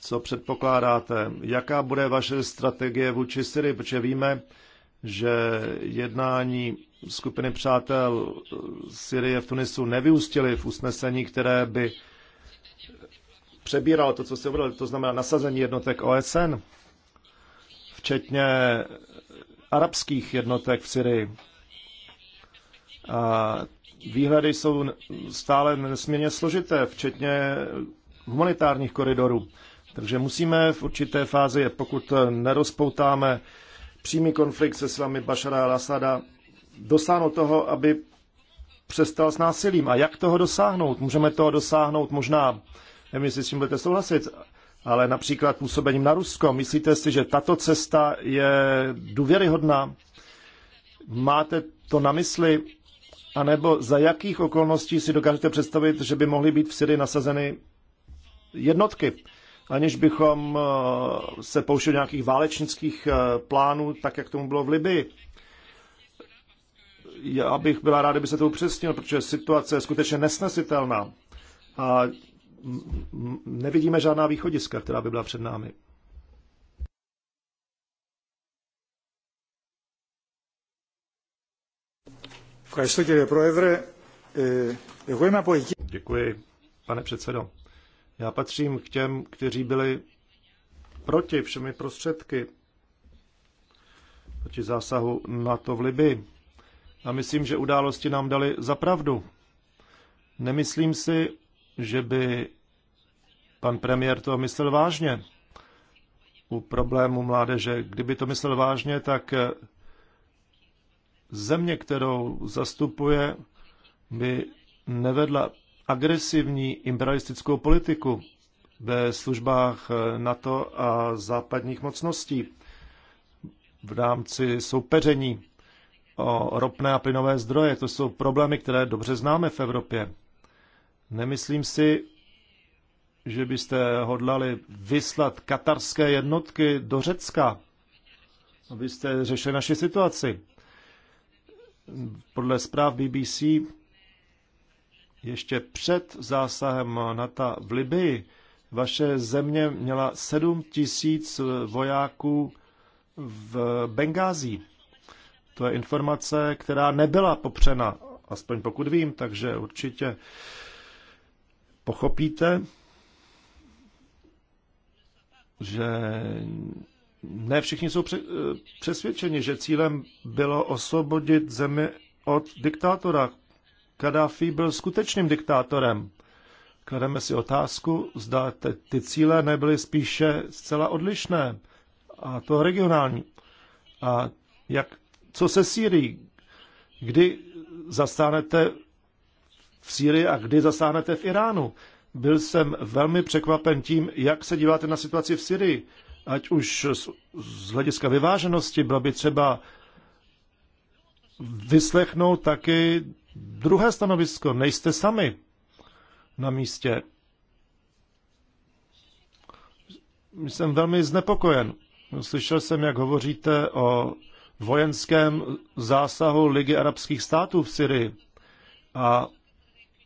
co předpokládáte, jaká bude vaše strategie vůči Syrii, protože víme, že jednání skupiny přátel Syrie v Tunisu nevyústily v usnesení, které by přebíralo to, co se uvedlo, to znamená nasazení jednotek OSN, včetně arabských jednotek v Syrii. A výhledy jsou stále nesmírně složité, včetně humanitárních koridorů. Takže musíme v určité fázi, pokud nerozpoutáme přímý konflikt se svami Bašara al-Asada, dosáhnout toho, aby přestal s násilím. A jak toho dosáhnout? Můžeme toho dosáhnout možná, nevím, jestli s tím budete souhlasit, ale například působením na Rusko. Myslíte si, že tato cesta je důvěryhodná? Máte to na mysli? A nebo za jakých okolností si dokážete představit, že by mohly být v Syrii nasazeny jednotky? Aniž bychom eh, se poušili nějakých válečnických eh, plánů, tak jak tomu bylo v Libii. Já bych byla ráda, kdyby se to upřesnil, protože situace je skutečně nesnesitelná. A nevidíme žádná východiska, která by byla před námi. Děkuji, pane předsedo. Já patřím k těm, kteří byli proti všemi prostředky, proti zásahu NATO v Libii. A myslím, že události nám dali za pravdu. Nemyslím si, že by pan premiér to myslel vážně u problému mládeže. Kdyby to myslel vážně, tak země, kterou zastupuje, by nevedla agresivní imperialistickou politiku ve službách NATO a západních mocností v rámci soupeření o ropné a plynové zdroje. To jsou problémy, které dobře známe v Evropě. Nemyslím si, že byste hodlali vyslat katarské jednotky do Řecka, abyste řešili naši situaci. Podle zpráv BBC ještě před zásahem NATO v Libii vaše země měla 7 tisíc vojáků v Bengází. To je informace, která nebyla popřena, aspoň pokud vím, takže určitě pochopíte, že ne všichni jsou eh, přesvědčeni, že cílem bylo osvobodit zemi od diktátora. Kadáfi byl skutečným diktátorem. Klademe si otázku, zda ty cíle nebyly spíše zcela odlišné, a to regionální. A jak, co se Sýrií? Kdy zastánete v Sýrii a kdy zastánete v Iránu? Byl jsem velmi překvapen tím, jak se díváte na situaci v Syrii ať už z, z hlediska vyváženosti bylo by třeba vyslechnout taky druhé stanovisko. Nejste sami na místě. Jsem velmi znepokojen. Slyšel jsem, jak hovoříte o vojenském zásahu Ligy arabských států v Syrii. A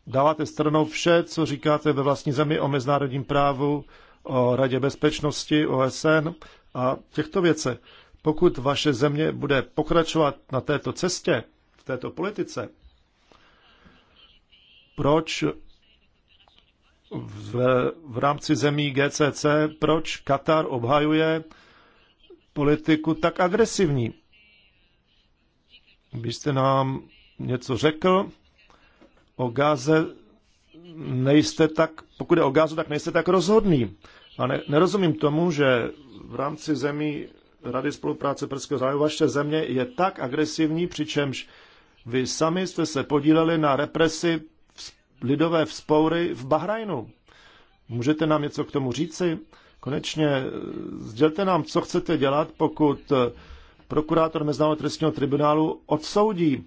dáváte stranou vše, co říkáte ve vlastní zemi o mezinárodním právu, o Radě bezpečnosti OSN a těchto věcech. Pokud vaše země bude pokračovat na této cestě, v této politice, proč v, v rámci zemí GCC, proč Katar obhajuje politiku tak agresivní? Vy jste nám něco řekl o Gáze, nejste tak, pokud je o gázu, tak nejste tak rozhodný. A ne, nerozumím tomu, že v rámci zemí Rady spolupráce Prského zájmu vaše země je tak agresivní, přičemž vy sami jste se podíleli na represi lidové vzpoury v Bahrajnu. Můžete nám něco k tomu říci? Konečně eh, sdělte nám, co chcete dělat, pokud eh, prokurátor Mezinárodního trestního tribunálu odsoudí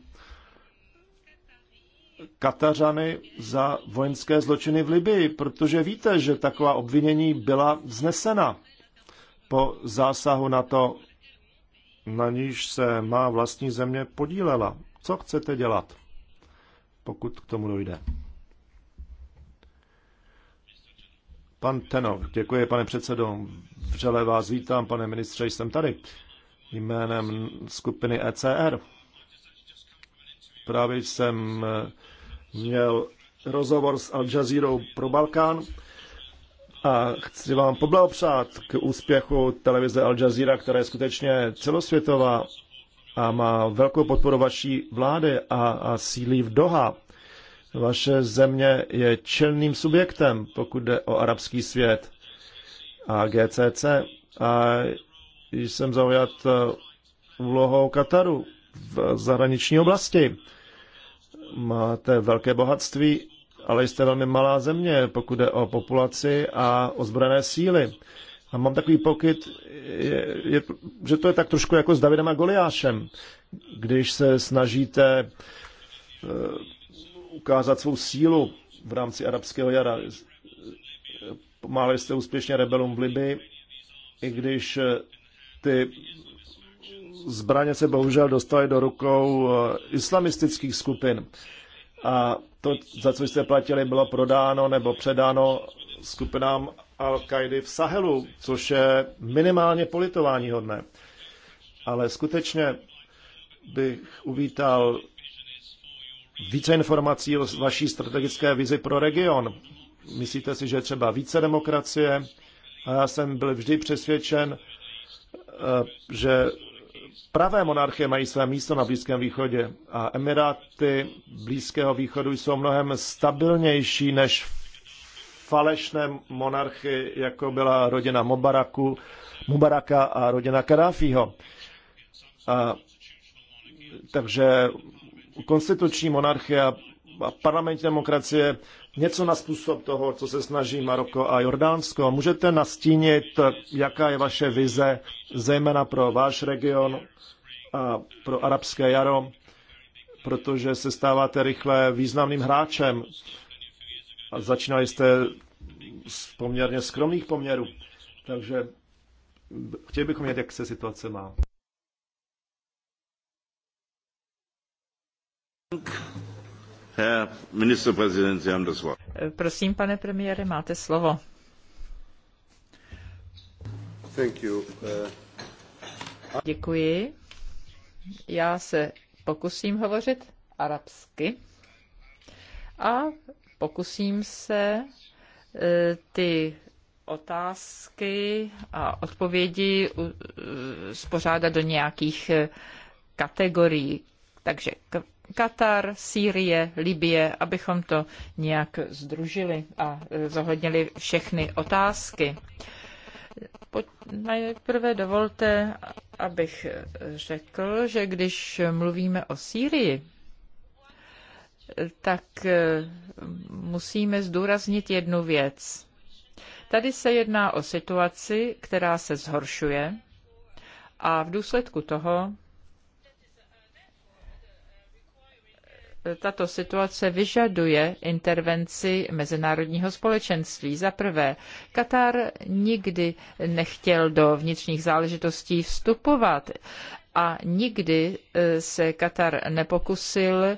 Katařany za vojenské zločiny v Libii, protože víte, že taková obvinění byla vznesena po zásahu na to, na níž se má vlastní země podílela. Co chcete dělat, pokud k tomu dojde? Pan Tenok, děkuji, pane předsedo. Vřele vás vítám, pane ministře, jsem tady jménem skupiny ECR. Právě jsem měl rozhovor s Al Jazeera pro Balkán a chci vám poblahopřát k úspěchu televize Al Jazeera, která je skutečně celosvětová a má velkou podporu vaší vlády a, a sílí v Doha. Vaše země je čelným subjektem, pokud jde o arabský svět a GCC. A jsem zaujat eh, úlohou Kataru v zahraniční oblasti máte velké bohatství, ale jste velmi malá země, pokud jde o populaci a ozbrojené síly. A mám takový pokyt, je, je, že to je tak trošku jako s Davidem a Goliášem. Když se snažíte uh, ukázat svou sílu v rámci arabského jara, pomáhali jste úspěšně rebelům v Libii, i když eh, ty zbraně se bohužel dostaly do rukou eh, islamistických skupin. A to, za co jste platili, bylo prodáno nebo předáno skupinám Al-Kaidi v Sahelu, což je minimálně politování hodné. Ale skutečně bych uvítal více informací o vaší strategické vizi pro region. Myslíte si, že je třeba více demokracie? A já jsem byl vždy přesvědčen, eh, že pravé monarchie mají své místo na Blízkém východě a Emiráty Blízkého východu jsou mnohem stabilnější než falešné monarchy, jako byla rodina Mubaraku, Mubaraka a rodina Kadáfího. A, takže konstituční monarchie a parlamentní demokracie něco na způsob toho, co se snaží Maroko a Jordánsko. Můžete nastínit, jaká je vaše vize, zejména pro váš region a pro arabské jaro, protože se stáváte rychle významným hráčem a začínali jste z poměrně skromných poměrů. Takže chtěli bychom vědět, jak se situace má. Herr Ministerpräsident, Sie haben das Wort. Prosím, pane premiére, máte slovo. Thank you. Uh, Děkuji. Já se pokusím hovořit arabsky a pokusím se eh, ty otázky a odpovědi eh, spořádat do nějakých eh, kategorií. Takže Katar, Sýrie, Libie, abychom to nějak združili a e, zohlednili všechny otázky. Nejprve dovolte, abych e, řekl, že když mluvíme o Sýrii, tak e, musíme zdůraznit jednu věc. Tady se jedná o situaci, která se zhoršuje a v důsledku toho tato situace vyžaduje intervenci mezinárodního společenství. Za prvé, Katar nikdy nechtěl do vnitřních záležitostí vstupovat a nikdy eh, se Katar nepokusil eh,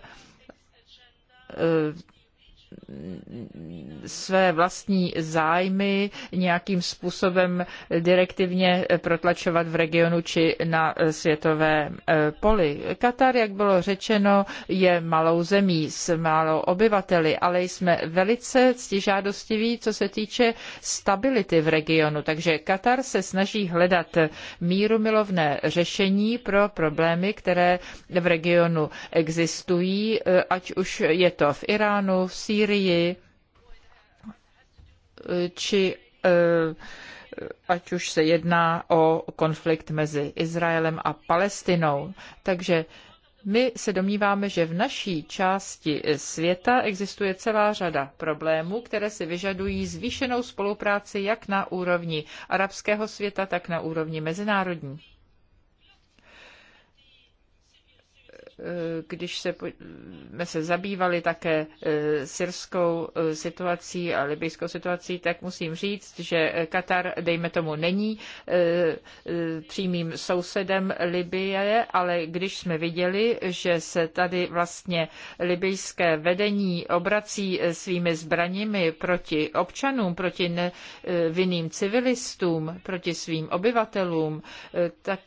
své vlastní zájmy nějakým způsobem direktivně protlačovat v regionu či na světové eh, poli. Katar, jak bylo řečeno, je malou zemí s málo obyvateli, ale jsme velice ctižádostiví, co se týče stability v regionu. Takže Katar se snaží hledat mírumilovné řešení pro problémy, které v regionu existují, eh, ať už je to v Iránu, v Sýrii, Sýrii eh, či eh, ať už se jedná o konflikt mezi Izraelem a Palestinou. Takže my se domníváme, že v naší části světa existuje celá řada problémů, které si vyžadují zvýšenou spolupráci jak na úrovni arabského světa, tak na úrovni mezinárodní. když se, jsme se zabývali také e, syrskou e, situací a libijskou situací, tak musím říct, že Katar, dejme tomu, není e, přímým sousedem Libie, ale když jsme viděli, že se tady vlastně libijské vedení obrací svými zbraněmi proti občanům, proti nevinným civilistům, proti svým obyvatelům, tak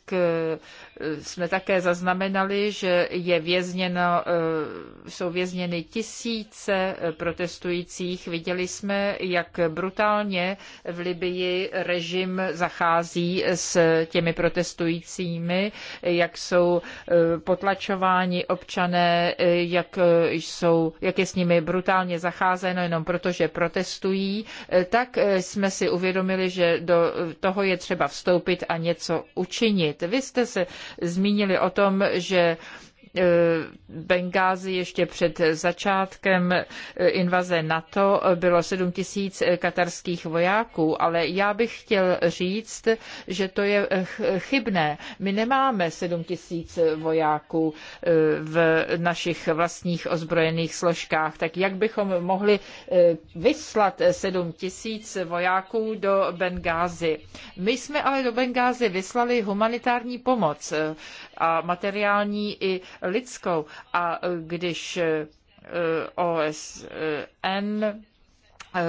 jsme také zaznamenali, že je vězněno, eh, jsou vězněny tisíce eh, protestujících. Viděli jsme, jak brutálně v Libyi režim zachází s těmi protestujícími, jak jsou eh, potlačováni občané, jak, jsou, jak je s nimi brutálně zacházeno jenom proto, že protestují, tak jsme si uvědomili, že do toho je třeba vstoupit a něco učinit. Vy jste se zmínili o tom, že Eh, Bengázi ještě před začátkem eh, invaze NATO eh, bylo 7 tisíc katarských vojáků, ale já bych chtěl říct, že to je chybné. My nemáme 7 tisíc vojáků v našich vlastních ozbrojených složkách, tak jak bychom mohli vyslat 7 tisíc vojáků do Bengázy? My jsme ale do Bengázy vyslali humanitární pomoc a materiální i lidskou. A když eh, OSN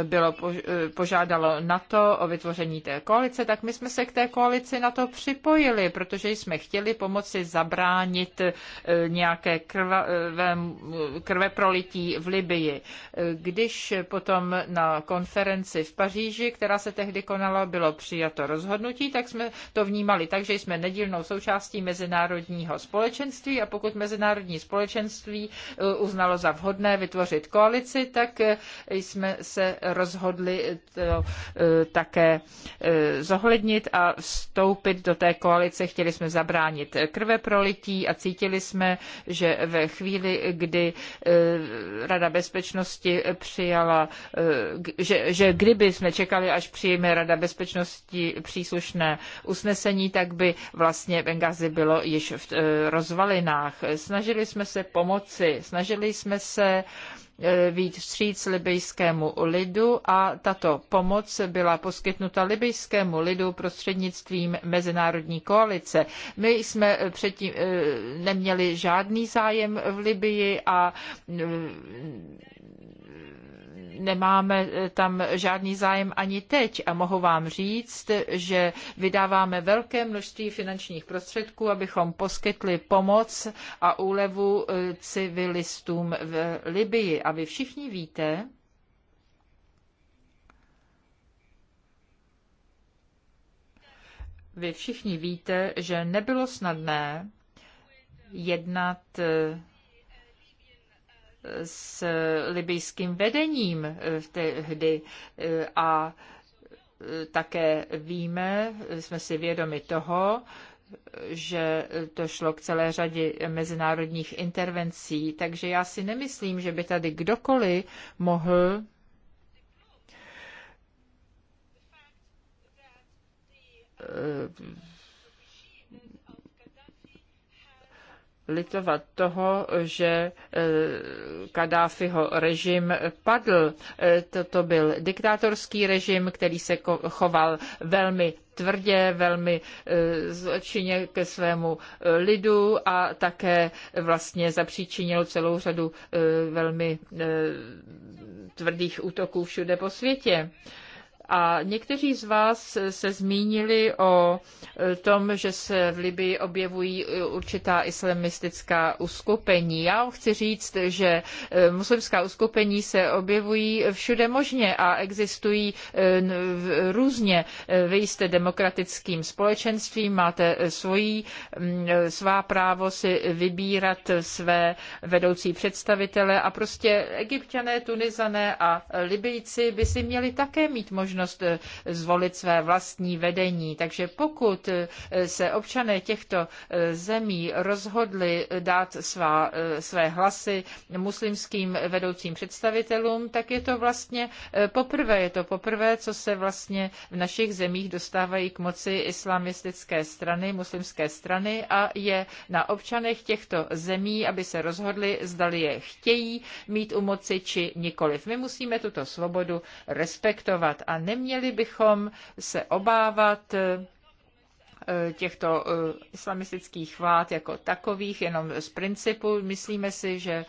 bylo eh, požádalo NATO o vytvoření té koalice, tak my jsme se k té koalici na to připojili, protože jsme chtěli pomoci zabránit eh, nějaké krve, eh, krveprolití v Libii. Když potom na konferenci v Paříži, která se tehdy konala, bylo přijato rozhodnutí, tak jsme to vnímali tak, že jsme nedílnou součástí mezinárodního společenství a pokud mezinárodní společenství uznalo za vhodné vytvořit koalici, tak jsme se rozhodli to eh, také eh, zohlednit a vstoupit do té koalice. Chtěli jsme zabránit krve prolití a cítili jsme, že ve chvíli, kdy eh, Rada bezpečnosti přijala, že, že kdyby jsme čekali, až přijme Rada bezpečnosti příslušné usnesení, tak by vlastně Bengazi bylo již v rozvalinách. Snažili jsme se pomoci, snažili jsme se E, víc vstříc libijskému lidu a tato pomoc byla poskytnuta libejskému lidu prostřednictvím mezinárodní koalice. My jsme předtím e, neměli žádný zájem v Libii a e, nemáme eh, tam žádný zájem ani teď a mohu vám říct, že vydáváme velké množství finančních prostředků, abychom poskytli pomoc a úlevu eh, civilistům v Libii. A vy všichni víte, vy všichni víte, že nebylo snadné jednat eh, s libijským vedením v tehdy a e, také víme, jsme si vědomi toho, že to šlo k celé řadě mezinárodních intervencí, takže já si nemyslím, že by tady kdokoliv mohl e, litovat toho, že e, Kadáfiho režim padl. E, toto byl diktátorský režim, který se choval velmi tvrdě, velmi e, zločině ke svému lidu a také vlastně zapříčinil celou řadu velmi tvrdých útoků všude po světě. A někteří z vás se zmínili o e, tom, že se v Libii objevují e, určitá islamistická uskupení. Já vám chci říct, že e, muslimská uskupení se objevují všude možně a existují různě. Vy jste demokratickým společenstvím, máte svojí, svá právo si vybírat své vedoucí představitele a prostě egyptiané, tunizané a libijci by si měli také mít možnost možnost eh, zvolit své vlastní vedení. Takže pokud eh, se občané těchto eh, zemí rozhodli dát svá, své hlasy muslimským vedoucím představitelům, tak je to vlastně poprvé, je to poprvé, co se vlastně v našich zemích dostávají k moci islamistické strany, muslimské strany a je na občanech těchto zemí, aby se rozhodli, zdali je chtějí mít u moci či nikoliv. My musíme tuto svobodu respektovat a neměli bychom se obávat eh, eh, těchto eh, islamistických vlád jako takových, jenom z principu. Myslíme si, že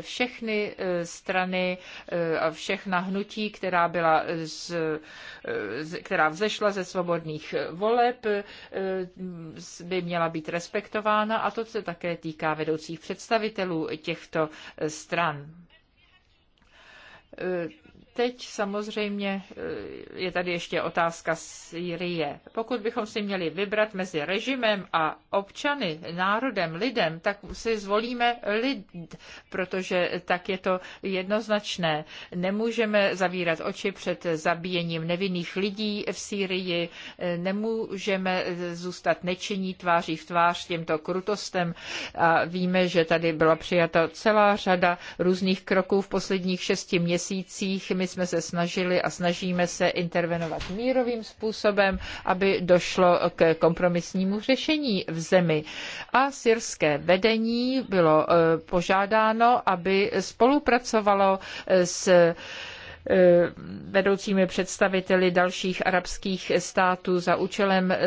všechny strany a všechna hnutí, která, byla z, která vzešla ze svobodných voleb, by měla být respektována a to se také týká vedoucích představitelů těchto stran Teď samozřejmě eh, je tady ještě otázka Sýrie. Pokud bychom si měli vybrat mezi režimem a občany, národem, lidem, tak si zvolíme lid, protože tak je to jednoznačné. Nemůžeme zavírat oči před zabíjením nevinných lidí v Sýrii, eh, nemůžeme zůstat nečinní tváří v tvář těmto krutostem. A víme, že tady byla přijata celá řada různých kroků v posledních šesti měsících. My my jsme se snažili a snažíme se intervenovat mírovým způsobem, aby došlo k kompromisnímu řešení v zemi. A syrské vedení bylo eh, požádáno, aby spolupracovalo s Eh, vedoucími představiteli dalších arabských států za účelem eh,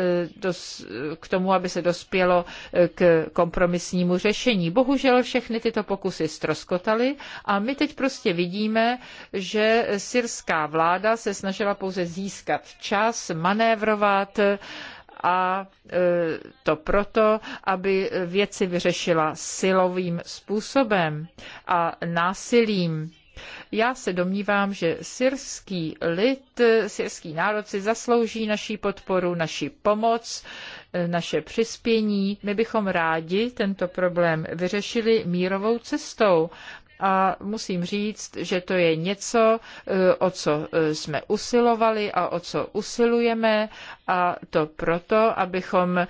k tomu, aby se dospělo eh, k kompromisnímu řešení. Bohužel všechny tyto pokusy stroskotaly a my teď prostě vidíme, že syrská vláda se snažila pouze získat čas, manévrovat, a to proto, aby věci vyřešila silovým způsobem a násilím. Já se domnívám, že syrský lid, syrský národ si zaslouží naší podporu, naši pomoc, naše přispění. My bychom rádi tento problém vyřešili mírovou cestou a musím říct, že to je něco, eh, o co eh, jsme usilovali a o co usilujeme a to proto, abychom eh,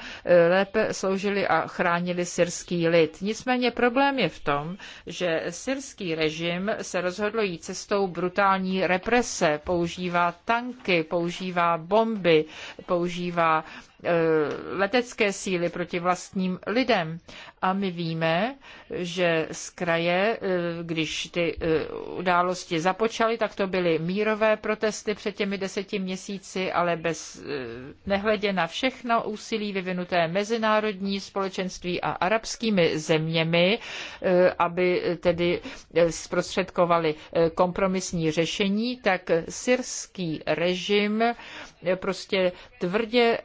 lépe sloužili a chránili syrský lid. Nicméně problém je v tom, že syrský režim se rozhodl jít cestou brutální represe, používá tanky, používá bomby, používá Eh, letecké síly proti vlastním lidem. A my víme, že z kraje, eh, když ty eh, události započaly, tak to byly mírové protesty před těmi deseti měsíci, ale bez nehledě na všechno úsilí vyvinuté mezinárodní společenství a arabskými zeměmi, aby tedy zprostředkovali kompromisní řešení, tak syrský režim prostě tvrdě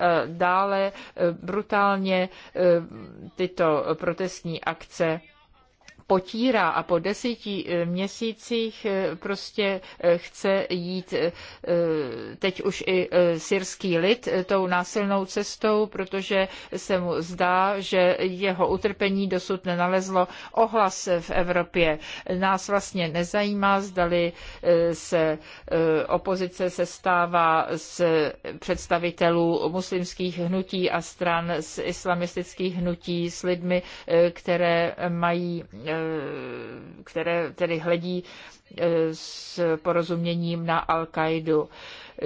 dále eh, brutálně eh, tyto protestní akce potírá a po deseti eh, měsících eh, prostě eh, chce jít teď už i syrský lid tou násilnou cestou, protože se mu zdá, že jeho utrpení dosud nenalezlo ohlas v Evropě. Nás vlastně nezajímá, zdali se opozice se stává z představitelů muslimských hnutí a stran z islamistických hnutí s lidmi, které mají Eh, které tedy hledí eh, s porozuměním na al qaidu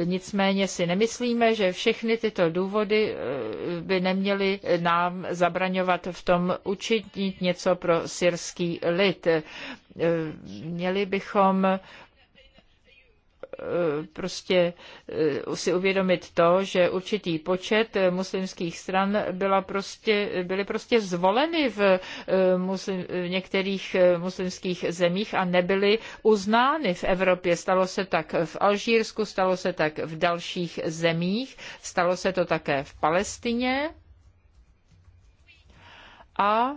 Nicméně si nemyslíme, že všechny tyto důvody eh, by neměly nám zabraňovat v tom učinit něco pro syrský lid. Měli bychom Eh, prostě eh, si uvědomit to, že určitý počet eh, muslimských stran byla prostě, byly prostě zvoleny v, muslim, v některých muslimských zemích a nebyly uznány v Evropě. Stalo se tak v Alžírsku, stalo se tak v dalších zemích, stalo se to také v Palestině. A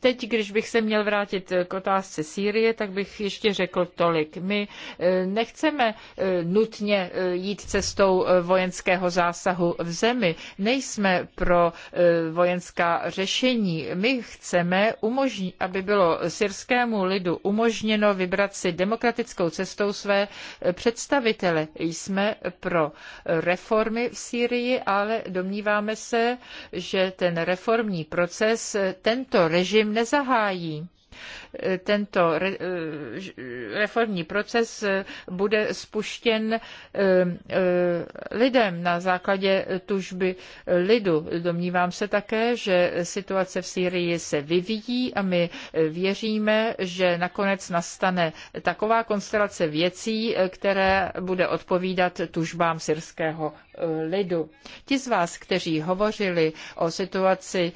Teď, když bych se měl vrátit eh, k otázce Sýrie, tak bych ještě řekl tolik. My eh, nechceme eh, nutně jít cestou vojenského zásahu v zemi. Nejsme pro vojenská řešení. My chceme, aby bylo syrskému lidu umožněno vybrat si demokratickou cestou své představitele. Jsme pro reformy v Sýrii, ale domníváme se, že ten reformní proces tento režim režim nezahájí tento eh, reformní proces bude spuštěn eh, eh, lidem na základě tužby lidu. Domnívám se také, že situace v Sýrii se vyvíjí a my věříme, že nakonec nastane taková konstelace věcí, které bude odpovídat tužbám syrského lidu. Ti z vás, kteří hovořili o situaci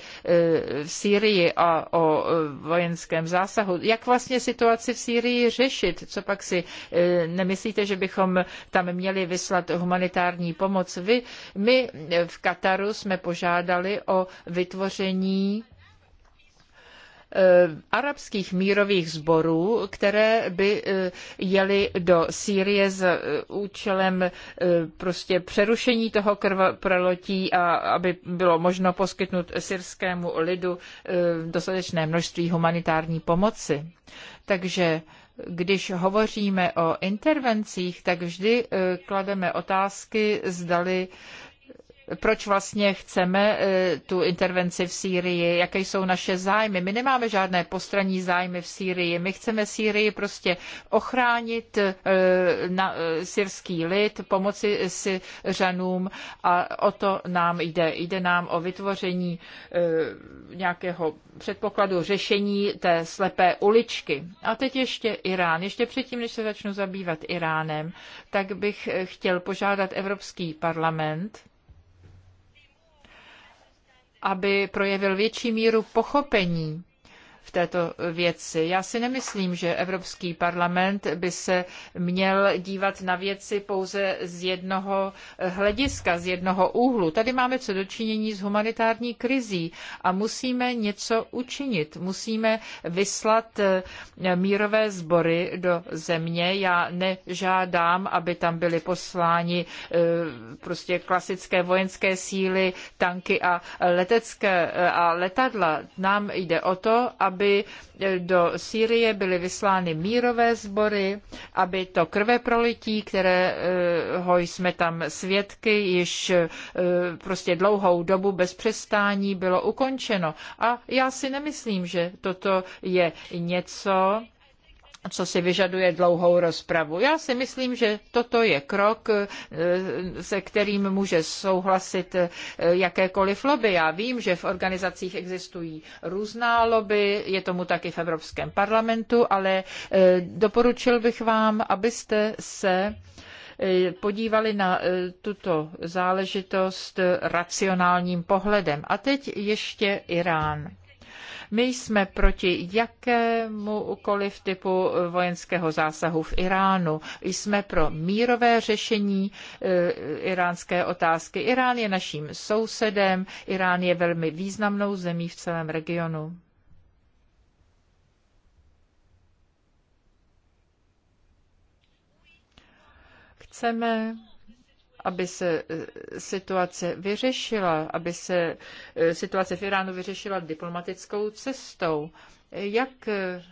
v Sýrii a o vojenském zásahu, obsahu. Jak vlastně situaci v Sýrii řešit? Co pak si eh, nemyslíte, že bychom tam měli vyslat humanitární pomoc? Vy, my v Kataru jsme požádali o vytvoření Eh, arabských mírových sborů, které by eh, jeli do Sýrie s eh, účelem prostě přerušení toho krvoprolotí a aby bylo možno poskytnout syrskému lidu dostatečné množství humanitární pomoci. Takže když hovoříme o intervencích, tak vždy klademe otázky, zdali proč vlastně chceme e, tu intervenci v Sýrii, jaké jsou naše zájmy. My nemáme žádné postranní zájmy v Sýrii. My chceme Sýrii prostě ochránit e, na e, syrský lid, pomoci Syřanům a o to nám jde. Jde nám o vytvoření nějakého předpokladu řešení té slepé uličky. A teď ještě Irán. Ještě předtím, než se začnu zabývat Iránem, tak bych chtěl požádat Evropský parlament, aby projevil větší míru pochopení v této věci. Já si nemyslím, že Evropský parlament by se měl dívat na věci pouze z jednoho hlediska, z jednoho úhlu. Tady máme co dočinění s humanitární krizí a musíme něco učinit. Musíme vyslat eh, mírové sbory do země. Já nežádám, aby tam byly posláni eh, prostě klasické vojenské síly, tanky a letecké eh, a letadla. Nám jde o to, aby aby do Sýrie byly vyslány mírové sbory, aby to krve prolití, které eh, ho jsme tam svědky, již eh, prostě dlouhou dobu bez přestání bylo ukončeno. A já si nemyslím, že toto je něco, co si vyžaduje dlouhou rozpravu. Já si myslím, že toto je krok, eh, se kterým může souhlasit eh, jakékoliv lobby. Já vím, že v organizacích existují různá lobby, je tomu taky v Evropském parlamentu, ale eh, doporučil bych vám, abyste se podívali na tuto záležitost racionálním pohledem. A teď ještě Irán. My jsme proti jakémukoliv typu vojenského zásahu v Iránu. Jsme pro mírové řešení e, iránské otázky. Irán je naším sousedem, Irán je velmi významnou zemí v celém regionu. Chceme aby se eh, situace vyřešila, aby se eh, situace v Iránu vyřešila diplomatickou cestou. Jak eh,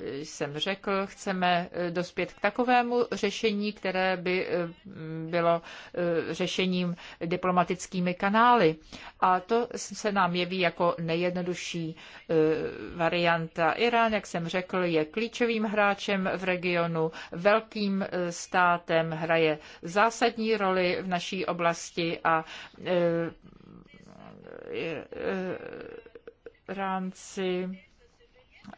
jsem řekl, chceme eh, dospět k takovému řešení, které by eh, bylo eh, řešením diplomatickými kanály. A to se nám jeví jako nejjednodušší varianta. Irán, jak jsem řekl, je klíčovým hráčem v regionu, velkým státem, hraje zásadní roli v naší oblasti a rámci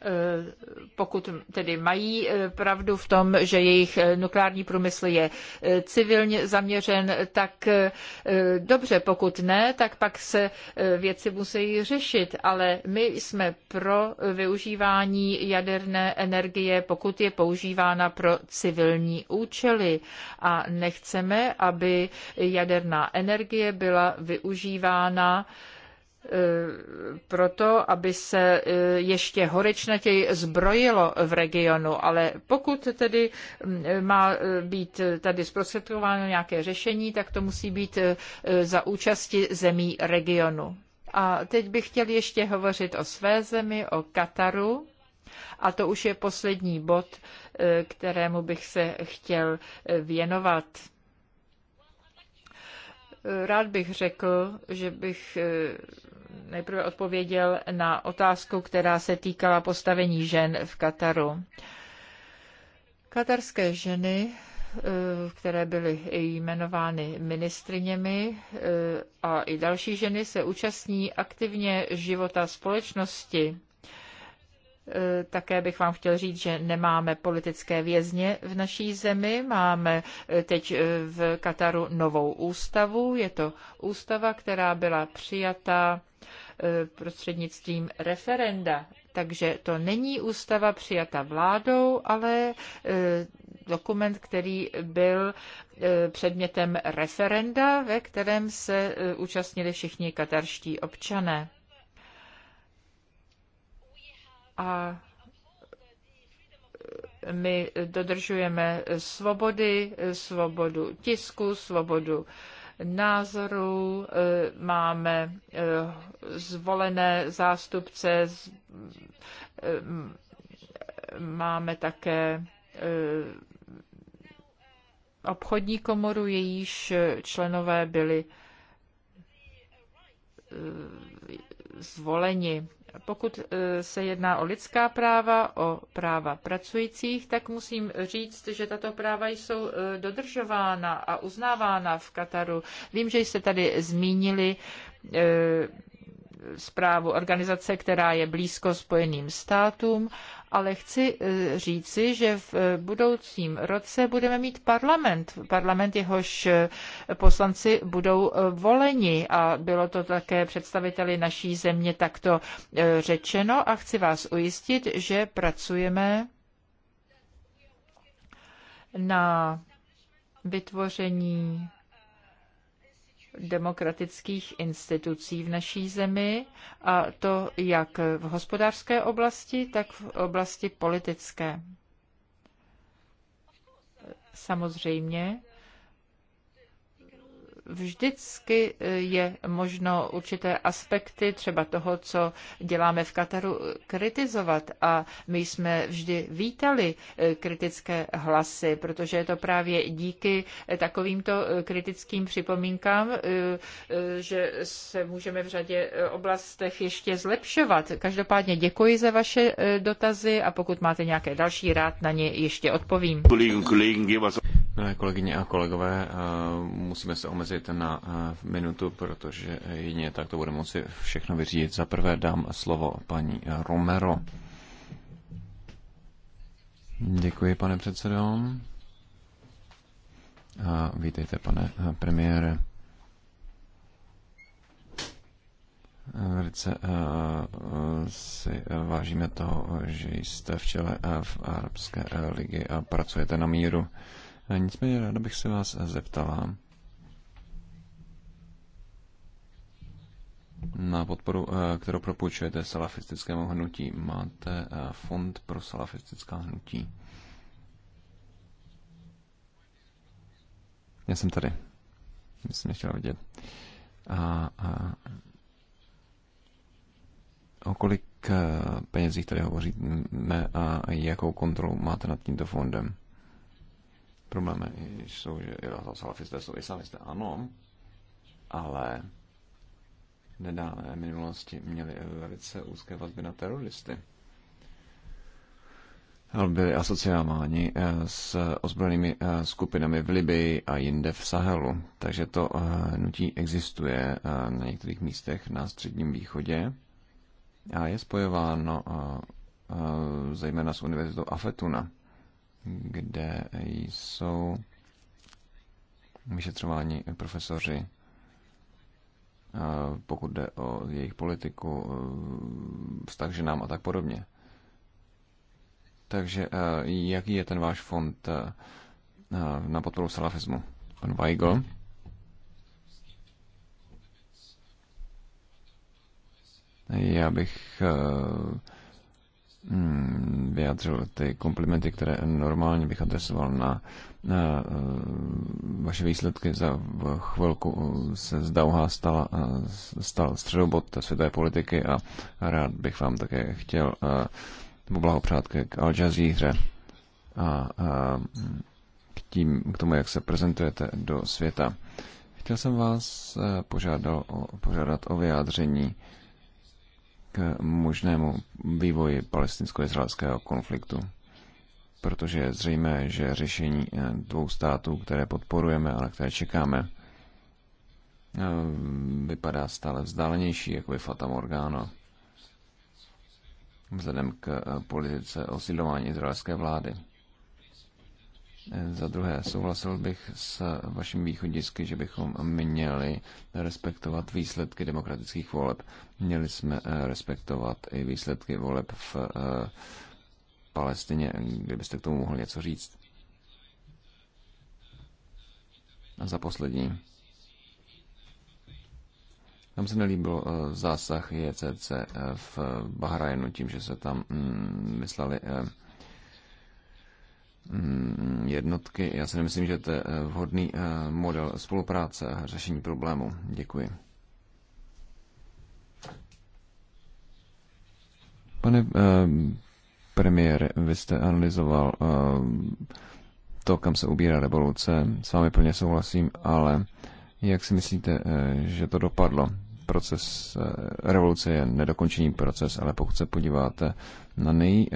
Eh, pokud tedy mají eh, pravdu v tom, že jejich eh, nukleární průmysl je civilně zaměřen, tak dobře, pokud ne, tak pak se věci musí řešit, ale my jsme pro využívání jaderné energie, pokud je používána pro civilní účely a nechceme, aby jaderná energie byla využívána Eh, proto, aby se eh, ještě horečnatěji zbrojilo v regionu. Ale pokud tedy mm, má eh, být tady zprostředkováno nějaké řešení, tak to musí být za účasti zemí regionu. A teď bych chtěl ještě hovořit o své zemi, o Kataru. A to už je poslední bod, kterému bych se chtěl věnovat. Rád bych řekl, že bych eh, nejprve odpověděl na otázku, která se týkala postavení žen v Kataru. Katarské ženy, eh, které byly jmenovány ministriněmi eh, a i další ženy se účastní aktivně života společnosti Eh, také bych vám chtěl říct, že nemáme politické vězně v naší zemi. Máme eh, teď eh, v Kataru novou ústavu. Je to ústava, která byla přijata prostřednictvím referenda. Takže to není ústava přijata vládou, ale dokument, který byl předmětem referenda, ve kterém se účastnili všichni katarští občané a my dodržujeme svobody, svobodu tisku, svobodu názoru. Eh, máme eh, zvolené zástupce, eh, máme také obchodní komoru, jejíž členové byli zvoleni. Pokud e, se jedná o lidská práva, o práva pracujících, tak musím říct, že tato práva jsou e, dodržována a uznávána v Kataru. Vím, že jste tady zmínili e, zprávu organizace, která je blízko Spojeným státům, ale chci eh, říci, že v eh, budoucím roce budeme mít parlament. Parlament, jehož eh, poslanci budou voleni a bylo to také představiteli naší země takto řečeno a chci vás ujistit, že pracujeme na vytvoření demokratických institucí v naší zemi, a to jak v hospodářské oblasti, tak v oblasti politické. Samozřejmě, vždycky eh, je možno určité aspekty třeba toho, co děláme v Kataru, kritizovat. A my jsme vždy vítali eh, kritické hlasy, protože je to právě díky eh, takovýmto kritickým připomínkám, že se můžeme v řadě oblastech ještě zlepšovat. Každopádně děkuji za vaše dotazy a pokud máte nějaké další rád, na ně ještě odpovím. Milé kolegyně a kolegové, eh, musíme se omezit na eh, minutu, protože jedině tak to bude moci všechno vyřídit. Za prvé dám slovo paní Romero. Děkuji, pane předsedo. A vítejte, pane eh, premiére. Velice si vážíme toho, že jste v čele v Arabské ligy a pracujete na míru. Nicméně ráda bych se vás zeptala na podporu, eh, kterou propůjčujete salafistickému hnutí. Máte eh, fond pro salafistická hnutí? Já jsem tady. Mě jsem nechtěla vidět. A, a o kolik eh, penězích tady hovoříme a jakou kontrolu máte nad tímto fondem? Problémy jsou, že salafisté jsou islamisté, ano, ale nedávné minulosti měli velice úzké vazby na teroristy. Byli asociováni eh, s ozbrojenými eh, skupinami v Libii a jinde v Sahelu. Takže to eh, nutí existuje na některých místech na Středním východě a je spojováno zejména s univerzitou Afetuna kde jsou vyšetřováni profesoři, eh, pokud jde o jejich politiku, eh, vztah ženám a tak podobně. Takže eh, jaký je ten váš fond na podporu salafismu? Pan Weigl. Já bych Hmm, vyjadřil ty komplimenty, které normálně bych adresoval na, na eh, vaše výsledky. Za chvilku eh, se z Dauha stala, eh, stal středobod světové politiky a rád bych vám také chtěl poblahopřát k Al Jazeera a, a k, tím, k tomu, jak se prezentujete do světa. Chtěl jsem vás požádal, požádat o vyjádření k možnému vývoji palestinsko-izraelského konfliktu, protože je zřejmé, že řešení eh, dvou států, které podporujeme, ale které čekáme, eh, vypadá stále vzdálenější, jako by Fata Morgana, vzhledem k eh, politice osidlování izraelské vlády. Za druhé, souhlasil bych s vaším východisky, že bychom měli respektovat výsledky demokratických voleb. Měli jsme eh, respektovat i výsledky voleb v eh, Palestině, kdybyste k tomu mohli něco říct. A za poslední. Tam se nelíbil eh, zásah JCC v Bahrajnu tím, že se tam mm, vyslali Mm, jednotky. Já si nemyslím, že to je eh, vhodný eh, model spolupráce a řešení problému. Děkuji. Pane eh, premiére, vy jste analyzoval to, kam se ubírá revoluce. S vámi plně souhlasím, ale jak si myslíte, že to dopadlo? Proces revoluce je nedokončený proces, ale pokud se podíváte na nej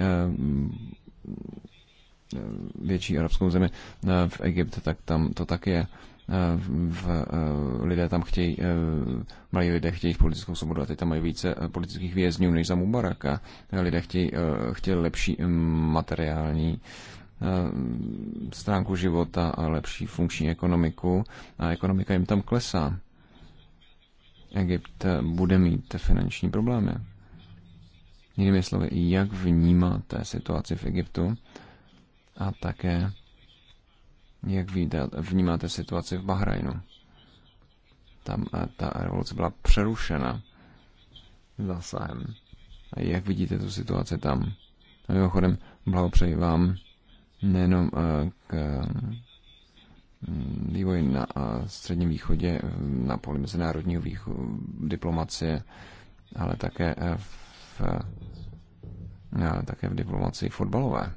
větší arabskou zemi eh, v Egypt, tak tam to tak je. Eh, v, eh, lidé tam chtějí, mladí lidé chtějí politickou svobodu a teď tam mají více politických vězňů než za Mubaraka. Lidé chtějí, chtějí lepší mm, materiální stránku života a lepší funkční ekonomiku a ekonomika jim tam klesá. Egypt bude mít finanční problémy. Jinými slovy, jak vnímáte situaci v Egyptu a také, jak víte, vnímáte situaci v Bahrajnu. Tam eh, ta revoluce byla přerušena zasahem. A jak vidíte tu situaci tam? A mimochodem, blahopřeji vám nejenom eh, k mm, vývoji na eh, Středním východě, na poli mezinárodního východu, diplomacie, ale také v, také v diplomacii fotbalové.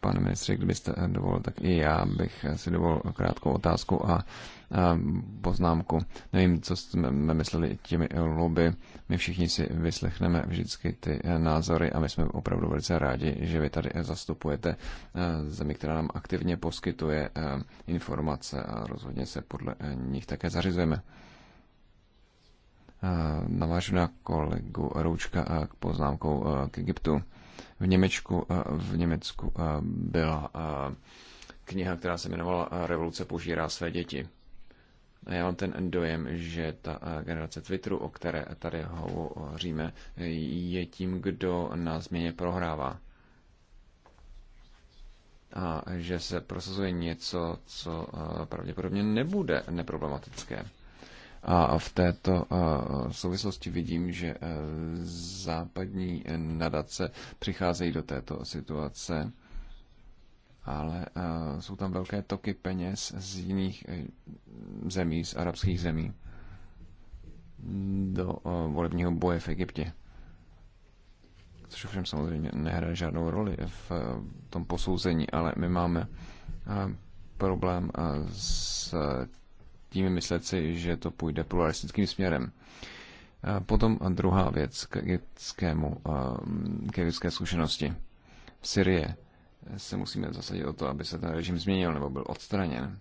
Pane ministře, kdybyste eh, dovolil, tak i já bych eh, si dovolil krátkou otázku a, a poznámku. Nevím, co jsme mysleli těmi lobby. My všichni si vyslechneme vždycky ty eh, názory a my jsme opravdu velice rádi, že vy tady zastupujete zemi, která nám aktivně poskytuje informace a rozhodně se podle nich také zařizujeme navážu na kolegu Roučka k poznámkou k Egyptu v Němečku, eh, v Německu eh, byla eh, kniha, která se jmenovala Revoluce požírá své děti. A já mám ten dojem, že ta generace Twitteru, o které tady hovoříme, je tím, kdo na změně prohrává. A že se prosazuje něco, co pravděpodobně nebude neproblematické. A v této eh, souvislosti vidím, že eh, západní eh, nadace přicházejí do této situace, ale jsou tam velké toky peněz z jiných zemí, z arabských zemí, do volebního boje v Egyptě. Což ovšem samozřejmě nehraje žádnou roli v tom posouzení, ale my máme problém s tím myslet si, že to půjde pluralistickým směrem. Potom druhá věc k egyptskému, k egyptské zkušenosti. V Syrii se musíme zasadit o to, aby se ten režim změnil nebo byl odstraněn.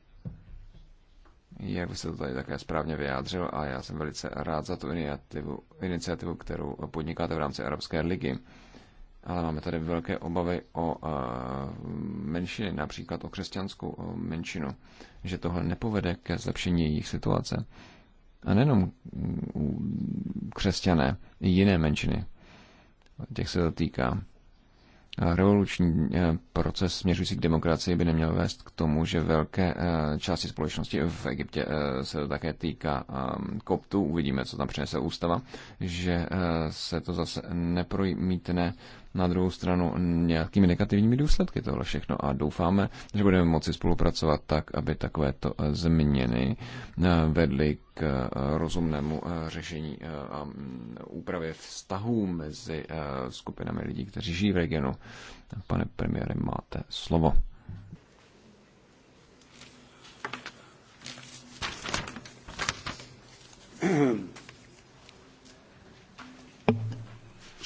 Jak byste to tady také správně vyjádřil a já jsem velice rád za tu iniciativu, iniciativu kterou podnikáte v rámci Arabské ligy. Ale máme tady velké obavy o menšiny, například o křesťanskou menšinu že tohle nepovede ke zlepšení jejich situace. A nejenom křesťané, i jiné menšiny. Těch se to týká. A revoluční eh, proces směřující k demokracii by neměl vést k tomu, že velké eh, části společnosti v Egyptě eh, se to také týká ehm, koptů, uvidíme, co tam přinese ústava, že se to zase nepromítne na druhou stranu nějakými negativními důsledky tohle všechno. A doufáme, že budeme moci spolupracovat tak, aby takovéto změny eh, vedly k eh, rozumnému eh, řešení a mm, úpravě vztahů mezi skupinami lidí, kteří žijí v regionu. Pane premiére, máte slovo.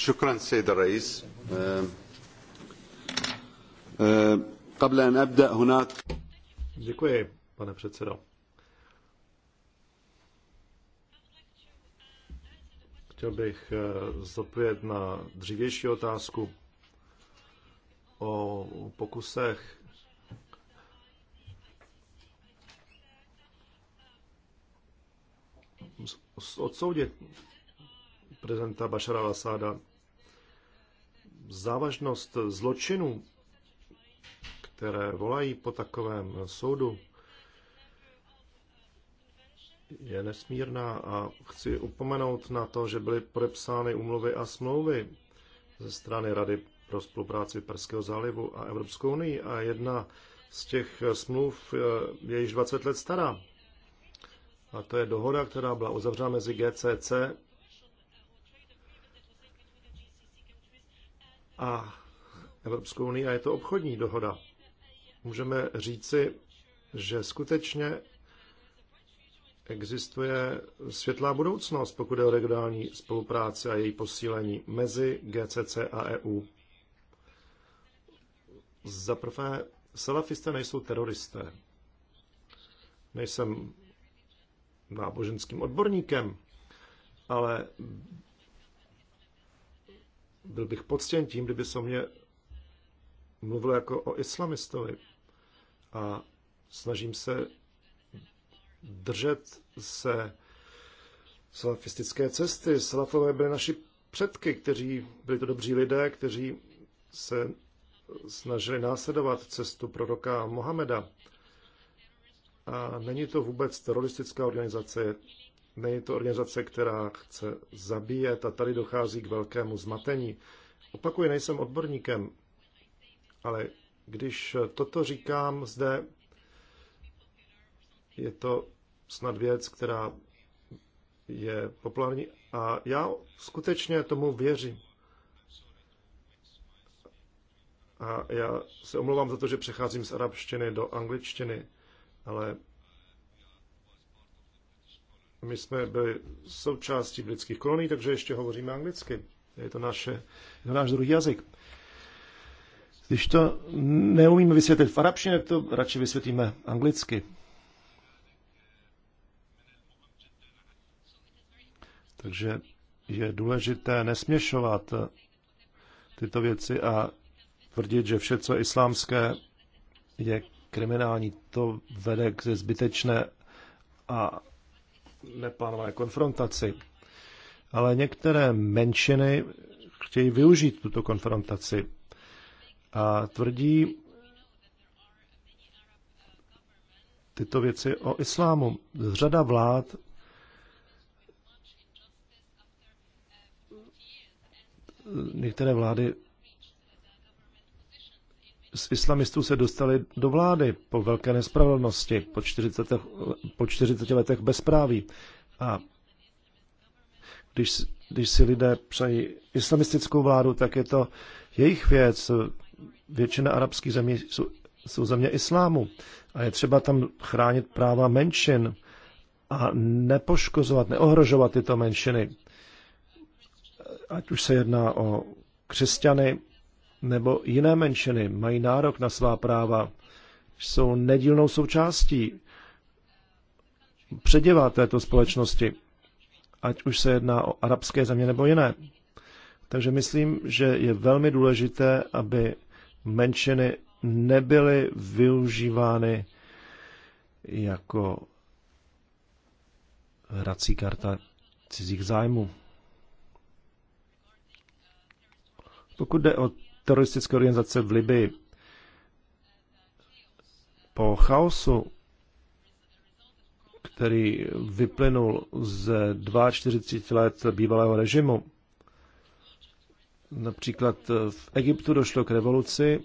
Děkuji, سيد الرئيس Eh, eh, Děkuji, pane předsedo. Chtěl bych eh, zodpovědět na dřívější otázku o pokusech odsoudit prezidenta Bašara Lasáda závažnost zločinů, které volají po takovém soudu, je nesmírná a chci upomenout na to, že byly podepsány umluvy a smlouvy ze strany Rady pro spolupráci Perského zálivu a Evropskou unii a jedna z těch smluv eh, je již 20 let stará. A to je dohoda, která byla uzavřena mezi GCC a Evropskou unii a je to obchodní dohoda. Můžeme říci, že skutečně existuje světlá budoucnost, pokud je o regionální spolupráci a její posílení mezi GCC a EU. Za prvé, salafisté nejsou teroristé. Nejsem náboženským odborníkem, ale byl bych poctěn tím, kdyby se mě mluvil jako o islamistovi. A snažím se držet se salafistické cesty. Salafové byli naši předky, kteří byli to dobří lidé, kteří se snažili následovat cestu proroka Mohameda. A není to vůbec teroristická organizace, Není to organizace, která chce zabíjet a tady dochází k velkému zmatení. Opakuji, nejsem odborníkem, ale když toto říkám zde, je to snad věc, která je populární a já skutečně tomu věřím. A já se omlouvám za to, že přecházím z arabštiny do angličtiny, ale my jsme byli součástí britských kolonií, takže ještě hovoříme anglicky. Je to, naše, je to náš druhý jazyk. Když to neumíme vysvětlit v arabštině, to radši vysvětlíme anglicky. Takže je důležité nesměšovat tyto věci a tvrdit, že vše, co je islámské, je kriminální. To vede k zbytečné a neplánované konfrontaci. Ale některé menšiny chtějí využít tuto konfrontaci a tvrdí tyto věci o islámu. Řada vlád některé vlády z islamistů se dostali do vlády po velké nespravedlnosti, po 40, po 40 letech bezpráví. A když, když si lidé přejí islamistickou vládu, tak je to jejich věc. Většina arabských zemí jsou, jsou země islámu a je třeba tam chránit práva menšin a nepoškozovat, neohrožovat tyto menšiny. Ať už se jedná o křesťany, nebo jiné menšiny mají nárok na svá práva, jsou nedílnou součástí předěvá této společnosti, ať už se jedná o arabské země nebo jiné. Takže myslím, že je velmi důležité, aby menšiny nebyly využívány jako hrací karta cizích zájmů. Pokud jde o teroristické organizace v Libii. Po chaosu, který vyplynul z 42 let bývalého režimu, například v Egyptu došlo k revoluci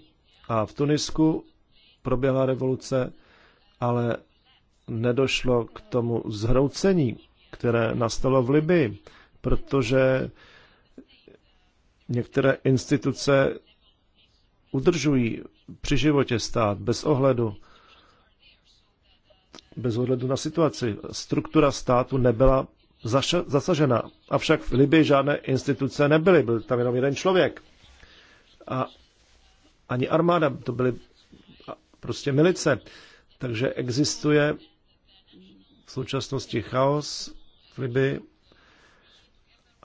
a v Tunisku proběhla revoluce, ale nedošlo k tomu zhroucení, které nastalo v Libii, protože některé instituce udržují při životě stát bez ohledu bez ohledu na situaci. Struktura státu nebyla zaša- zasažena. Avšak v Libii žádné instituce nebyly, byl tam jenom jeden člověk. A ani armáda, to byly prostě milice. Takže existuje v současnosti chaos v Libii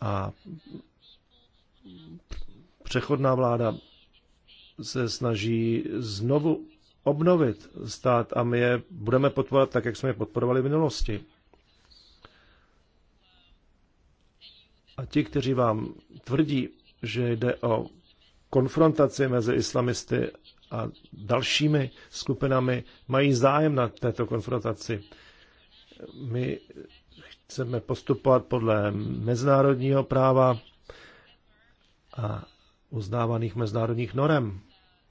a přechodná vláda se snaží znovu obnovit stát a my je budeme podporovat tak, jak jsme je podporovali v minulosti. A ti, kteří vám tvrdí, že jde o konfrontaci mezi islamisty a dalšími skupinami, mají zájem na této konfrontaci. My chceme postupovat podle mezinárodního práva a uznávaných mezinárodních norem.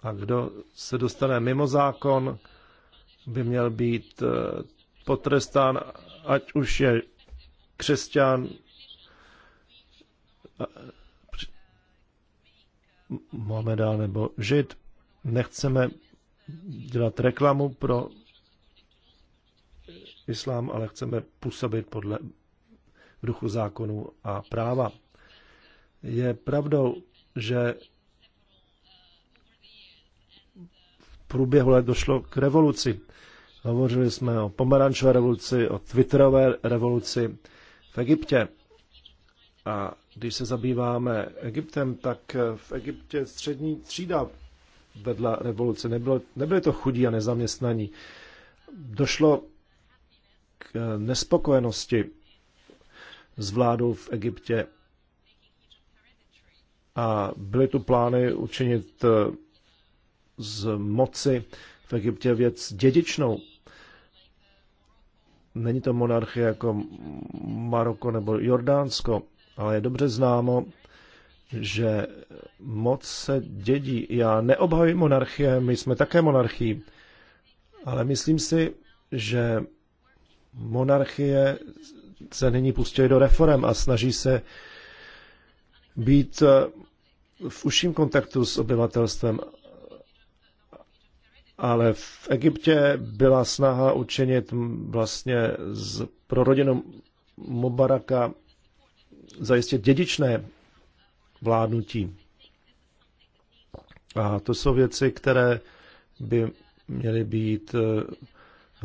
A kdo se dostane mimo zákon, by měl být eh, potrestán, ať už je křesťan, Mohameda nebo Žid. Nechceme dělat reklamu pro islám, ale chceme působit podle duchu zákonů a práva. Je pravdou, že průběhu let došlo k revoluci. Hovořili jsme o pomarančové revoluci, o Twitterové revoluci v Egyptě. A když se zabýváme Egyptem, tak v Egyptě střední třída vedla revoluce. Nebylo, nebyly to chudí a nezaměstnaní. Došlo k nespokojenosti s vládou v Egyptě a byly tu plány učinit z moci v Egyptě věc dědičnou. Není to monarchie jako Maroko nebo Jordánsko, ale je dobře známo, že moc se dědí. Já neobhajuji monarchie, my jsme také monarchii, ale myslím si, že monarchie se nyní pustily do reform a snaží se být v užším kontaktu s obyvatelstvem ale v Egyptě byla snaha učinit vlastně z, pro rodinu Mubaraka zajistit dědičné vládnutí. A to jsou věci, které by měly být e,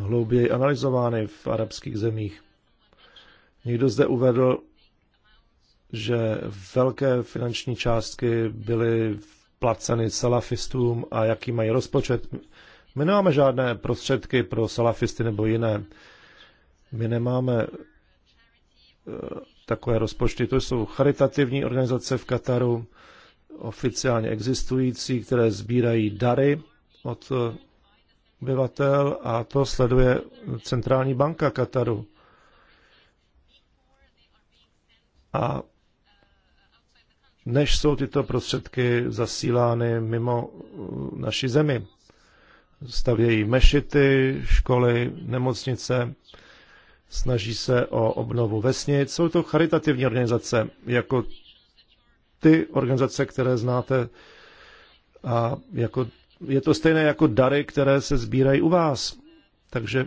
hlouběji analyzovány v arabských zemích. Někdo zde uvedl, že velké finanční částky byly placeny salafistům a jaký mají rozpočet. My nemáme žádné prostředky pro salafisty nebo jiné. My nemáme eh, takové rozpočty. To jsou charitativní organizace v Kataru, oficiálně existující, které sbírají dary od eh, obyvatel a to sleduje centrální banka Kataru. A než jsou tyto prostředky zasílány mimo eh, naši zemi stavějí mešity, školy, nemocnice, snaží se o obnovu vesnic. Jsou to charitativní organizace, jako ty organizace, které znáte. A jako, je to stejné jako dary, které se sbírají u vás. Takže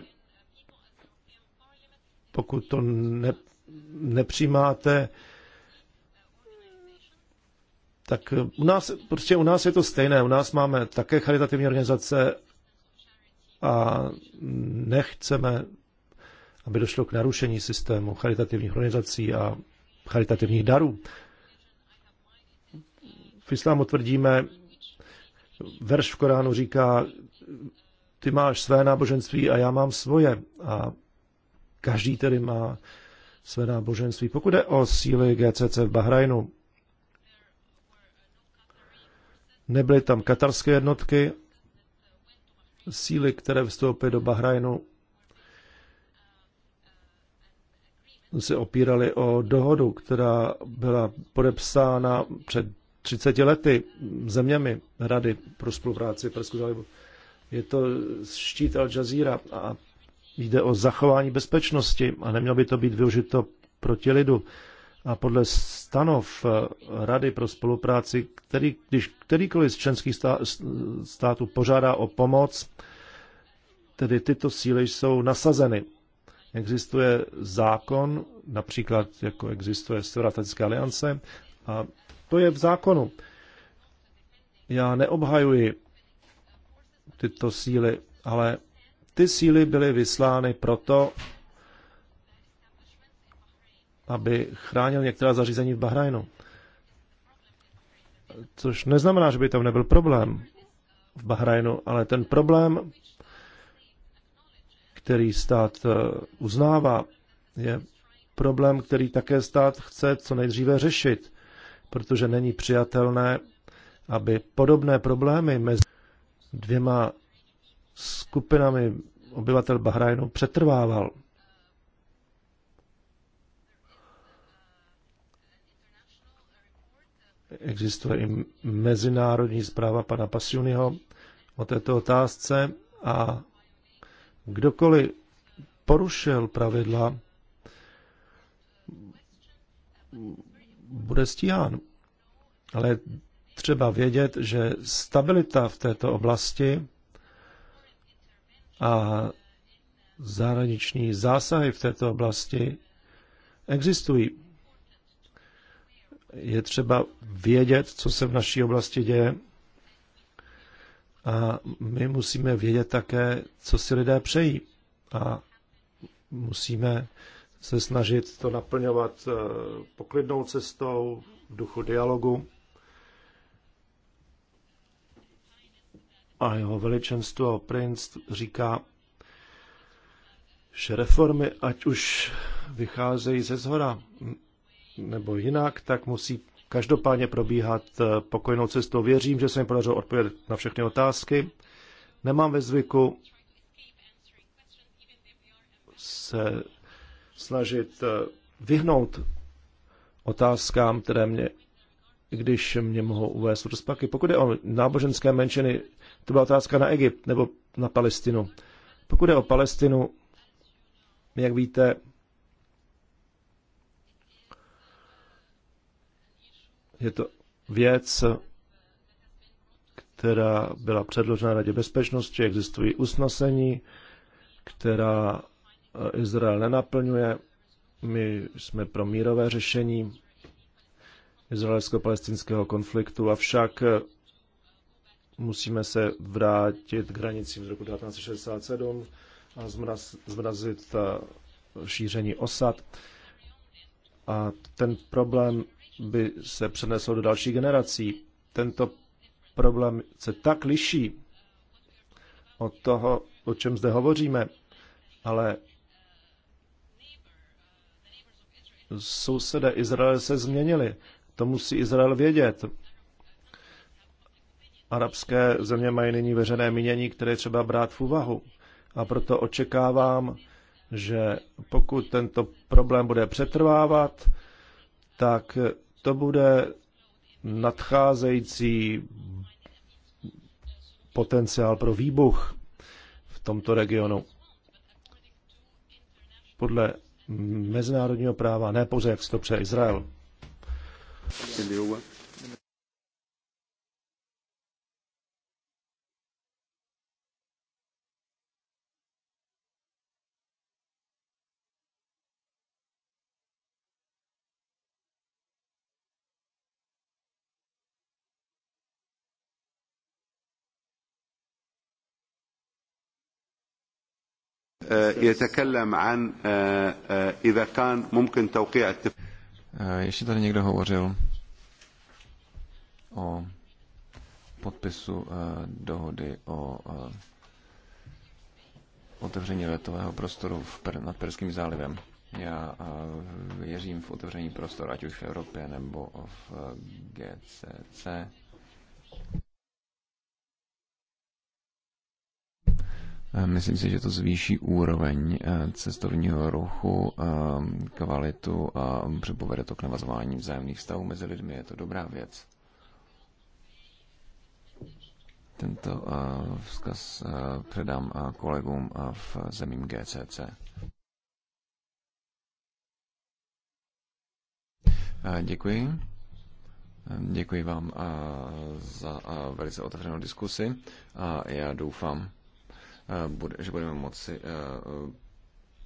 pokud to ne, nepřijímáte, tak u nás, prostě u nás je to stejné. U nás máme také charitativní organizace a nechceme, aby došlo k narušení systému charitativních organizací a charitativních darů. V islámu tvrdíme, verš v Koránu říká, ty máš své náboženství a já mám svoje. A každý tedy má své náboženství. Pokud je o síly GCC v Bahrajnu, nebyly tam katarské jednotky, síly, které vstoupily do Bahrajnu, se opírali o dohodu, která byla podepsána před 30 lety zeměmi Rady pro spolupráci Persku zálivu. Je to štít Al Jazeera a jde o zachování bezpečnosti a nemělo by to být využito proti lidu a podle stanov eh, Rady pro spolupráci, který, když kterýkoliv z členských států požádá o pomoc, tedy tyto síly jsou nasazeny. Existuje zákon, například jako existuje Severoatlantická aliance, a to je v zákonu. Já neobhajuji tyto síly, ale ty síly byly vyslány proto, aby chránil některá zařízení v Bahrajnu. Což neznamená, že by tam nebyl problém v Bahrajnu, ale ten problém, který stát eh, uznává, je problém, který také stát chce co nejdříve řešit, protože není přijatelné, aby podobné problémy mezi dvěma skupinami obyvatel Bahrajnu přetrvával. existuje i mezinárodní zpráva pana Pasuniho o této otázce a kdokoliv porušil pravidla, bude stíhán. Ale třeba vědět, že stabilita v této oblasti a zahraniční zásahy v této oblasti existují je třeba vědět, co se v naší oblasti děje. A my musíme vědět také, co si lidé přejí. A musíme se snažit to naplňovat eh, poklidnou cestou, v duchu dialogu. A jeho veličenstvo princ říká, že reformy, ať už vycházejí ze zhora, nebo jinak, tak musí každopádně probíhat eh, pokojnou cestou. Věřím, že se mi podařilo odpovědět na všechny otázky. Nemám ve zvyku se snažit eh, vyhnout otázkám, které mě, když mě mohou uvést v rozpaky. Pokud je o náboženské menšiny, to byla otázka na Egypt nebo na Palestinu. Pokud je o Palestinu, jak víte, Je to věc, která byla předložena Radě bezpečnosti, existují usnesení, která eh, Izrael nenaplňuje. My jsme pro mírové řešení izraelsko-palestinského konfliktu, avšak eh, musíme se vrátit k hranicím z roku 1967 a zmrazit eh, šíření osad. A ten problém by se přeneslo do dalších generací. Tento problém se tak liší od toho, o čem zde hovoříme, ale sousedé Izraele se změnili. To musí Izrael vědět. Arabské země mají nyní veřejné mínění, které třeba brát v úvahu. A proto očekávám, že pokud tento problém bude přetrvávat, tak to bude nadcházející potenciál pro výbuch v tomto regionu. Podle mezinárodního práva, ne pouze jak si to přeje Izrael. يتكلم عن إذا كان ممكن توقيع اتفاق eh, Ještě tady někdo hovořil o podpisu eh, dohody o eh, otevření letového prostoru v per, nad Perským zálivem. Já věřím v otevření prostoru, ať už v Evropě nebo v GCC. Eh, myslím si, že to zvýší úroveň eh, cestovního ruchu, eh, kvalitu a připovede to k navazování vzájemných vztahů mezi lidmi. Je to dobrá věc. Tento vzkaz předám kolegům v zemím GCC. Děkuji. Děkuji vám za velice otevřenou diskusi a já doufám, Eh, že budeme moci eh,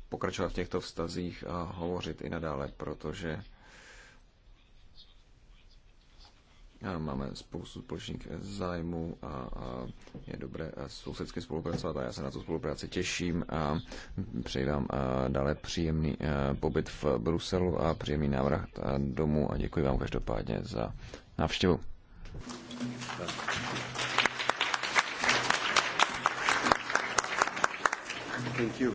pokračovat v těchto vztazích a hovořit i nadále, protože eh, máme spoustu společných zájmů a, je dobré sousedsky spolupracovat a já se na tu spolupráci těším a přeji vám dále příjemný pobyt v Bruselu a příjemný návrh domů a děkuji vám každopádně za návštěvu. Thank you.